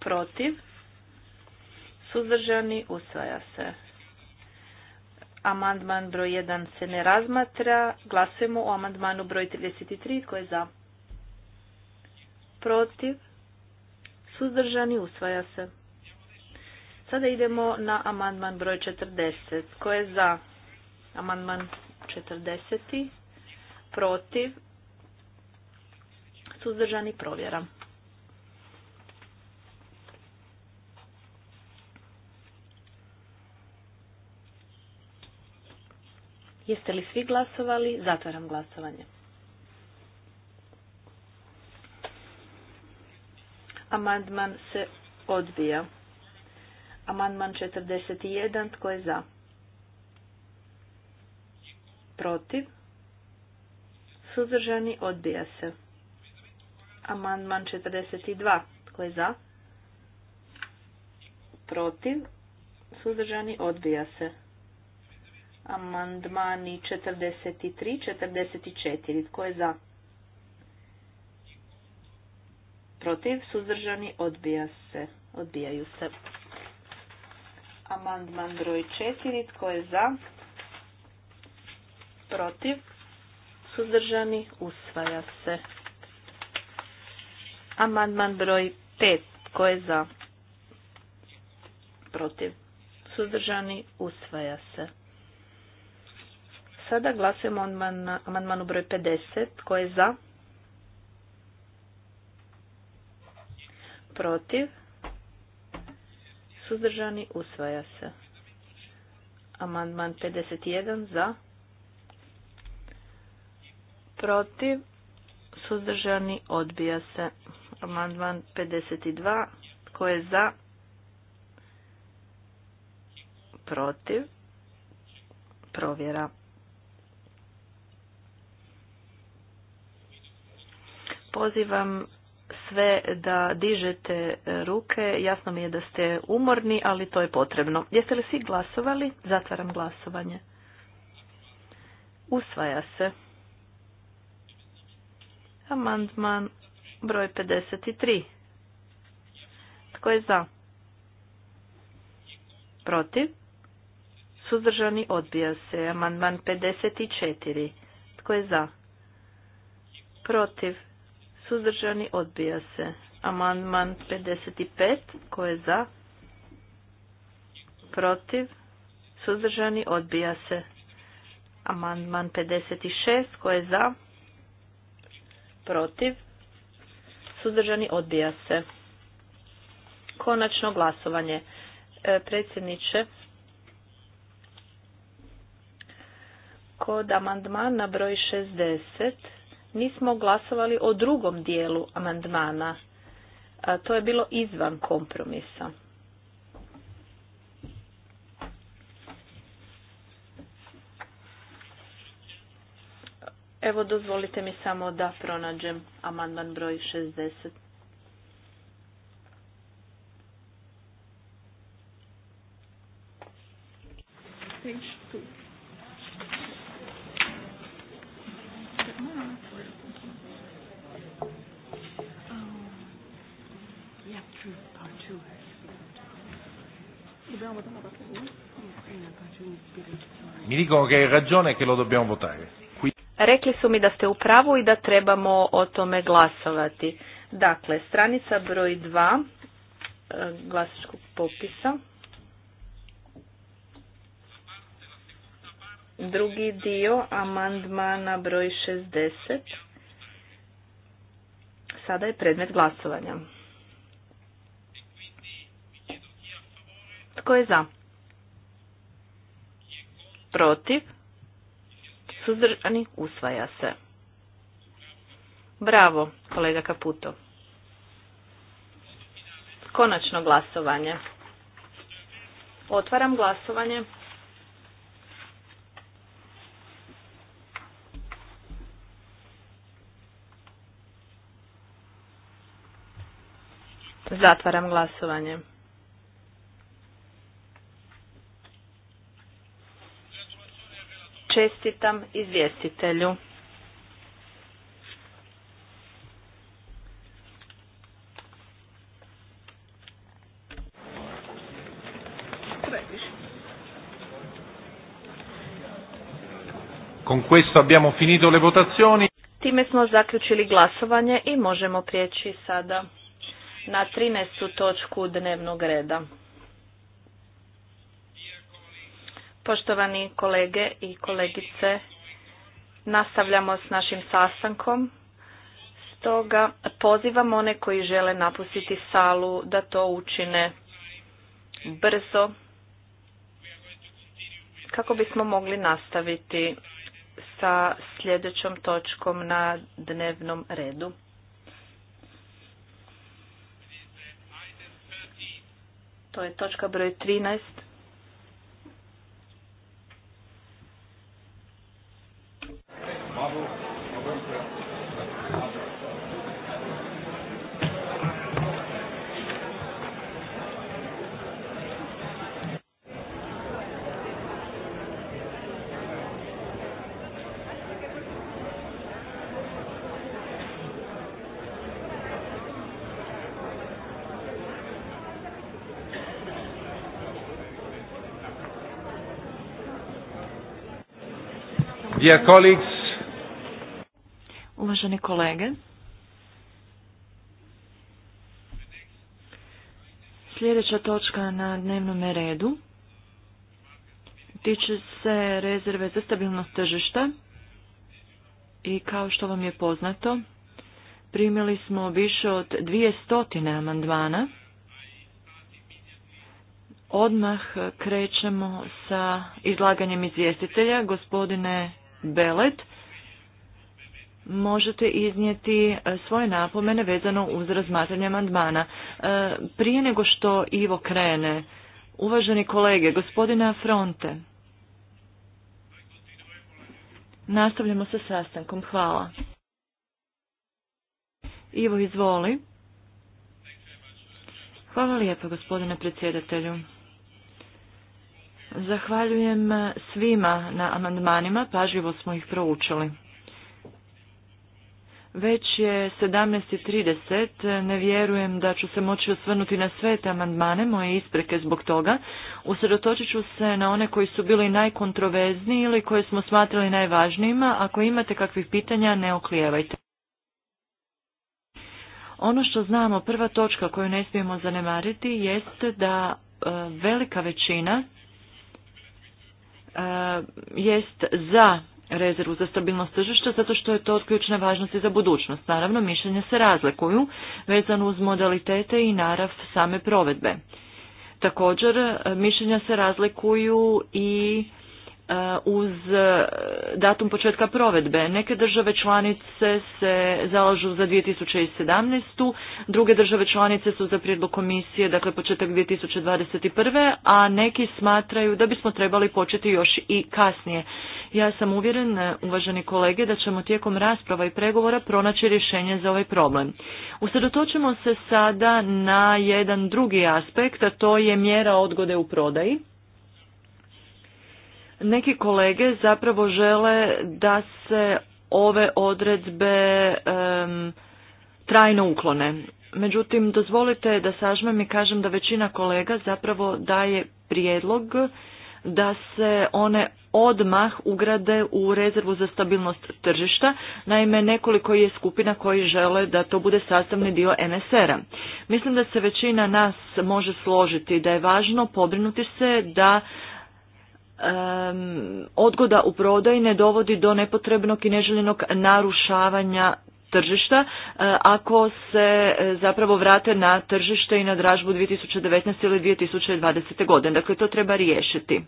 Protiv, suzdržani, usvaja se. Amandman broj 1 se ne razmatra. Glasujemo o amandmanu broj 33. Tko je za? Protiv? Suzdržani? Usvaja se. Sada idemo na amandman broj 40. Tko je za? Amandman 40. Protiv? Suzdržani? Provjera. Jeste li svi glasovali? Zatvaram glasovanje. Amandman se odbija. Amandman 41. Tko je za? Protiv? Suzdržani odbija se. Amandman 42. Tko je za? Protiv? Suzdržani odbija se. Amandmani 43, 44. Tko je za? Protiv, suzdržani, odbija se. Odbijaju se. Amandman broj 4. Tko je za? Protiv, suzdržani, usvaja se. Amandman broj 5. Tko je za? Protiv, suzdržani, usvaja se. Sada glasujemo o amandmanu broj 50. Tko je za? Protiv? Suzdržani? Usvaja se. Amandman 51. Za? Protiv? Suzdržani? Odbija se. Amandman 52. Tko je za? Protiv? Provjera. Pozivam sve da dižete e, ruke. Jasno mi je da ste umorni, ali to je potrebno. Jeste li svi glasovali? Zatvaram glasovanje. Usvaja se. Amandman broj 53. Tko je za? Protiv? Suzdržani odbija se. Amandman 54. Tko je za? Protiv? suzdržani, odbija se. Amandman 55, ko je za, protiv, suzdržani, odbija se. Amandman 56, ko je za, protiv, suzdržani, odbija se. Konačno glasovanje. E, predsjedniče, kod amandmana broj 60, nismo glasovali o drugom dijelu amandmana. To je bilo izvan kompromisa. Evo, dozvolite mi samo da pronađem amandman broj 60. Thanks. Mi dicono che hai ragione e che lo dobbiamo votare. Rekli su mi da ste u pravu i da trebamo o tome glasovati. Dakle, stranica broj 2 e, glasačkog popisa. Drugi dio amandmana broj 60. Sada je predmet glasovanja. Tko je za? protiv, suzdržani, usvaja se. Bravo, kolega Kaputo. Konačno glasovanje. Otvaram glasovanje. Zatvaram glasovanje. Čestitam izvjestitelju. Con questo abbiamo finito le votazioni. Time smo zaključili glasovanje i možemo prijeći sada na 13. točku dnevnog reda. Poštovani kolege i kolegice, nastavljamo s našim sastankom. Stoga pozivam one koji žele napustiti salu da to učine brzo kako bismo mogli nastaviti sa sljedećom točkom na dnevnom redu. To je točka broj 13. Dear colleagues, Uvaženi kolege, sljedeća točka na dnevnom redu tiče se rezerve za stabilnost tržišta i kao što vam je poznato, primili smo više od dvije stotine amandmana. Odmah krećemo sa izlaganjem izvjestitelja. Gospodine Belet, možete iznijeti e, svoje napomene vezano uz razmatranje amandmana. E, prije nego što Ivo krene, uvaženi kolege, gospodine Fronte, nastavljamo sa sastankom. Hvala. Ivo, izvoli. Hvala lijepo, gospodine predsjedatelju. Zahvaljujem e, svima na amandmanima, pažljivo smo ih proučili. Već je 17.30, e, ne vjerujem da ću se moći osvrnuti na sve te amandmane, moje ispreke zbog toga. Usredotočit ću se na one koji su bili najkontroverzniji ili koje smo smatrali najvažnijima. Ako imate kakvih pitanja, ne oklijevajte. Ono što znamo, prva točka koju ne smijemo zanemariti, jest da e, velika većina E, jest za rezervu za stabilnost tržišta zato što je to od ključne važnosti za budućnost. Naravno, mišljenja se razlikuju vezano uz modalitete i narav same provedbe. Također, e, mišljenja se razlikuju i E, uz e, datum početka provedbe. Neke države članice se zalažu za 2017. Druge države članice su za prijedlog komisije, dakle početak 2021. A neki smatraju da bismo trebali početi još i kasnije. Ja sam uvjeren, e, uvaženi kolege, da ćemo tijekom rasprava i pregovora pronaći rješenje za ovaj problem. Usredotočimo se sada na jedan drugi aspekt, a to je mjera odgode u prodaji neki kolege zapravo žele da se ove odredbe trajno uklone. Međutim, dozvolite da sažmem i kažem da većina kolega zapravo daje prijedlog da se one odmah ugrade u rezervu za stabilnost tržišta. Naime, nekoliko je skupina koji žele da to bude sastavni dio NSR-a. Mislim da se većina nas može složiti da je važno pobrinuti se da um, odgoda u prodaji ne dovodi do nepotrebnog i neželjenog narušavanja tržišta e, ako se e, zapravo vrate na tržište i na dražbu 2019. ili 2020. godine. Dakle, to treba riješiti.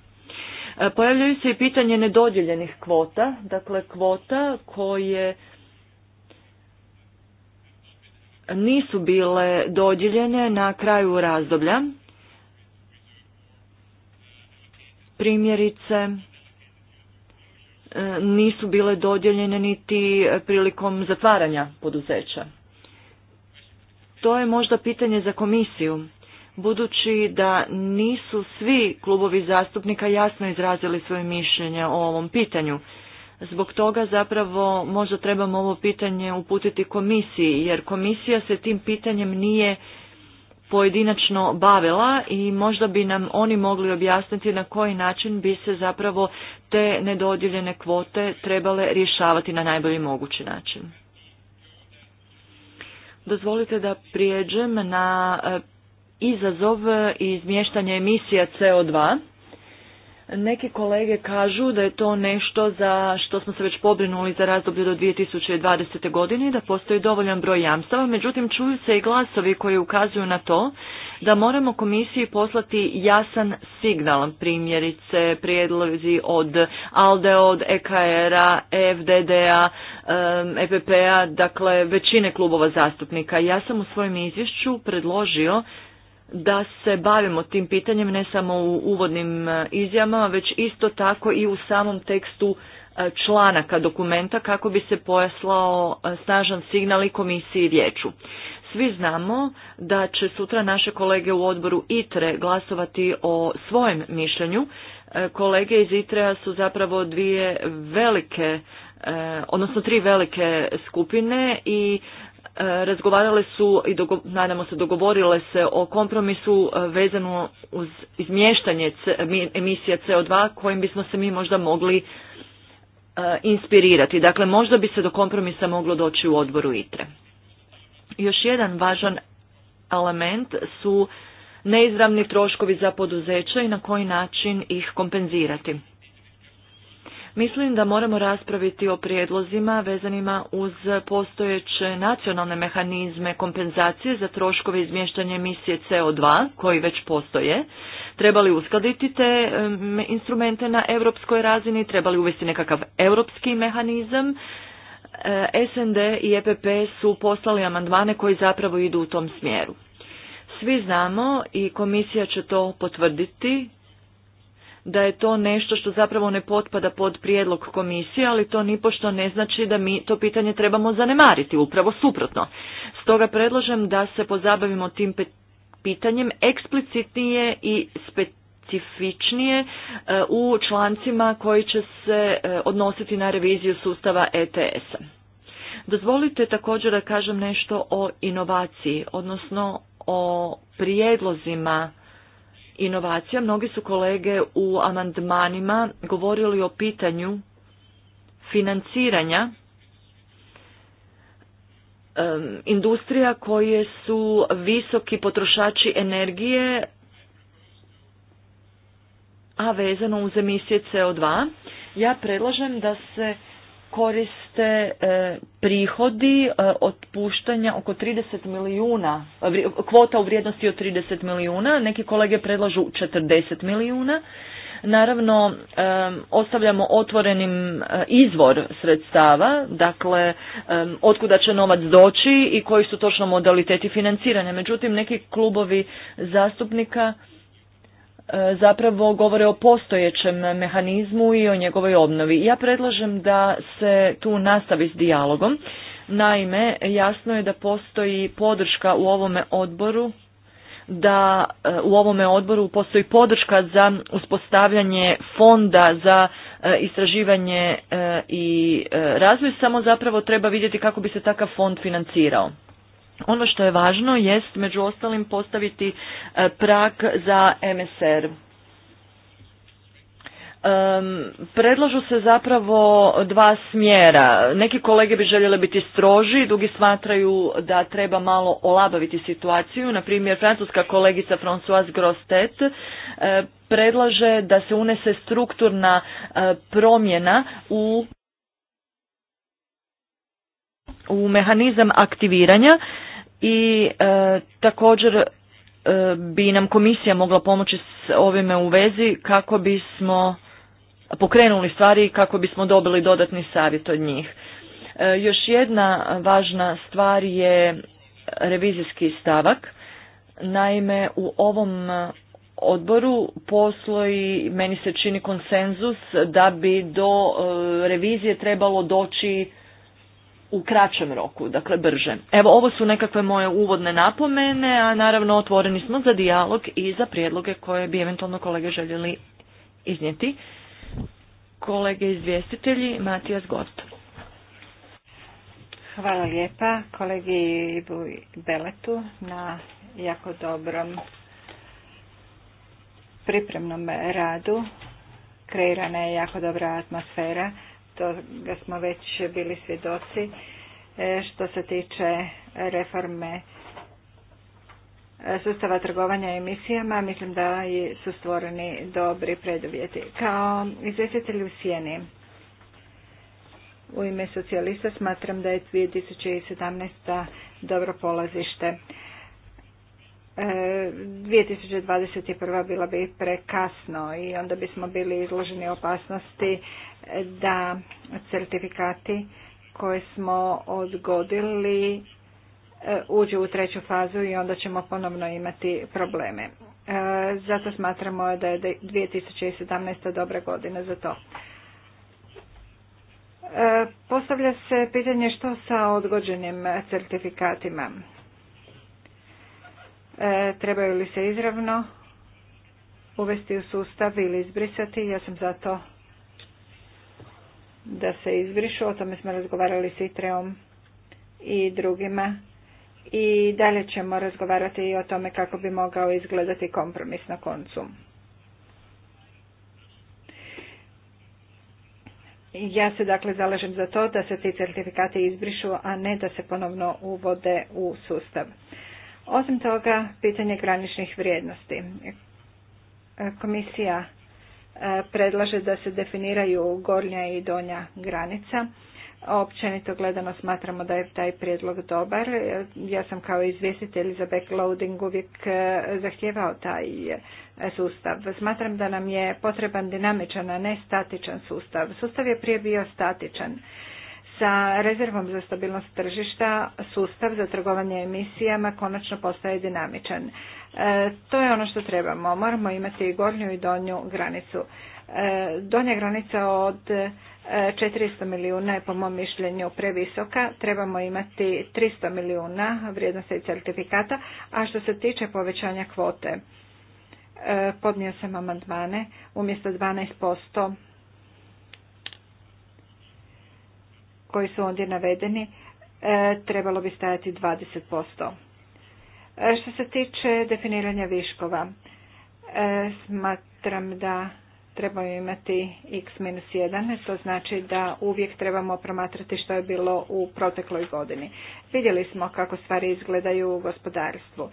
E, pojavljaju se i pitanje nedodjeljenih kvota, dakle kvota koje nisu bile dodijeljene na kraju razdoblja primjerice e, nisu bile dodjeljene niti prilikom zatvaranja poduzeća. To je možda pitanje za komisiju, budući da nisu svi klubovi zastupnika jasno izrazili svoje mišljenje o ovom pitanju. Zbog toga zapravo možda trebamo ovo pitanje uputiti komisiji, jer komisija se tim pitanjem nije pojedinačno bavila i možda bi nam oni mogli objasniti na koji način bi se zapravo te nedodjeljene kvote trebale rješavati na najbolji mogući način. Dozvolite da prijeđem na e, izazov izmještanja emisija CO2 neki kolege kažu da je to nešto za što smo se već pobrinuli za razdoblje do 2020. godine da postoji dovoljan broj jamstava, međutim čuju se i glasovi koji ukazuju na to da moramo komisiji poslati jasan signal, primjerice prijedlozi od ALDE, od EKR-a, EFDD-a, EPP-a, e dakle većine klubova zastupnika. Ja sam u svojem izvješću predložio da se bavimo tim pitanjem ne samo u uvodnim e, izjavama, već isto tako i u samom tekstu e, članaka dokumenta kako bi se pojaslao e, snažan signal i komisiji vijeću. Svi znamo da će sutra naše kolege u odboru ITRE glasovati o svojem mišljenju. Kolege iz ITRE-a su zapravo dvije velike, odnosno tri velike skupine i E, razgovarale su i dogo, nadamo se dogovorile se o kompromisu e, vezano uz izmještanje emisija CO2 kojim bismo se mi možda mogli e, inspirirati. Dakle, možda bi se do kompromisa moglo doći u odboru ITRE. Još jedan važan element su neizravni troškovi za poduzeća i na koji način ih kompenzirati. Mislim da moramo raspraviti o prijedlozima vezanima uz postojeće nacionalne mehanizme kompenzacije za troškove izmještanja emisije CO2 koji već postoje. Trebali uskladiti te instrumente na europskoj razini, trebali uvesti nekakav europski mehanizam. E, SND i EPP su poslali amandmane koji zapravo idu u tom smjeru. Svi znamo i komisija će to potvrditi da je to nešto što zapravo ne potpada pod prijedlog komisije, ali to nipošto ne znači da mi to pitanje trebamo zanemariti, upravo suprotno. Stoga predlažem da se pozabavimo tim pitanjem eksplicitnije i specifičnije e, u člancima koji će se e, odnositi na reviziju sustava ETS-a. Dozvolite također da kažem nešto o inovaciji, odnosno o prijedlozima inovacija. Mnogi su kolege u amandmanima govorili o pitanju financiranja industrija koje su visoki potrošači energije, a vezano uz emisije CO2. Ja predlažem da se koriste e, prihodi e, otpuštanja oko 30 milijuna, e, kvota u vrijednosti od 30 milijuna, neki kolege predlažu 40 milijuna. Naravno, ostavljamo otvorenim izvor sredstava, dakle, otkuda će novac doći i koji su točno modaliteti financiranja. Međutim, neki klubovi zastupnika E, zapravo govore o postojećem mehanizmu i o njegovoj obnovi. Ja predlažem da se tu nastavi s dijalogom. Naime, jasno je da postoji podrška u ovome odboru da e, u ovome odboru postoji podrška za uspostavljanje fonda za e, istraživanje i razvoj, samo zapravo treba vidjeti kako bi se takav fond financirao. Ono što je važno jest među ostalim postaviti e, prag za MSR. Um, predlažu se zapravo dva smjera. Neki kolege bi željeli biti stroži, drugi smatraju da treba malo olabaviti situaciju. Na primjer, francuska kolegica Françoise Grostet uh, predlaže da se unese strukturna e, promjena u u mehanizam aktiviranja i e, također e, bi nam komisija mogla pomoći s ovime u vezi kako bismo pokrenuli stvari i kako bismo dobili dodatni savjet od njih. E, još jedna važna stvar je revizijski stavak. Naime, u ovom odboru posloji, meni se čini konsenzus da bi do revizije trebalo doći u kraćem roku, dakle brže. Evo ovo su nekakve moje uvodne napomene, a naravno otvoreni smo za dijalog i za prijedloge koje bi eventualno kolege željeli iznijeti. Kolege izvjestitelji, Matijas Gost. Hvala lijepa kolegi Beletu na jako dobrom pripremnom radu. Kreirana je jako dobra atmosfera toga smo već bili svjedoci e, što se tiče reforme sustava trgovanja emisijama, mislim da su stvoreni dobri preduvjeti. Kao izvjestitelj u Sjeni, u ime socijalista smatram da je 2017. dobro polazište. 2021. E, bila bi prekasno i onda bismo bili izloženi opasnosti da certifikati koje smo odgodili e, uđu u treću fazu i onda ćemo ponovno imati probleme. E, zato smatramo da je 2017. dobra godina za to. Postavlja se pitanje što sa odgođenim certifikatima. E, trebaju li se izravno uvesti u sustav ili izbrisati. Ja sam za to da se izbrišu, o tome smo razgovarali s Itreom i drugima i dalje ćemo razgovarati i o tome kako bi mogao izgledati kompromis na koncu. Ja se dakle zalažem za to da se ti certifikati izbrišu, a ne da se ponovno uvode u sustav. Osim toga, pitanje graničnih vrijednosti. Komisija e, predlaže da se definiraju gornja i donja granica. Općenito gledano smatramo da je taj prijedlog dobar. Ja sam kao izvjestitelj za backloading uvijek e, zahtjevao taj e, sustav. Smatram da nam je potreban dinamičan, a ne statičan sustav. Sustav je prije bio statičan sa rezervom za stabilnost tržišta sustav za trgovanje emisijama konačno postaje dinamičan. E, to je ono što trebamo. Moramo imati gornju i donju granicu. E, donja granica od 400 e, milijuna je po mom mišljenju previsoka, trebamo imati 300 milijuna vrijednosti certifikata, a što se tiče povećanja kvote, podnio sam amandmane, umjesto 12% koji su ondje navedeni e, trebalo bi stajati 20%. E, što se tiče definiranja viškova, e, smatram da trebamo imati x-1, to znači da uvijek trebamo promatrati što je bilo u protekloj godini. Vidjeli smo kako stvari izgledaju u gospodarstvu.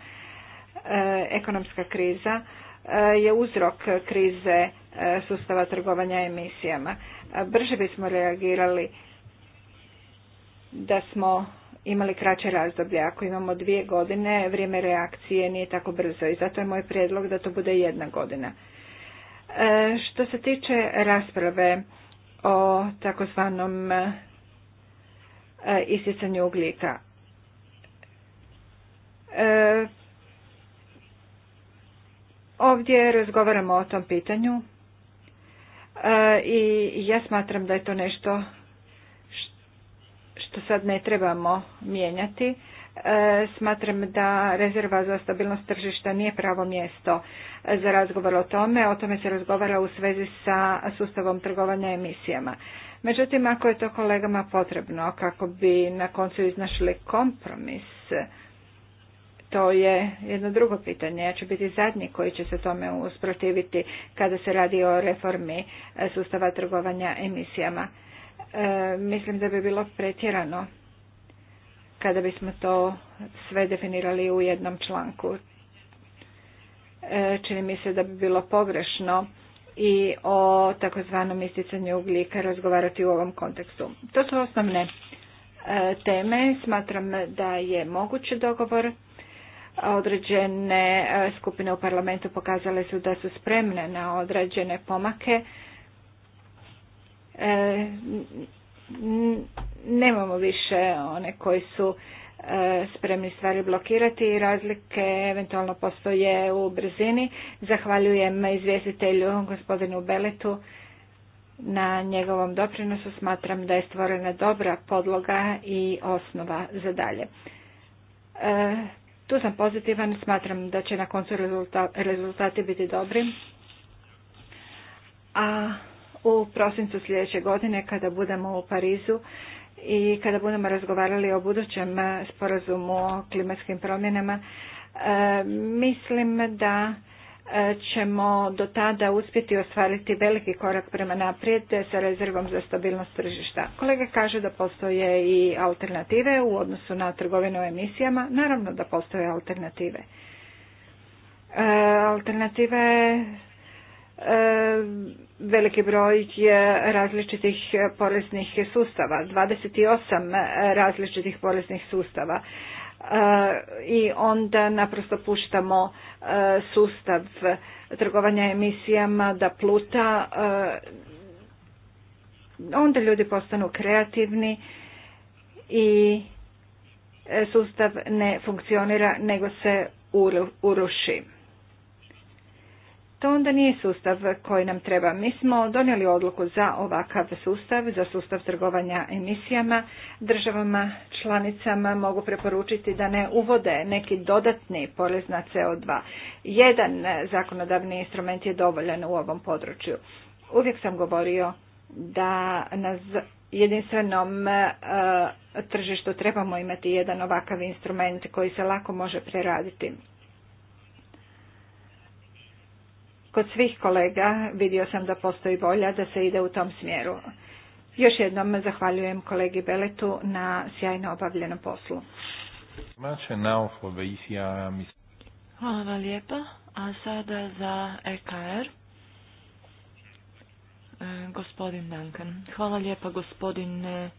Ekonomska kriza je uzrok krize sustava trgovanja emisijama. Brže bismo reagirali da smo imali kraće razdoblje. Ako imamo dvije godine, vrijeme reakcije nije tako brzo i zato je moj prijedlog da to bude jedna godina. E, što se tiče rasprave o takozvanom e, isticanju ugljika, e, ovdje razgovaramo o tom pitanju e, i ja smatram da je to nešto što sad ne trebamo mijenjati. E, smatram da rezerva za stabilnost tržišta nije pravo mjesto za razgovor o tome. O tome se razgovara u svezi sa sustavom trgovanja emisijama. Međutim, ako je to kolegama potrebno kako bi na koncu iznašli kompromis, to je jedno drugo pitanje. Ja ću biti zadnji koji će se tome usprotiviti kada se radi o reformi sustava trgovanja emisijama. E, mislim da bi bilo pretjerano kada bismo to sve definirali u jednom članku. E, čini mi se da bi bilo pogrešno i o takozvanom isticanju ugljika razgovarati u ovom kontekstu. To su osnovne e, teme. Smatram da je mogući dogovor. Određene skupine u parlamentu pokazale su da su spremne na određene pomake E, nemamo više one koji su e, spremni stvari blokirati i razlike eventualno postoje u brzini. Zahvaljujem izvjestitelju gospodinu Beletu na njegovom doprinosu. Smatram da je stvorena dobra podloga i osnova za dalje. E, tu sam pozitivan, smatram da će na koncu rezultati biti dobri. A u prosincu sljedeće godine kada budemo u Parizu i kada budemo razgovarali o budućem e, sporazumu o klimatskim promjenama. E, mislim da e, ćemo do tada uspjeti ostvariti veliki korak prema naprijed sa rezervom za stabilnost tržišta. Kolega kaže da postoje i alternative u odnosu na trgovinu emisijama. Naravno da postoje alternative. Alternative... E, veliki broj je različitih poreznih sustava, 28 različitih poreznih sustava e, i onda naprosto puštamo e, sustav trgovanja emisijama da pluta, onda ljudi postanu kreativni i sustav ne funkcionira nego se uruši to onda nije sustav koji nam treba. Mi smo donijeli odluku za ovakav sustav, za sustav trgovanja emisijama. Državama, članicama mogu preporučiti da ne uvode neki dodatni porez na CO2. Jedan zakonodavni instrument je dovoljan u ovom području. Uvijek sam govorio da na jedinstvenom e, tržištu trebamo imati jedan ovakav instrument koji se lako može preraditi. kod svih kolega vidio sam da postoji volja da se ide u tom smjeru. Još jednom zahvaljujem kolegi Beletu na sjajno obavljenom poslu. Hvala vam lijepa. A sada za EKR. E, gospodin Duncan. Hvala lijepa gospodine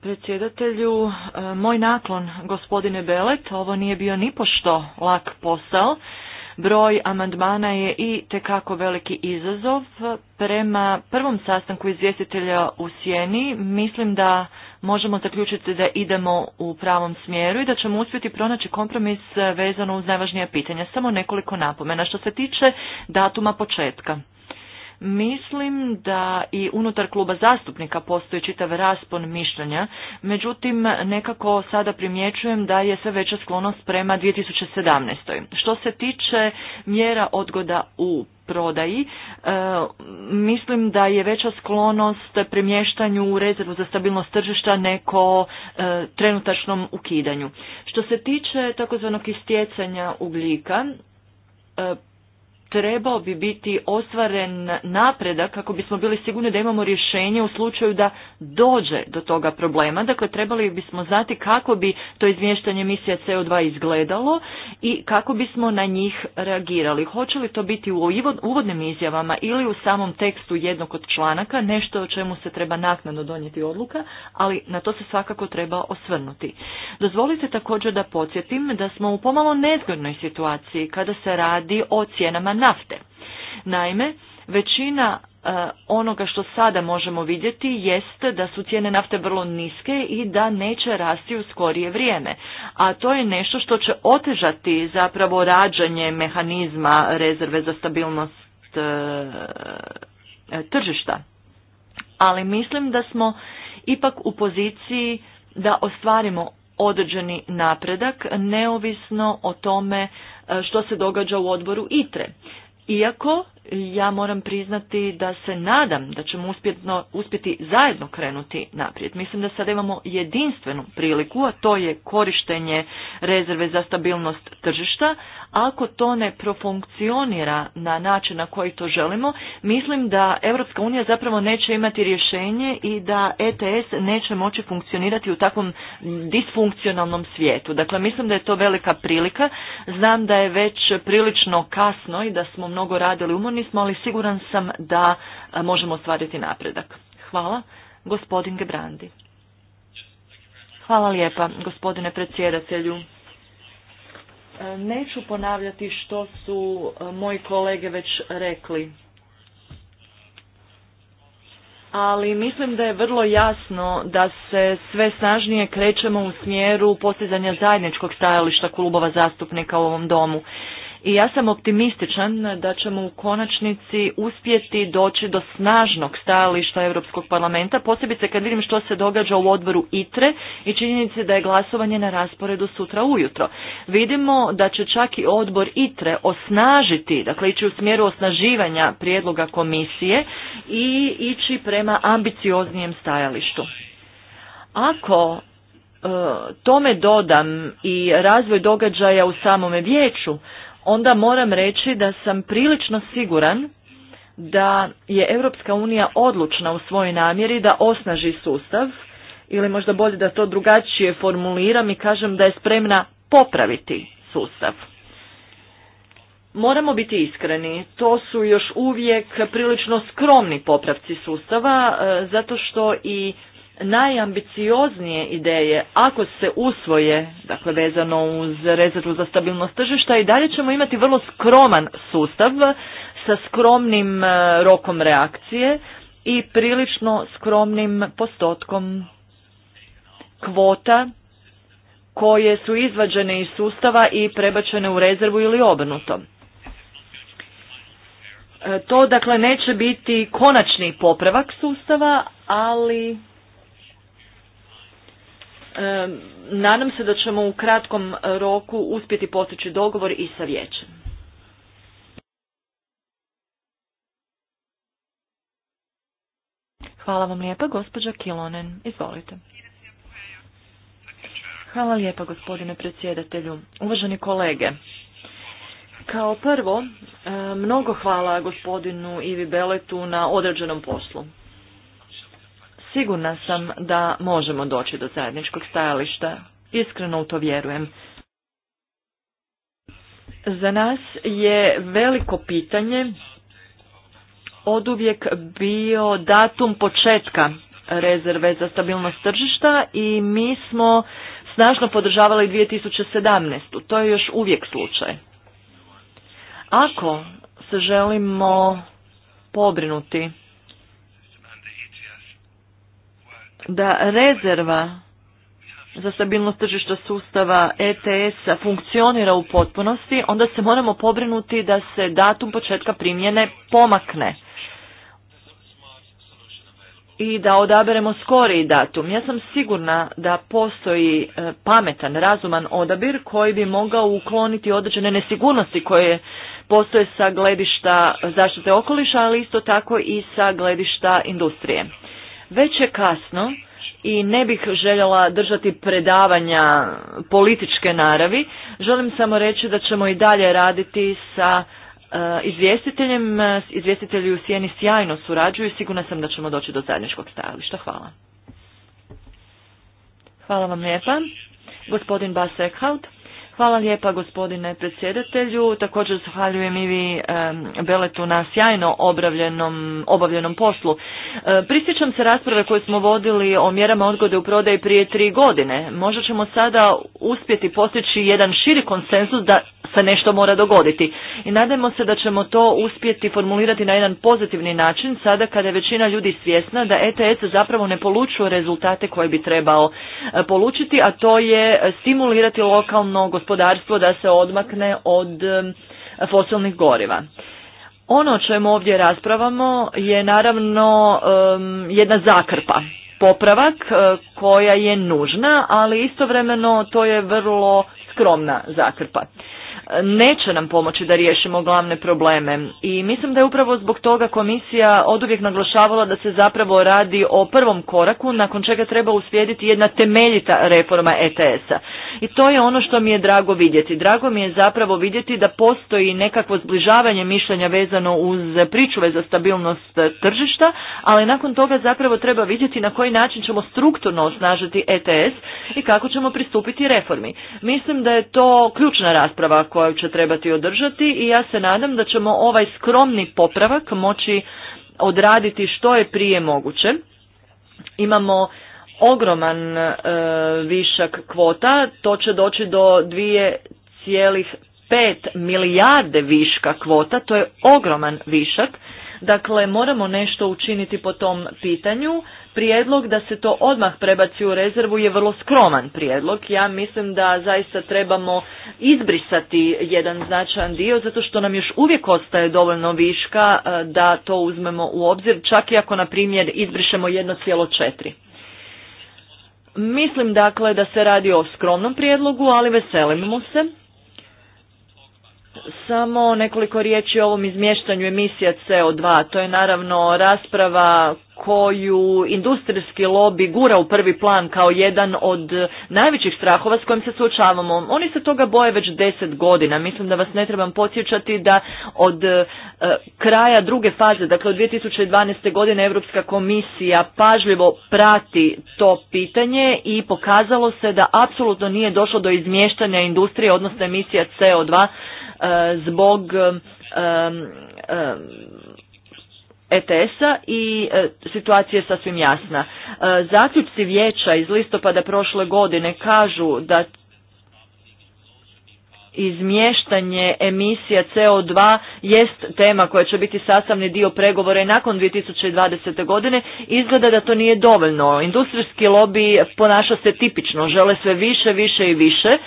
predsjedatelju. E, moj naklon gospodine Belet, ovo nije bio pošto lak posao. Broj amandmana je i tekako veliki izazov. Prema prvom sastanku izvjestitelja u Sjeni mislim da možemo zaključiti da idemo u pravom smjeru i da ćemo uspjeti pronaći kompromis vezano uz najvažnija pitanja. Samo nekoliko napomena što se tiče datuma početka. Mislim da i unutar kluba zastupnika postoji čitav raspon mišljenja, međutim nekako sada primjećujem da je sve veća sklonost prema 2017. Što se tiče mjera odgoda u prodaji. E, mislim da je veća sklonost premještanju u rezervu za stabilnost tržišta neko e, trenutačnom ukidanju. Što se tiče takozvanog istjecanja ugljika, e, trebao bi biti ostvaren napredak kako bismo bili sigurni da imamo rješenje u slučaju da dođe do toga problema. Dakle, trebali bismo znati kako bi to izmještanje emisija CO2 izgledalo i kako bismo na njih reagirali. Hoće li to biti u uvodnim izjavama ili u samom tekstu jednog od članaka, nešto o čemu se treba naknadno donijeti odluka, ali na to se svakako treba osvrnuti. Dozvolite također da podsjetim da smo u pomalo nezgodnoj situaciji kada se radi o cijenama nafte. Naime, većina e, onoga što sada možemo vidjeti jest da su cijene nafte vrlo niske i da neće rasti u skorije vrijeme. A to je nešto što će otežati zapravo rađanje mehanizma rezerve za stabilnost e, e, tržišta. Ali mislim da smo ipak u poziciji da ostvarimo određeni napredak neovisno o tome što se događa u odboru ITRE. Iako ja moram priznati da se nadam da ćemo uspjetno, uspjeti zajedno krenuti naprijed. Mislim da sada imamo jedinstvenu priliku, a to je korištenje rezerve za stabilnost tržišta. Ako to ne profunkcionira na način na koji to želimo, mislim da Europska unija zapravo neće imati rješenje i da ETS neće moći funkcionirati u takvom disfunkcionalnom svijetu. Dakle, mislim da je to velika prilika. Znam da je već prilično kasno i da smo mnogo radili umorni Nismo, ali siguran sam da e, možemo ostvariti napredak. Hvala. Gospodin Gebrandi. Hvala lijepa, gospodine predsjedatelju. E, neću ponavljati što su e, moji kolege već rekli. Ali mislim da je vrlo jasno da se sve snažnije krećemo u smjeru postizanja zajedničkog stajališta klubova zastupnika u ovom domu i ja sam optimističan da ćemo u konačnici uspjeti doći do snažnog stajališta Europskog parlamenta, posebice kad vidim što se događa u odboru ITRE i činjenice da je glasovanje na rasporedu sutra ujutro. Vidimo da će čak i odbor ITRE osnažiti, dakle ići u smjeru osnaživanja prijedloga komisije i ići prema ambicioznijem stajalištu. Ako e, tome dodam i razvoj događaja u samome vijeću, onda moram reći da sam prilično siguran da je Europska unija odlučna u svojoj namjeri da osnaži sustav ili možda bolje da to drugačije formuliram i kažem da je spremna popraviti sustav. Moramo biti iskreni, to su još uvijek prilično skromni popravci sustava, e, zato što i najambicioznije ideje, ako se usvoje, dakle vezano uz rezervu za stabilnost tržišta, i dalje ćemo imati vrlo skroman sustav sa skromnim e, rokom reakcije i prilično skromnim postotkom kvota koje su izvađene iz sustava i prebačene u rezervu ili obrnuto. E, to dakle neće biti konačni popravak sustava, ali nadam se da ćemo u kratkom roku uspjeti postići dogovor i sa vijećem. Hvala vam lijepa, gospođa Kilonen. Izvolite. Hvala lijepa, gospodine predsjedatelju. Uvaženi kolege, kao prvo, mnogo hvala gospodinu Ivi Beletu na određenom poslu. Sigurna sam da možemo doći do zajedničkog stajališta. Iskreno u to vjerujem. Za nas je veliko pitanje oduvijek bio datum početka rezerve za stabilnost tržišta i mi smo snažno podržavali 2017. To je još uvijek slučaj. Ako se želimo pobrinuti da rezerva za stabilnost tržišta sustava ets funkcionira u potpunosti, onda se moramo pobrinuti da se datum početka primjene pomakne i da odaberemo skoriji datum. Ja sam sigurna da postoji e, pametan, razuman odabir koji bi mogao ukloniti određene nesigurnosti koje postoje sa gledišta zaštite okoliša, ali isto tako i sa gledišta industrije. Već je kasno i ne bih željela držati predavanja političke naravi. Želim samo reći da ćemo i dalje raditi sa e, izvjestiteljem. E, izvjestitelji u Sijeni sjajno surađuju i sigurna sam da ćemo doći do zajedničkog stajališta. Hvala. Hvala vam lijepa. Gospodin Bas Hvala lijepa gospodine predsjedatelju. Također zahvaljujem i vi Beletu na sjajno obavljenom, poslu. E, prisjećam se rasprave koje smo vodili o mjerama odgode u prodaji prije tri godine. Možda ćemo sada uspjeti postići jedan širi konsensus da se nešto mora dogoditi. I nadajmo se da ćemo to uspjeti formulirati na jedan pozitivni način sada kada je većina ljudi svjesna da ETS zapravo ne polučuje rezultate koje bi trebao e, polučiti, a to je stimulirati lokalno gospodinu gospodarstvo da se odmakne od fosilnih goriva. Ono o čemu ovdje raspravamo je naravno jedna zakrpa, popravak e, koja je nužna, ali istovremeno to je vrlo skromna zakrpa neće nam pomoći da riješimo glavne probleme i mislim da je upravo zbog toga komisija oduvijek naglašavala da se zapravo radi o prvom koraku nakon čega treba uslijediti jedna temeljita reforma ETS-a. I to je ono što mi je drago vidjeti. Drago mi je zapravo vidjeti da postoji nekakvo zbližavanje mišljenja vezano uz pričuve za stabilnost tržišta, ali nakon toga zapravo treba vidjeti na koji način ćemo strukturno osnažiti ETS i kako ćemo pristupiti reformi. Mislim da je to ključna rasprava koju će trebati održati i ja se nadam da ćemo ovaj skromni popravak moći odraditi što je prije moguće. Imamo ogroman e, višak kvota, to će doći do 2,5 milijarde viška kvota, to je ogroman višak. Dakle, moramo nešto učiniti po tom pitanju. Prijedlog da se to odmah prebaci u rezervu je vrlo skroman prijedlog. Ja mislim da zaista trebamo izbrisati jedan značajan dio zato što nam još uvijek ostaje dovoljno viška e, da to uzmemo u obzir, čak i ako na primjer izbrišemo 1,4. Mislim dakle da se radi o skromnom prijedlogu, ali veselimo se. Samo nekoliko riječi o ovom izmještanju emisija CO2. To je naravno rasprava koju industrijski lobby gura u prvi plan kao jedan od najvećih strahova s kojim se suočavamo. Oni se toga boje već deset godina. Mislim da vas ne trebam podsjećati da od e, kraja druge faze, dakle od 2012. godine Europska komisija pažljivo prati to pitanje i pokazalo se da apsolutno nije došlo do izmještanja industrije, odnosno emisija CO2 e, zbog e, ETS-a i e, situacija je sasvim jasna. E, zaključci vijeća iz listopada prošle godine kažu da izmještanje emisija CO2 jest tema koja će biti sastavni dio pregovora i nakon 2020. godine izgleda da to nije dovoljno. Industrijski lobby ponaša se tipično, žele sve više, više i više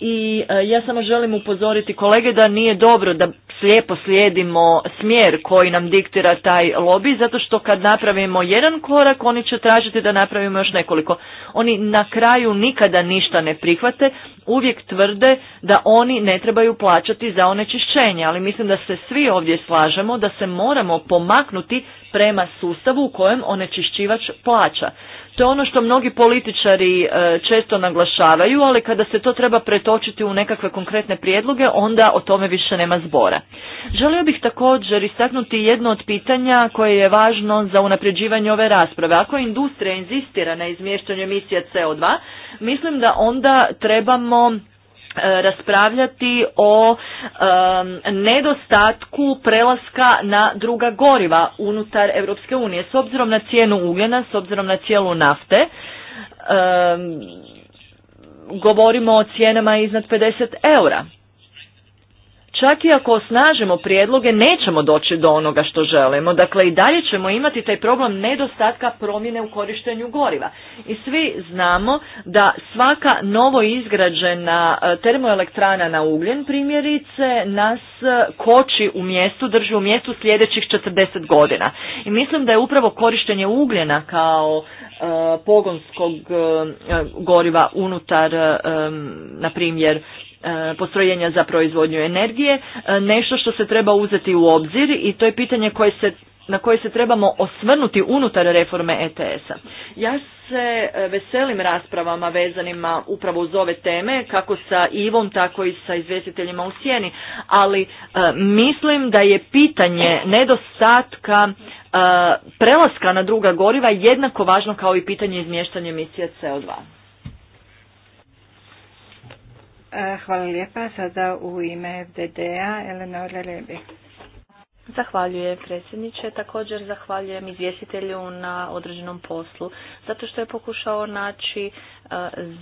i e, ja samo želim upozoriti kolege da nije dobro da slijepo slijedimo smjer koji nam diktira taj lobby, zato što kad napravimo jedan korak, oni će tražiti da napravimo još nekoliko. Oni na kraju nikada ništa ne prihvate, uvijek tvrde da oni ne trebaju plaćati za onečišćenje, ali mislim da se svi ovdje slažemo da se moramo pomaknuti prema sustavu u kojem onečišćivač plaća. To je ono što mnogi političari e, često naglašavaju, ali kada se to treba pretočiti u nekakve konkretne prijedloge, onda o tome više nema zbora. Želio bih također istaknuti jedno od pitanja koje je važno za unapređivanje ove rasprave. Ako industrija inzistira na izmještanju emisija CO2, mislim da onda trebamo raspravljati o nedostatku prelaska na druga goriva unutar Europske unije. S obzirom na cijenu ugljena, s obzirom na cijelu nafte, govorimo o cijenama iznad 50 eura. Čak i ako osnažimo prijedloge, nećemo doći do onoga što želimo. Dakle, i dalje ćemo imati taj problem nedostatka promjene u korištenju goriva. I svi znamo da svaka novo izgrađena e, termoelektrana na ugljen, primjerice, nas e, koči u mjestu, drži u mjestu sljedećih 40 godina. I mislim da je upravo korištenje ugljena kao e, pogonskog goriva unutar, na primjer, E, postrojenja za proizvodnju energije, e, nešto što se treba uzeti u obzir i to je pitanje koje se, na koje se trebamo osvrnuti unutar reforme ETS-a. Ja se e, veselim raspravama vezanima upravo uz ove teme, kako sa Ivom, tako i sa izvjestiteljima u sjeni, ali mislim da je pitanje nedostatka prelaska na druga goriva jednako važno kao i pitanje izmještanja emisija CO2. E, hvala lijepa. Sada u ime FDD-a Eleonora Rebi. Zahvaljujem predsjedniče, također zahvaljujem izvjestitelju na određenom poslu, zato što je pokušao naći e,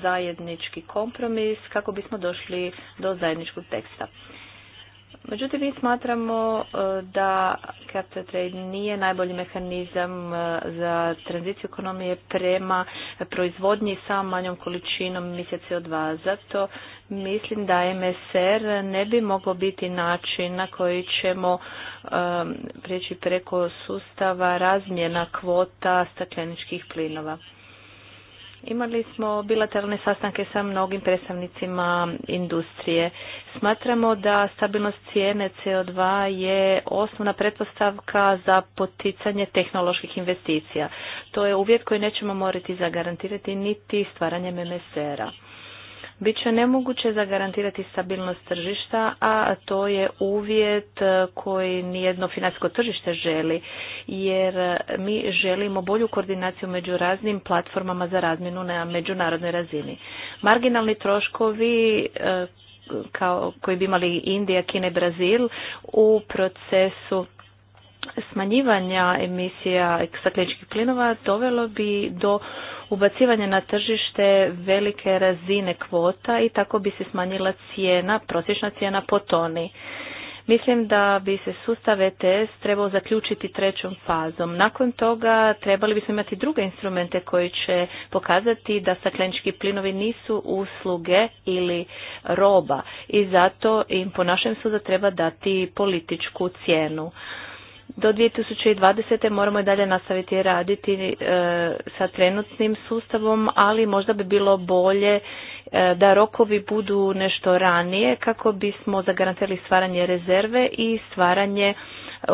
zajednički kompromis kako bismo došli do zajedničkog teksta. Međutim, mi smatramo e, da capital trade nije najbolji mehanizam e, za tranziciju ekonomije prema proizvodnji sa manjom količinom emisije CO2. Zato mislim da MSR ne bi mogao biti način na koji ćemo e, prijeći preko sustava razmjena kvota stakleničkih plinova. Imali smo bilateralne sastanke sa mnogim predstavnicima industrije. Smatramo da stabilnost cijene CO2 je osnovna pretpostavka za poticanje tehnoloških investicija. To je uvjet koji nećemo morati zagarantirati niti stvaranjem MSR-a bit će nemoguće zagarantirati stabilnost tržišta, a to je uvjet koji nijedno financijsko tržište želi, jer mi želimo bolju koordinaciju među raznim platformama za razmjenu na međunarodnoj razini. Marginalni troškovi eh, kao, koji bi imali Indija, Kina i Brazil u procesu smanjivanja emisija stakleničkih plinova dovelo bi do ubacivanja na tržište velike razine kvota i tako bi se smanjila cijena, prosječna cijena po toni. Mislim da bi se sustav ETS trebao zaključiti trećom fazom. Nakon toga trebali bismo imati druge instrumente koji će pokazati da staklenički plinovi nisu usluge ili roba i zato im po našem sudu treba dati političku cijenu do 2020. moramo i dalje nastaviti raditi e, sa trenutnim sustavom, ali možda bi bilo bolje e, da rokovi budu nešto ranije kako bismo zagarantirali stvaranje rezerve i stvaranje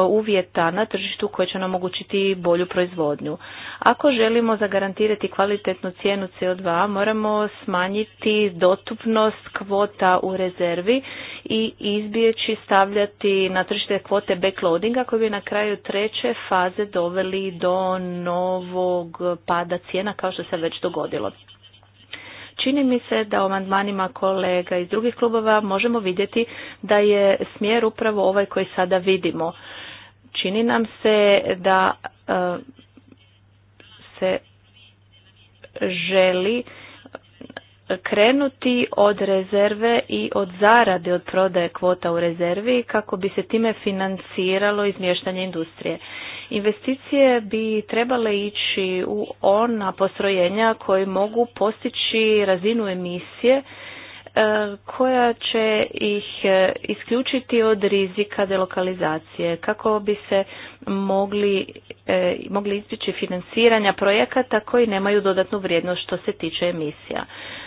uvjeta na tržištu koje će nam omogućiti bolju proizvodnju. Ako želimo zagarantirati kvalitetnu cijenu CO2, moramo smanjiti dostupnost kvota u rezervi i izbjeći stavljati na tržište kvote backloadinga koji bi na kraju treće faze doveli do novog pada cijena kao što se već dogodilo čini mi se da u amandmanima kolega iz drugih klubova možemo vidjeti da je smjer upravo ovaj koji sada vidimo. Čini nam se da e, se želi krenuti od rezerve i od zarade od prodaje kvota u rezervi kako bi se time financiralo izmještanje industrije. Investicije bi trebale ići u ona postrojenja koji mogu postići razinu emisije e, koja će ih e, isključiti od rizika delokalizacije kako bi se mogli, e, mogli izbjeći financiranja projekata koji nemaju dodatnu vrijednost što se tiče emisija.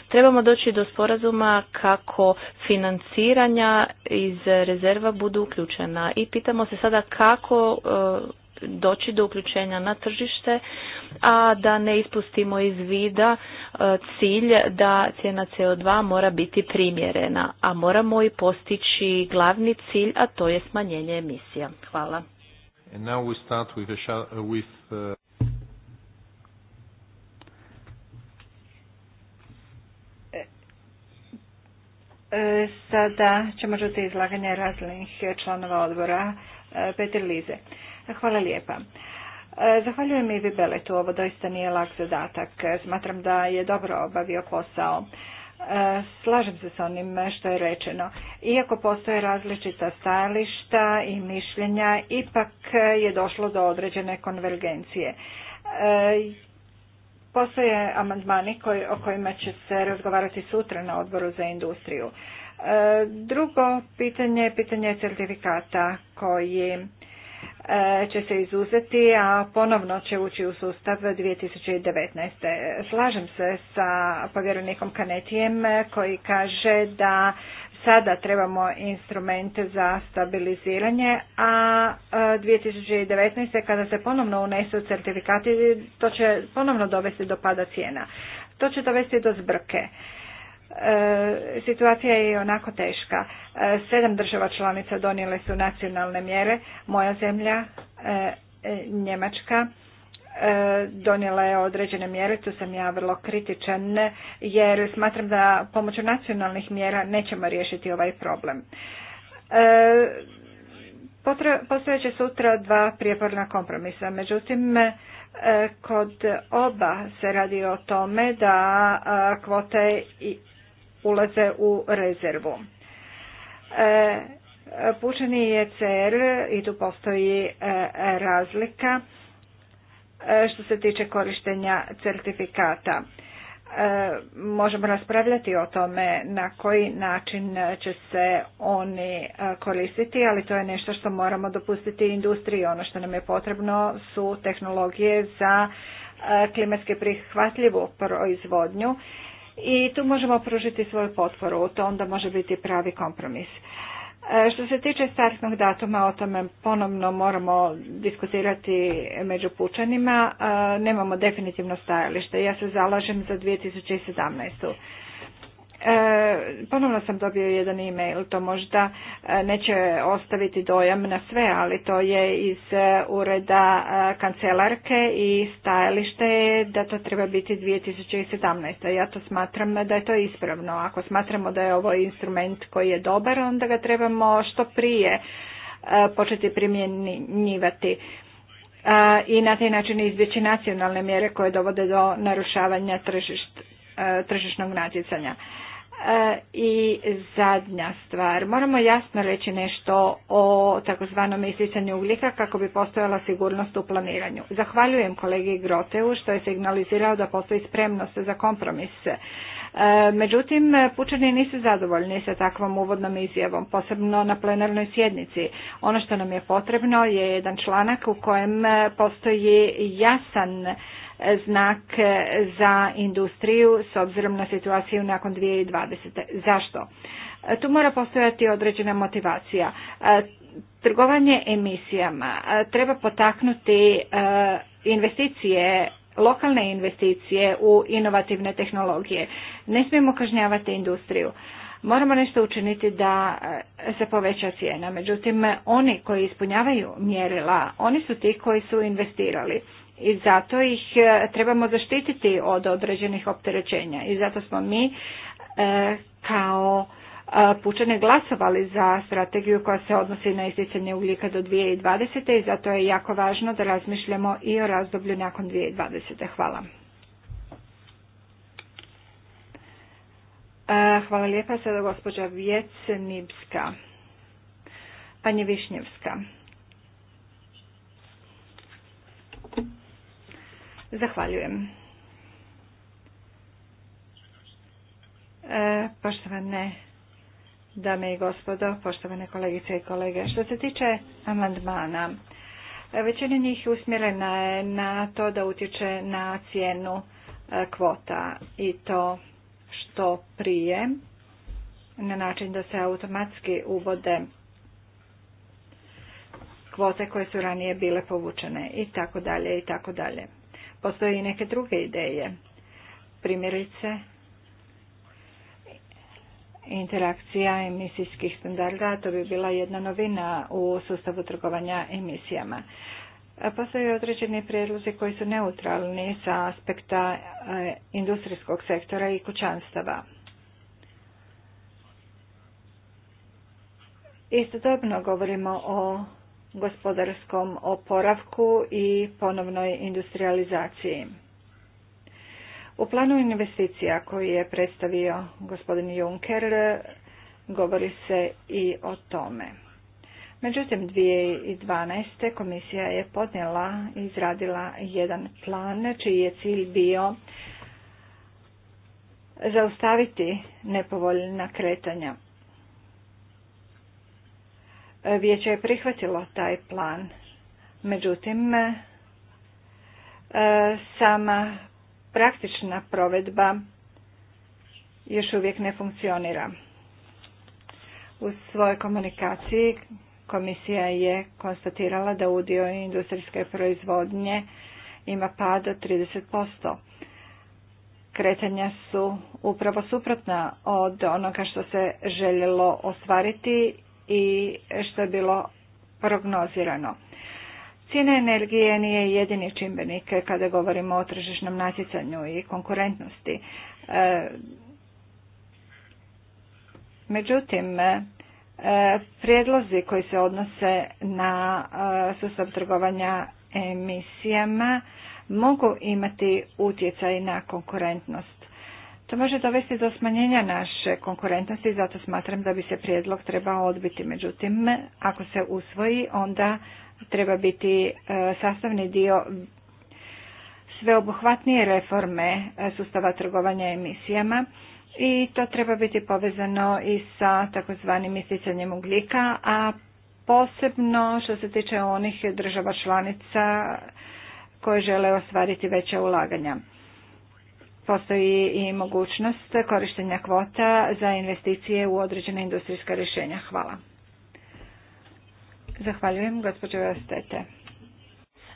Trebamo doći do sporazuma kako financiranja iz rezerva budu uključena i pitamo se sada kako doći do uključenja na tržište, a da ne ispustimo iz vida e, cilj da cijena CO2 mora biti primjerena, a moramo i postići glavni cilj, a to je smanjenje emisija. Hvala. Uh, uh, e, sada ćemo žuti izlaganje različitih članova odbora e, Peter Lize. Hvala lijepa. E, zahvaljujem i Beletu. ovo doista nije lak zadatak. Smatram da je dobro obavio posao. E, slažem se s onim što je rečeno. Iako postoje različita stajališta i mišljenja, ipak je došlo do određene konvergencije. E, postoje amandmani o kojima će se razgovarati sutra na odboru za industriju. Drugo pitanje je pitanje certifikata koji E, će se izuzeti, a ponovno će ući u sustav 2019. Slažem se sa povjerenikom Kanetijem e, koji kaže da sada trebamo instrumente za stabiliziranje, a 2019. E, kada se ponovno unesu certifikati, to će ponovno dovesti do pada cijena. To će dovesti do zbrke. E, situacija je onako teška. E, sedam država članica donijele su nacionalne mjere. Moja zemlja, e, Njemačka, donijela je određene mjere, tu sam ja vrlo kritičan, jer smatram da pomoću nacionalnih mjera nećemo riješiti ovaj problem. će sutra dva prijeporna kompromisa, međutim, kod oba se radi o tome da kvote ulaze u rezervu. E, pučani je CR i tu postoji e, razlika e, što se tiče korištenja certifikata. Možemo raspravljati o tome na koji način će se oni koristiti, ali to je nešto što moramo dopustiti industriji. Ono što nam je potrebno su tehnologije za klimatske prihvatljivu proizvodnju i tu možemo pružiti svoju potporu. To onda može biti pravi kompromis. E, što se tiče startnog datuma, o tome ponovno moramo diskutirati među pučanima. E, nemamo definitivno stajalište. Ja se zalažem za 2017. E, ponovno sam dobio jedan e-mail, to možda e, neće ostaviti dojam na sve, ali to je iz e, ureda kancelarke i stajalište je da to treba biti 2017. Ja to smatram da je to ispravno. Ako smatramo da je ovo instrument koji je dobar, onda ga trebamo što prije početi primjenjivati i na taj način izbjeći nacionalne mjere koje dovode do narušavanja tržišnog natjecanja. E, I zadnja stvar, moramo jasno reći nešto o takozvanom isticanju ugljika kako bi postojala sigurnost u planiranju. Zahvaljujem kolegi Groteu što je signalizirao da postoji spremnost za kompromis. E, međutim, pučani nisu zadovoljni sa takvom uvodnom izjavom, posebno na plenarnoj sjednici. Ono što nam je potrebno je jedan članak u kojem postoji jasan znak za industriju s obzirom na situaciju nakon 2020. Zašto? Tu mora postojati određena motivacija. Trgovanje emisijama treba potaknuti e, investicije lokalne investicije u inovativne tehnologije. Ne smijemo kažnjavati industriju. Moramo nešto učiniti da e, se poveća cijena. Međutim, oni koji ispunjavaju mjerila, oni su ti koji su investirali i zato ih e, trebamo zaštititi od određenih opterećenja i zato smo mi e, kao e, pučane glasovali za strategiju koja se odnosi na isticanje ugljika do 2020. i zato je jako važno da razmišljamo i o razdoblju nakon 2020. Hvala. Hvala lijepa sada gospođa nibska panje Višnjevska. Zahvaljujem. E, poštovane dame i gospodo, poštovane kolegice i kolege, što se tiče amandmana, većina njih usmjerena je na to da utječe na cijenu e, kvota i to što prije na način da se automatski uvode kvote koje su ranije bile povučene i tako dalje i tako dalje. Postoje i neke druge ideje. Primjerice, interakcija emisijskih standarda, to bi bila jedna novina u sustavu trgovanja emisijama. Postoje određeni prijedlozi koji su neutralni sa aspekta e, industrijskog sektora i kućanstava. Istodobno govorimo o gospodarskom oporavku i ponovnoj industrializaciji. U planu investicija koji je predstavio gospodin Juncker govori se i o tome. Međutim, 2012. komisija je podnijela i izradila jedan plan čiji je cilj bio zaustaviti nepovoljna kretanja. Vijeće je prihvatilo taj plan. Međutim, e, sama praktična provedba još uvijek ne funkcionira. U svojoj komunikaciji komisija je konstatirala da udio industrijske proizvodnje ima pad od 30%. Kretanja su upravo suprotna od onoga što se željelo ostvariti i što je bilo prognozirano. Cijena energije nije jedini čimbenik kada govorimo o tržišnom natjecanju i konkurentnosti. E, međutim, e, prijedlozi koji se odnose na e, sustav trgovanja emisijama mogu imati utjecaj na konkurentnost. To može dovesti do smanjenja naše konkurentnosti zato smatram da bi se prijedlog trebao odbiti. Međutim, ako se usvoji, onda treba biti e, sastavni dio sveobuhvatnije reforme e, sustava trgovanja emisijama i to treba biti povezano i sa takozvanim isticanjem ugljika, a posebno što se tiče onih država članica koje žele ostvariti veća ulaganja. Postoji i mogućnost korištenja kvota za investicije u određene industrijska rješenja. Hvala. Zahvaljujem, gospođo Vastete.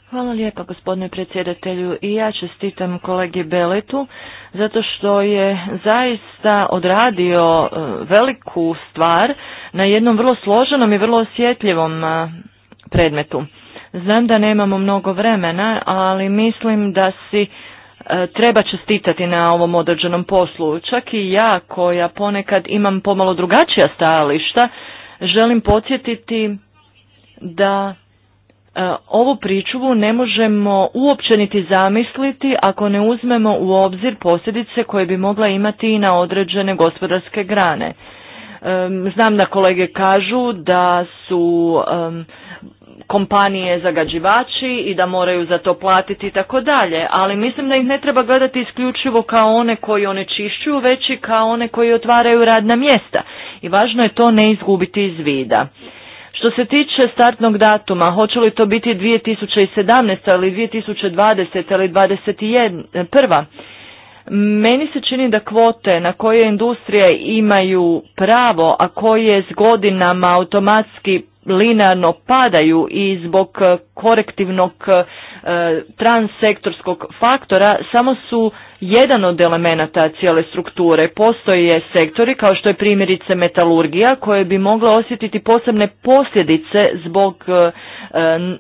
Hvala lijepa gospodine predsjedatelju i ja čestitam kolegi Beletu zato što je zaista odradio e, veliku stvar na jednom vrlo složenom i vrlo osjetljivom e, predmetu. Znam da nemamo mnogo vremena, ali mislim da si E, treba čestitati na ovom određenom poslu. Čak i ja koja ponekad imam pomalo drugačija stajališta, želim podsjetiti da e, ovu pričuvu ne možemo uopće niti zamisliti ako ne uzmemo u obzir posljedice koje bi mogla imati i na određene gospodarske grane. E, znam da kolege kažu da su kompanije zagađivači i da moraju za to platiti i tako dalje, ali mislim da ih ne treba gledati isključivo kao one koji one čišćuju, već i kao one koji otvaraju radna mjesta i važno je to ne izgubiti iz vida. Što se tiče startnog datuma, hoće li to biti 2017. ili 2020. ili 2021. Meni se čini da kvote na koje industrije imaju pravo, a koje s godinama automatski linearno padaju i zbog eh, korektivnog eh, transsektorskog faktora samo su jedan od elemenata cijele strukture. Postoje sektori kao što je primjerice metalurgija koje bi mogla osjetiti posebne posljedice zbog eh,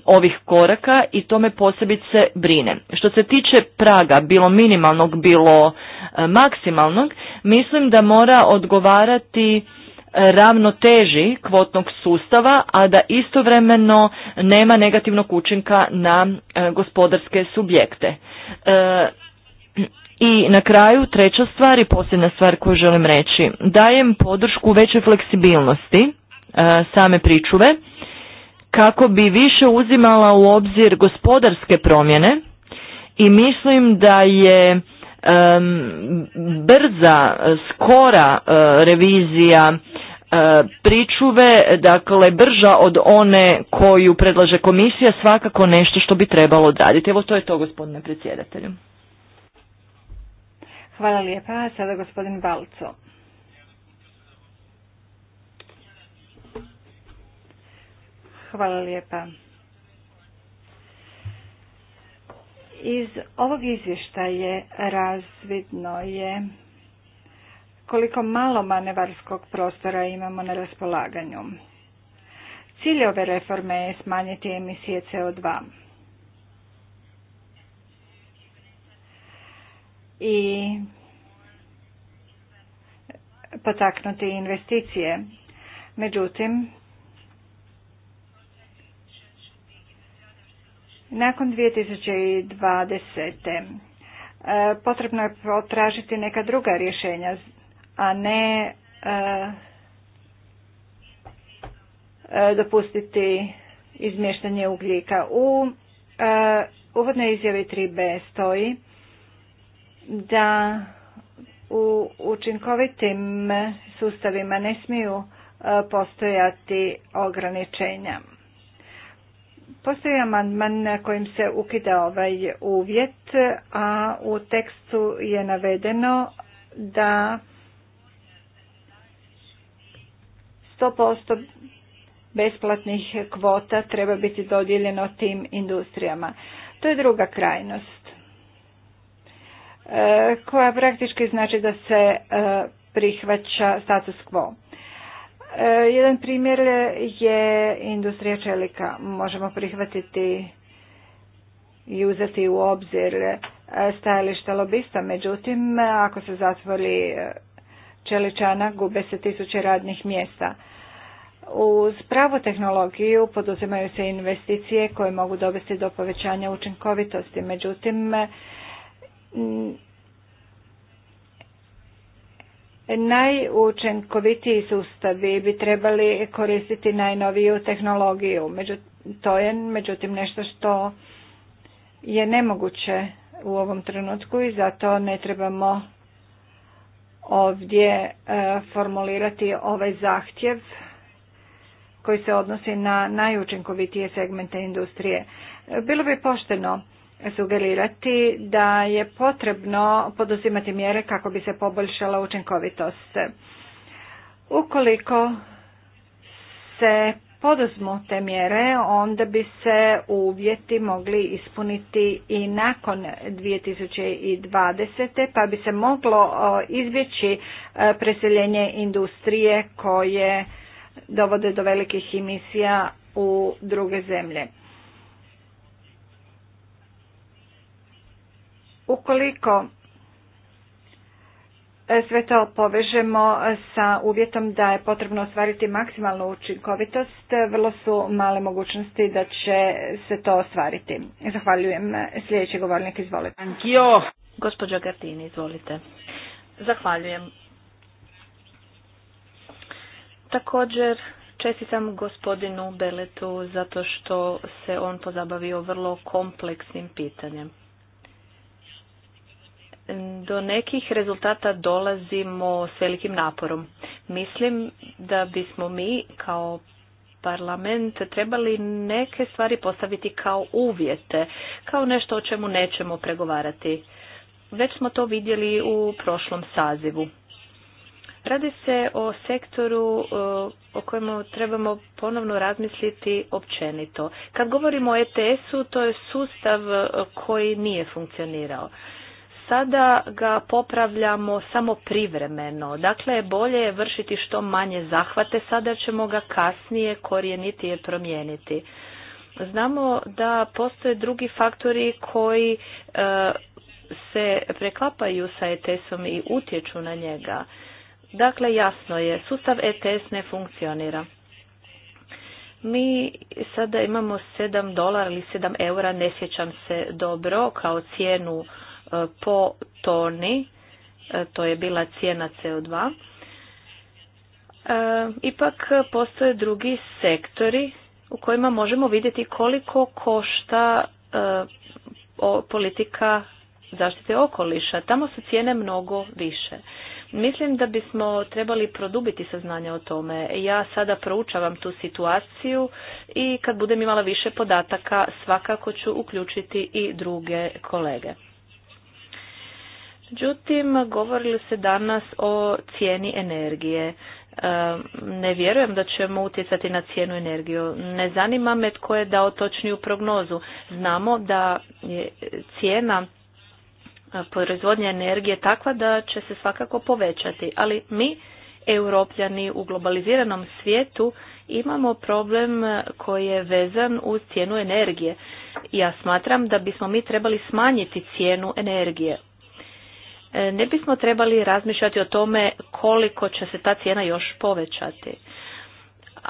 ovih koraka i tome posebice brine. Što se tiče praga, bilo minimalnog, bilo maksimalnog, mislim da mora odgovarati ravnoteži kvotnog sustava, a da istovremeno nema negativnog učinka na e, gospodarske subjekte. E, I na kraju treća stvar i posljedna stvar koju želim reći. Dajem podršku većoj fleksibilnosti e, same pričuve kako bi više uzimala u obzir gospodarske promjene i mislim da je brza, skora e, revizija e, pričuve, dakle brža od one koju predlaže komisija, svakako nešto što bi trebalo odraditi. Evo to je to gospodine predsjedatelju. Hvala lijepa. Sada gospodin Balco. Hvala lijepa. Iz ovog izvještaje razvidno je koliko malo manevarskog prostora imamo na raspolaganju. Cilj ove reforme je smanjiti emisije CO2. I potaknuti investicije. Međutim, Nakon 2020. E, potrebno je potražiti neka druga rješenja, a ne e, e, dopustiti izmještanje ugljika. U uvodnoj izjavi 3b stoji da u učinkovitim sustavima ne smiju postojati ograničenja. Postoji amandman kojim se ukida ovaj uvjet, a u tekstu je navedeno da 100% besplatnih kvota treba biti dodijeljeno tim industrijama. To je druga krajnost e, koja praktički znači da se e, prihvaća status quo. E, jedan primjer je industrija čelika. Možemo prihvatiti i uzeti u obzir e, stajališta lobista. Međutim, ako se zatvori e, čeličana, gube se tisuće radnih mjesta. Uz pravu tehnologiju poduzimaju se investicije koje mogu dovesti do povećanja učinkovitosti. Međutim, Najučinkovitiji sustavi bi trebali koristiti najnoviju tehnologiju. To je međutim nešto što je nemoguće u ovom trenutku i zato ne trebamo ovdje e, formulirati ovaj zahtjev koji se odnosi na najučinkovitije segmente industrije. Bilo bi pošteno sugerirati da je potrebno poduzimati mjere kako bi se poboljšala učinkovitost. Ukoliko se poduzmu te mjere, onda bi se uvjeti mogli ispuniti i nakon 2020. pa bi se moglo izbjeći e, preseljenje industrije koje dovode do velikih emisija u druge zemlje. Ukoliko e, sve to povežemo sa uvjetom da je potrebno ostvariti maksimalnu učinkovitost, vrlo su male mogućnosti da će se to ostvariti. Zahvaljujem. Sljedeći govornik, izvolite. Ankio. Gospođa Gardini, izvolite. Zahvaljujem. Također čestitam gospodinu Beletu zato što se on pozabavio vrlo kompleksnim pitanjem do nekih rezultata dolazimo s velikim naporom. Mislim da bismo mi kao parlament trebali neke stvari postaviti kao uvjete, kao nešto o čemu nećemo pregovarati. Već smo to vidjeli u prošlom sazivu. Radi se o sektoru e, o kojemu trebamo ponovno razmisliti općenito. Kad govorimo o ETS-u, to je sustav e, koji nije funkcionirao sada ga popravljamo samo privremeno. Dakle, bolje je vršiti što manje zahvate, sada ćemo ga kasnije korijeniti i promijeniti. Znamo da postoje drugi faktori koji e, se preklapaju sa ETS-om i utječu na njega. Dakle, jasno je, sustav ETS ne funkcionira. Mi sada imamo 7 dolara ili 7 eura, ne sjećam se dobro, kao cijenu po toni, e, to je bila cijena CO2. E, ipak postoje drugi sektori u kojima možemo vidjeti koliko košta e, politika zaštite okoliša. Tamo su cijene mnogo više. Mislim da bismo trebali produbiti saznanje o tome. Ja sada proučavam tu situaciju i kad budem imala više podataka svakako ću uključiti i druge kolege. Međutim, govorili se danas o cijeni energije. E, ne vjerujem da ćemo utjecati na cijenu energiju. Ne zanima me tko je dao točniju prognozu. Znamo da je cijena e, proizvodnje energije takva da će se svakako povećati, ali mi europljani u globaliziranom svijetu imamo problem koji je vezan uz cijenu energije. Ja smatram da bismo mi trebali smanjiti cijenu energije ne bismo trebali razmišljati o tome koliko će se ta cijena još povećati.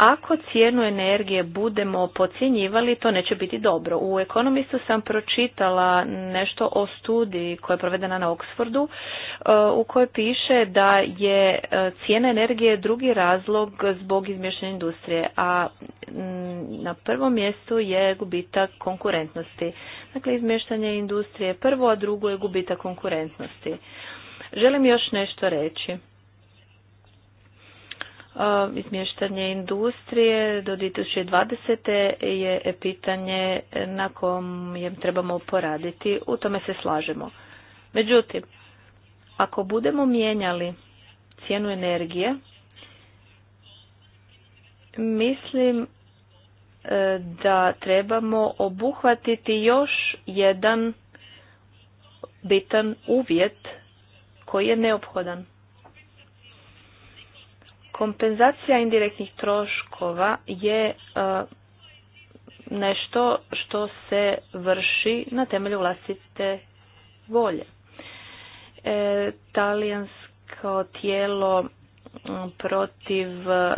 Ako cijenu energije budemo podcjenjivali, to neće biti dobro. U ekonomistu sam pročitala nešto o studiji koja je provedena na Oxfordu e, u kojoj piše da je e, cijena energije drugi razlog zbog izmješanja industrije, a mm, na prvom mjestu je gubitak konkurentnosti. Dakle, izmještanje industrije prvo, a drugo je gubitak konkurentnosti. Želim još nešto reći. E, izmještanje industrije do 2020. je pitanje na kojem trebamo poraditi. U tome se slažemo. Međutim, ako budemo mijenjali cijenu energije, mislim e, da trebamo obuhvatiti još jedan bitan uvjet koji je neophodan. Kompenzacija indirektnih troškova je e, nešto što se vrši na temelju vlastite volje. E, talijansko tijelo protiv e,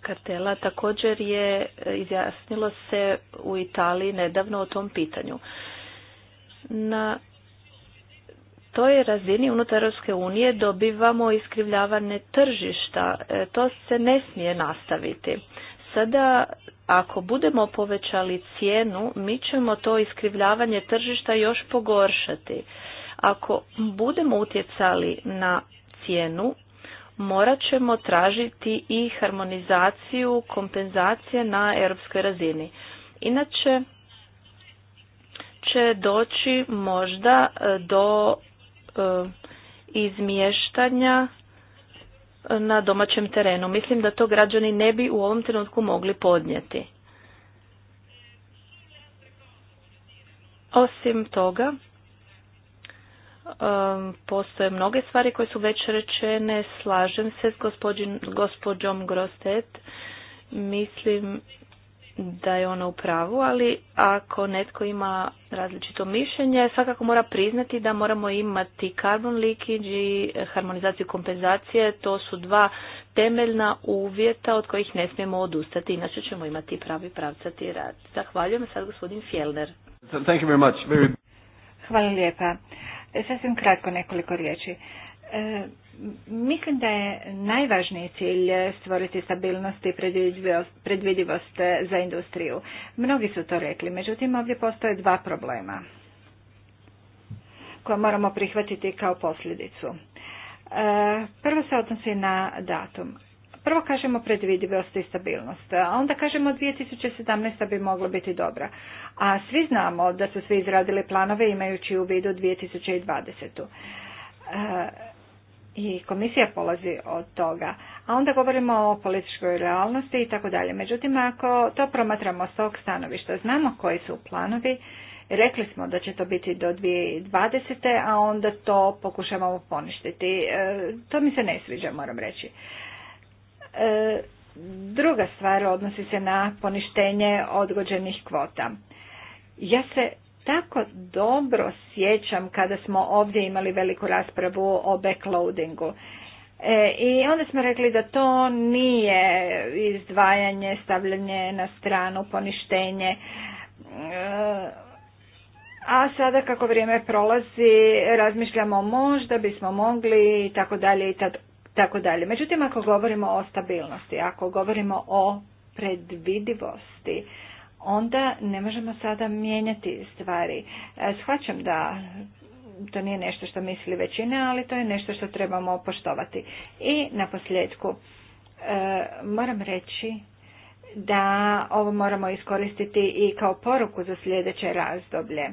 kartela također je izjasnilo se u Italiji nedavno o tom pitanju. Na toj razini unutar Europske unije dobivamo iskrivljavane tržišta. E, to se ne smije nastaviti. Sada ako budemo povećali cijenu, mi ćemo to iskrivljavanje tržišta još pogoršati. Ako budemo utjecali na cijenu, morat ćemo tražiti i harmonizaciju kompenzacije na europskoj razini. Inače će doći možda e, do E, izmještanja na domaćem terenu. Mislim da to građani ne bi u ovom trenutku mogli podnijeti. Osim toga, e, postoje mnoge stvari koje su već rečene. Slažem se s gospođom Grostet. Mislim da je ona u pravu, ali ako netko ima različito mišljenje, svakako mora priznati da moramo imati carbon leakage i harmonizaciju kompenzacije. To su dva temeljna uvjeta od kojih ne smijemo odustati, inače ćemo imati pravi pravcati rad. Zahvaljujem sad gospodin Fjellner. Hvala lijepa. E, sasvim kratko nekoliko riječi. E, Mislim da je najvažniji cilj stvoriti stabilnost i predvidivost za industriju. Mnogi su to rekli, međutim ovdje postoje dva problema koja moramo prihvatiti kao posljedicu. E, prvo se odnosi na datum. Prvo kažemo predvidivost i stabilnost, a onda kažemo 2017. bi mogla biti dobra. A svi znamo da su svi izradili planove imajući u vidu 2020 i komisija polazi od toga. A onda govorimo o političkoj realnosti i tako dalje. Međutim, ako to promatramo s tog stanovišta, znamo koji su planovi, rekli smo da će to biti do 2020. a onda to pokušavamo poništiti. E, to mi se ne sviđa, moram reći. E, druga stvar odnosi se na poništenje odgođenih kvota. Ja se tako dobro sjećam kada smo ovdje imali veliku raspravu o backloadingu. E, I onda smo rekli da to nije izdvajanje, stavljanje na stranu, poništenje. E, a sada kako vrijeme prolazi razmišljamo možda bismo mogli i tako dalje i tako dalje. Međutim, ako govorimo o stabilnosti, ako govorimo o predvidivosti, onda ne možemo sada mijenjati stvari. E, shvaćam da to nije nešto što misli većina, ali to je nešto što trebamo poštovati. I na posljedku, e, moram reći da ovo moramo iskoristiti i kao poruku za sljedeće razdoblje.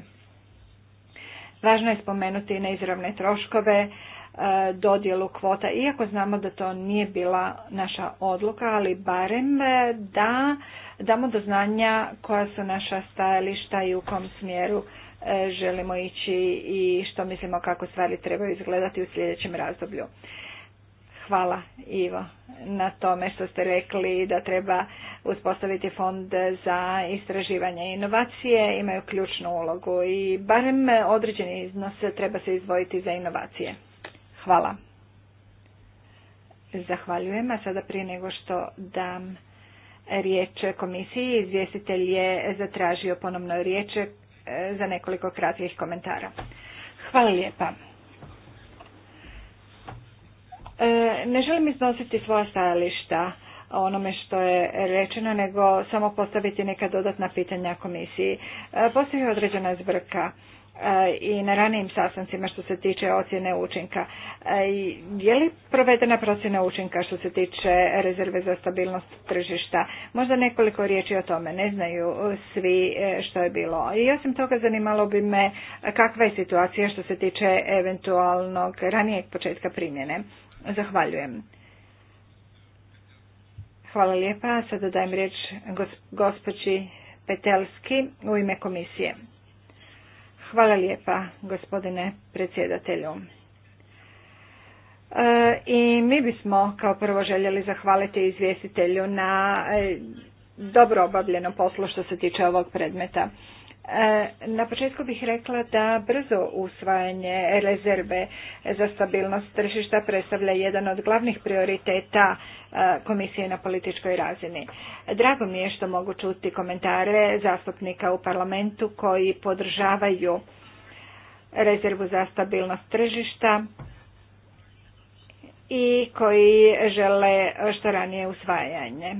Važno je spomenuti neizravne troškove, E, dodjelu kvota, iako znamo da to nije bila naša odluka, ali barem e, da damo do znanja koja su naša stajališta i u kom smjeru e, želimo ići i što mislimo kako stvari trebaju izgledati u sljedećem razdoblju. Hvala Ivo na tome što ste rekli da treba uspostaviti fond za istraživanje i inovacije, imaju ključnu ulogu i barem određeni iznos treba se izdvojiti za inovacije. Hvala. Zahvaljujem, a sada prije nego što dam riječ komisiji, izvjestitelj je zatražio ponovno riječ e, za nekoliko kratkih komentara. Hvala lijepa. E, ne želim iznositi svoja stajališta o onome što je rečeno, nego samo postaviti neka dodatna pitanja komisiji. E, postoji određena zbrka i na ranijim sastancima što se tiče ocjene učinka. E, je li provedena procjena učinka što se tiče rezerve za stabilnost tržišta? Možda nekoliko riječi o tome, ne znaju svi e, što je bilo. I osim toga zanimalo bi me kakva je situacija što se tiče eventualnog ranijeg početka primjene. Zahvaljujem. Hvala lijepa. Sada dajem riječ gospođi Petelski u ime komisije. Hvala lijepa, gospodine predsjedatelju. E, I mi bismo kao prvo željeli zahvaliti izvjestitelju na e, dobro obavljenom poslu što se tiče ovog predmeta. E, na početku bih rekla da brzo usvajanje rezerve za stabilnost tržišta predstavlja jedan od glavnih prioriteta E, komisije na političkoj razini. Drago mi je što mogu čuti komentare zastupnika u parlamentu koji podržavaju rezervu za stabilnost tržišta i koji žele što ranije usvajanje.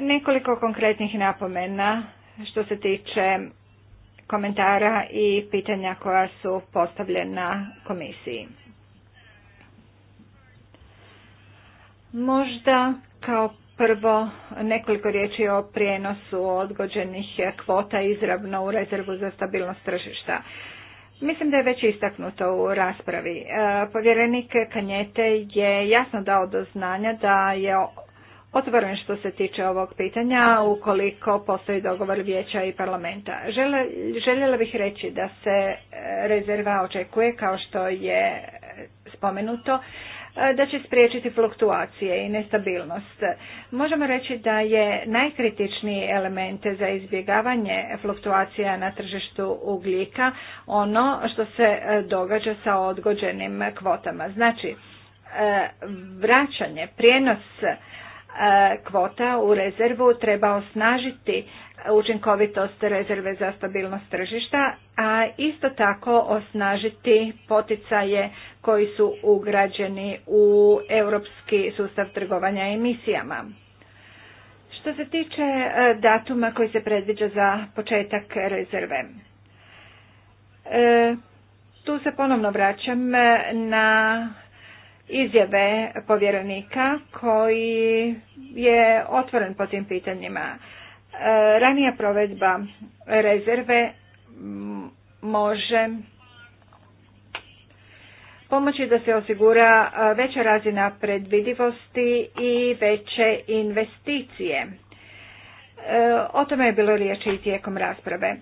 Nekoliko konkretnih napomena što se tiče komentara i pitanja koja su postavljena komisiji. Možda kao prvo nekoliko riječi o prijenosu odgođenih kvota izravno u rezervu za stabilnost tržišta. Mislim da je već istaknuto u raspravi. E, povjerenik Kanjete je jasno dao do znanja da je otvoren što se tiče ovog pitanja ukoliko postoji dogovor vijeća i parlamenta. Željela bih reći da se rezerva očekuje kao što je spomenuto E, da će spriječiti fluktuacije i nestabilnost. Možemo reći da je najkritičniji element za izbjegavanje fluktuacija na tržištu ugljika ono što se e, događa sa odgođenim kvotama. Znači, e, vraćanje, prijenos kvota u rezervu treba osnažiti učinkovitost rezerve za stabilnost tržišta, a isto tako osnažiti poticaje koji su ugrađeni u europski sustav trgovanja emisijama. Što se tiče e, datuma koji se predviđa za početak rezerve, e, tu se ponovno vraćam e, na izjave povjerenika koji je otvoren po tim pitanjima. E, ranija provedba rezerve može pomoći da se osigura e, veća razina predvidivosti i veće investicije. E, o tome je bilo riječi i tijekom rasprave.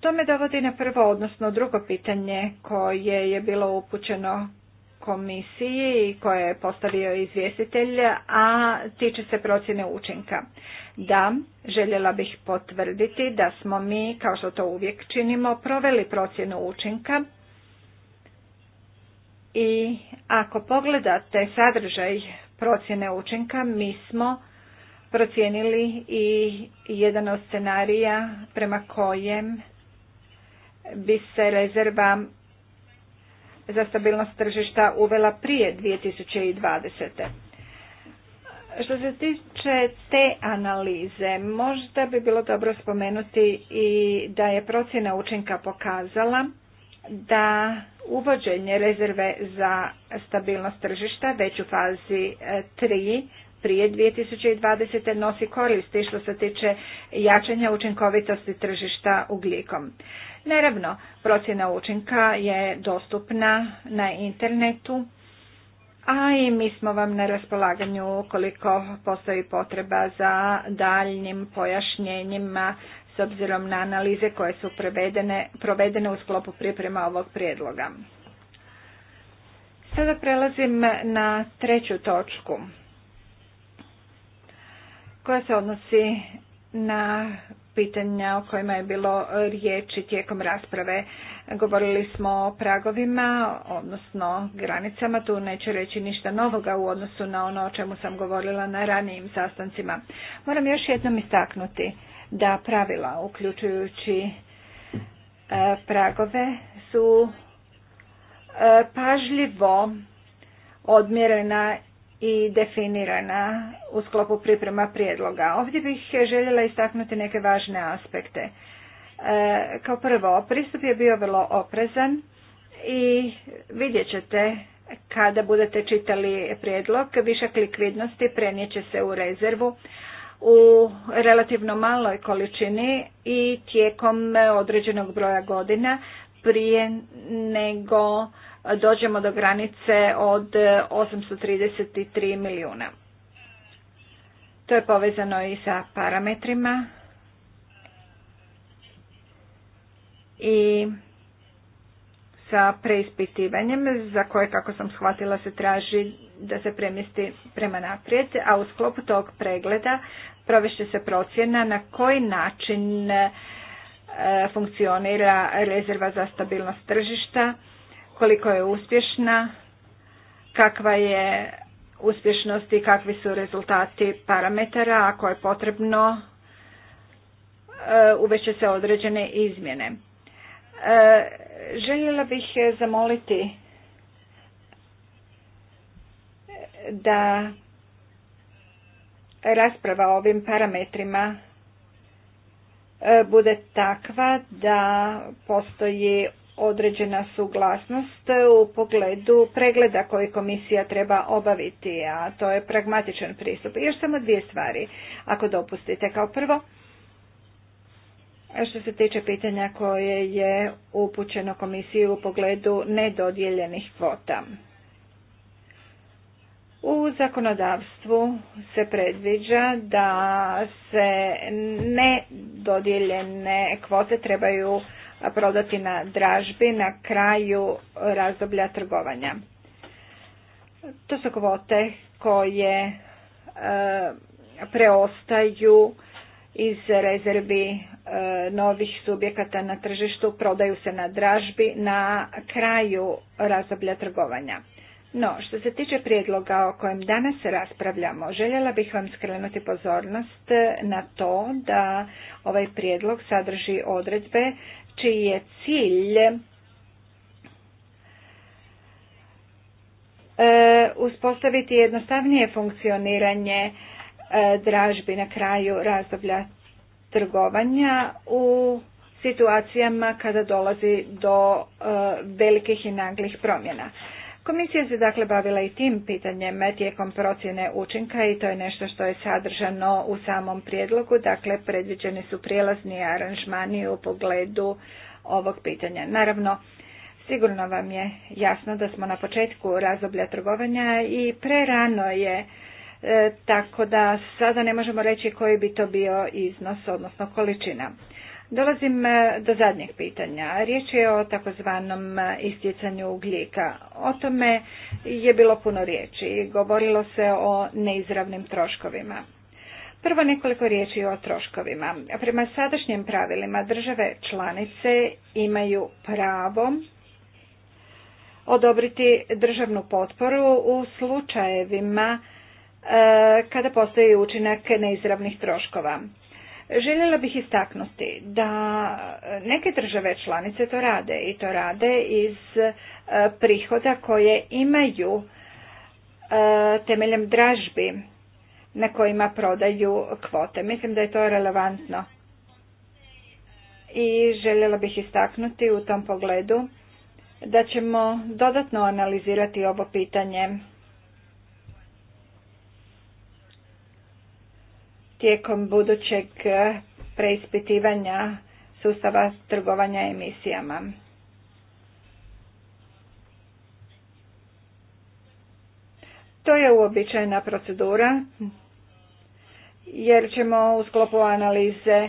To me dovodi na prvo, odnosno drugo pitanje koje je bilo upućeno komisiji koje je postavio izvjestitelj, a tiče se procjene učinka. Da, željela bih potvrditi da smo mi, kao što to uvijek činimo, proveli procjenu učinka i ako pogledate sadržaj procjene učinka, mi smo procijenili i jedan od scenarija prema kojem bi se rezerva za stabilnost tržišta uvela prije 2020. Što se tiče te analize, možda bi bilo dobro spomenuti i da je procjena učinka pokazala da uvođenje rezerve za stabilnost tržišta već u fazi 3 e, prije 2020. nosi koristi što se tiče jačanja učinkovitosti tržišta ugljikom. Naravno, procjena učinka je dostupna na internetu, a i mi smo vam na raspolaganju koliko postoji potreba za daljnim pojašnjenjima s obzirom na analize koje su provedene, provedene u sklopu priprema ovog prijedloga. Sada prelazim na treću točku koja se odnosi na pitanja o kojima je bilo riječi tijekom rasprave. Govorili smo o pragovima, odnosno granicama. Tu neću reći ništa novoga u odnosu na ono o čemu sam govorila na ranijim sastancima. Moram još jednom istaknuti da pravila, uključujući e, pragove, su e, pažljivo odmjerena i definirana u sklopu priprema prijedloga. Ovdje bih željela istaknuti neke važne aspekte. E, kao prvo, pristup je bio vrlo oprezan i vidjet ćete kada budete čitali prijedlog, višak likvidnosti prenijeće se u rezervu u relativno maloj količini i tijekom određenog broja godina prije nego dođemo do granice od 833 e, milijuna. To je povezano i sa parametrima i sa preispitivanjem za koje, kako sam shvatila, se traži da se premjesti prema naprijed, a u sklopu tog pregleda provešće se procjena na koji način e, funkcionira rezerva za stabilnost tržišta, koliko je uspješna, kakva je uspješnost i kakvi su rezultati parametara, ako je potrebno e, uveće se određene izmjene. E, željela bih zamoliti da rasprava o ovim parametrima e, bude takva da postoji određena suglasnost u pogledu pregleda koji komisija treba obaviti, a to je pragmatičan pristup. I još samo dvije stvari, ako dopustite. Kao prvo, što se tiče pitanja koje je upućeno komisiji u pogledu nedodijeljenih kvota. U zakonodavstvu se predviđa da se nedodijeljene kvote trebaju prodati na dražbi na kraju razdoblja trgovanja. To su kvote koje e, preostaju iz rezervi e, novih subjekata na tržištu, prodaju se na dražbi na kraju razdoblja trgovanja. No, što se tiče prijedloga o kojem danas raspravljamo, željela bih vam skrenuti pozornost e, na to da ovaj prijedlog sadrži odredbe čiji je cilj e, uspostaviti jednostavnije funkcioniranje e, dražbi na kraju razdoblja trgovanja u situacijama kada dolazi do velikih i naglih promjena. Komisija se dakle bavila i tim pitanjem tijekom procjene učinka i to je nešto što je sadržano u samom prijedlogu, dakle predviđeni su prijelazni aranžmani u pogledu ovog pitanja. Naravno, sigurno vam je jasno da smo na početku razoblja trgovanja i prerano je e, tako da sada ne možemo reći koji bi to bio iznos, odnosno količina. Dolazim e, do zadnjeg pitanja. Riječ je o takozvanom e, istjecanju ugljika. O tome je bilo puno riječi. Govorilo se o neizravnim troškovima. Prvo nekoliko riječi o troškovima. Prema sadašnjim pravilima države članice imaju pravo odobriti državnu potporu u slučajevima e, kada postoji učinak neizravnih troškova. Željela bih istaknuti da neke države članice to rade i to rade iz e, prihoda koje imaju e, temeljem dražbi na kojima prodaju kvote. Mislim da je to relevantno. I željela bih istaknuti u tom pogledu da ćemo dodatno analizirati ovo pitanje tijekom budućeg eh, preispitivanja sustava trgovanja emisijama. To je uobičajena procedura jer ćemo u sklopu analize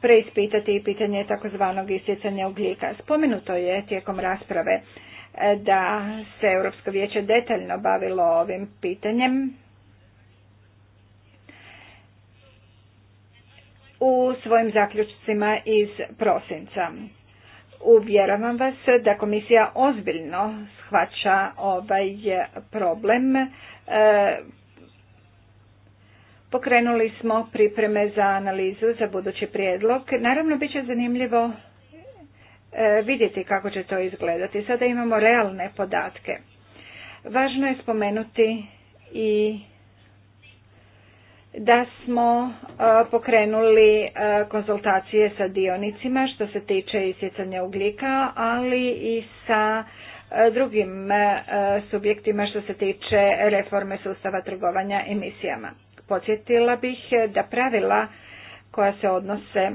preispitati i pitanje takozvanog istjecanja ugljika. Spomenuto je tijekom rasprave eh, da se Europsko vijeće detaljno bavilo ovim pitanjem u svojim zaključcima iz prosinca. Uvjeravam vas da komisija ozbiljno shvaća ovaj problem. E, pokrenuli smo pripreme za analizu za budući prijedlog. Naravno, bit će zanimljivo e, vidjeti kako će to izgledati. Sada imamo realne podatke. Važno je spomenuti i da smo e, pokrenuli e, konzultacije sa dionicima što se tiče isjecanja ugljika, ali i sa e, drugim subjektima što se tiče reforme sustava trgovanja emisijama. Podsjetila bih da pravila koja se odnose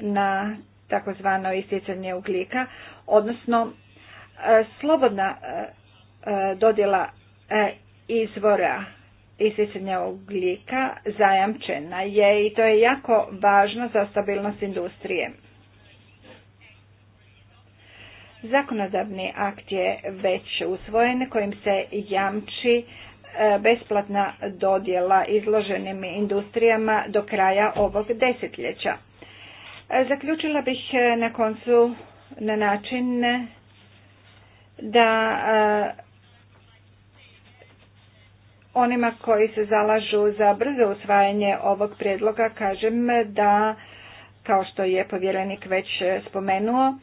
na takozvano isjecanje ugljika, odnosno slobodna dodjela izvora isisanja ugljika zajamčena je i to je jako važno za stabilnost industrije. Zakonodavni akt je već usvojen kojim se jamči e, besplatna dodjela izloženim industrijama do kraja ovog desetljeća. E, zaključila bih e, na koncu na način da onima koji se zalažu za brzo usvajanje ovog prijedloga kažem da, kao što je povjerenik već spomenuo,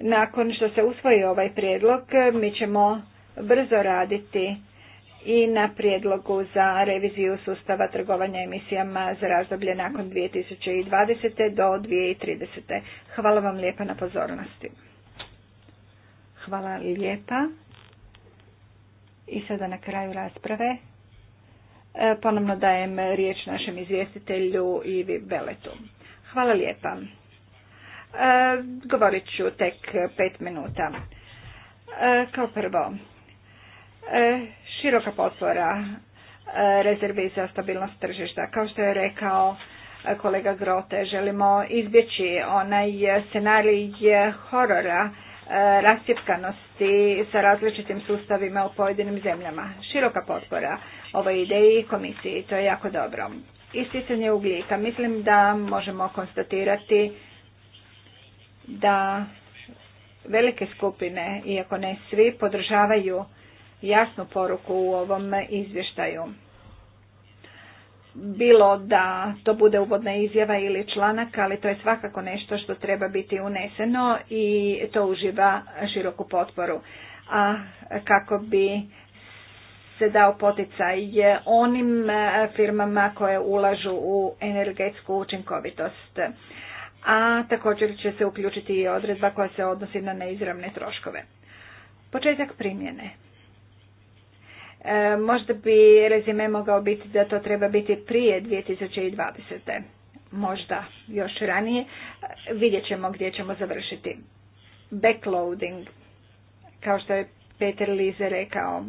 nakon što se usvoji ovaj prijedlog, mi ćemo brzo raditi i na prijedlogu za reviziju sustava trgovanja emisijama za razdoblje nakon 2020. do 2030. Hvala vam lijepa na pozornosti. Hvala lijepa. I sada na kraju rasprave E, ponovno dajem riječ našem izvjestitelju Ivi Beletu. Hvala lijepa. E, govorit ću tek pet minuta. E, kao prvo, široka potvora rezervi za stabilnost tržišta. Kao što je rekao kolega Grote, želimo izbjeći onaj scenarij horora, rasjepkanosti sa različitim sustavima u pojedinim zemljama. Široka potpora ovoj ideji komisiji. To je jako dobro. Isticanje ugljika. Mislim da možemo konstatirati da velike skupine, iako ne svi, podržavaju jasnu poruku u ovom izvještaju. Bilo da to bude uvodna izjava ili članak, ali to je svakako nešto što treba biti uneseno i to uživa široku potporu. A kako bi se dao poticaj onim e, firmama koje ulažu u energetsku učinkovitost. A također će se uključiti i odredba koja se odnosi na neizravne troškove. Početak primjene. E, možda bi rezime mogao biti da to treba biti prije 2020. Možda još ranije. Vidjet ćemo gdje ćemo završiti. Backloading, kao što je Peter Lize rekao,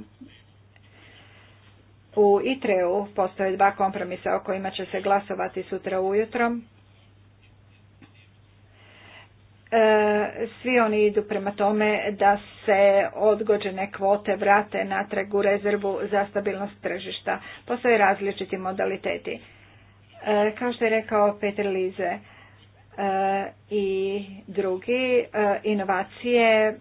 u ITRE-u postoje dva kompromisa o kojima će se glasovati sutra ujutro. E, svi oni idu prema tome da se odgođene kvote vrate natrag u rezervu za stabilnost tržišta. Postoje različiti modaliteti. E, kao što je rekao Peter Lize e, i drugi, inovacije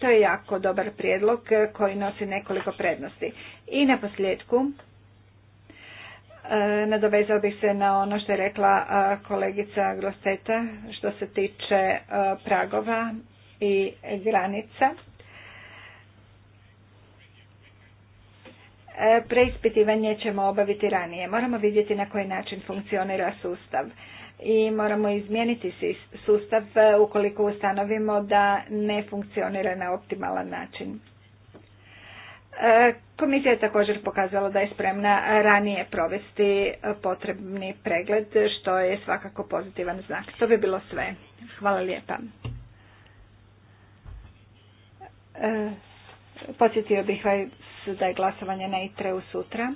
to je jako dobar prijedlog eh, koji nosi nekoliko prednosti. I na posljedku, eh, nadovezao bih se na ono što je rekla eh, kolegica Grosteta što se tiče pragova i granica. Preispitivanje ćemo obaviti ranije. Moramo vidjeti na koji način funkcionira sustav i moramo izmijeniti sustav e, ukoliko ustanovimo da ne funkcionira na optimalan način. E, komisija je također pokazala da je spremna ranije provesti potrebni pregled, što je svakako pozitivan znak. To bi bilo sve. Hvala lijepa. E, podsjetio bih vas da je glasovanje na ITRE-u sutra.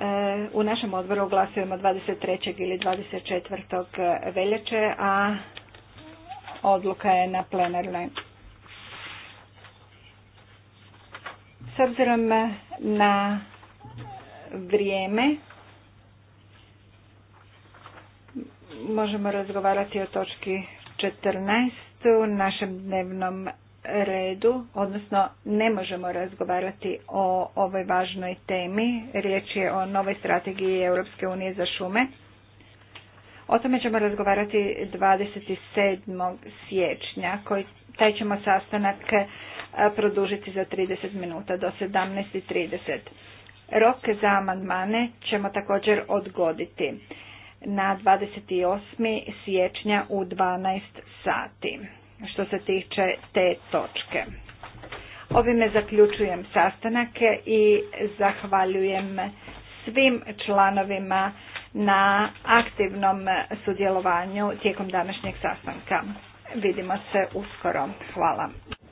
E, u našem odboru glasujemo 23. ili 24. veljače, a odluka je na plenarnoj. S obzirom na vrijeme, možemo razgovarati o točki 14 u našem dnevnom redu, odnosno ne možemo razgovarati o ovoj važnoj temi. Riječ je o novoj strategiji Europske unije za šume. O tome ćemo razgovarati 27. siječnja, koji, taj ćemo sastanak e, produžiti za 30 minuta do 17.30. Rok za amandmane ćemo također odgoditi na 28. siječnja u 12 sati što se tiče te točke. Ovime zaključujem sastanake i zahvaljujem svim članovima na aktivnom sudjelovanju tijekom današnjeg sastanka. Vidimo se uskoro. Hvala.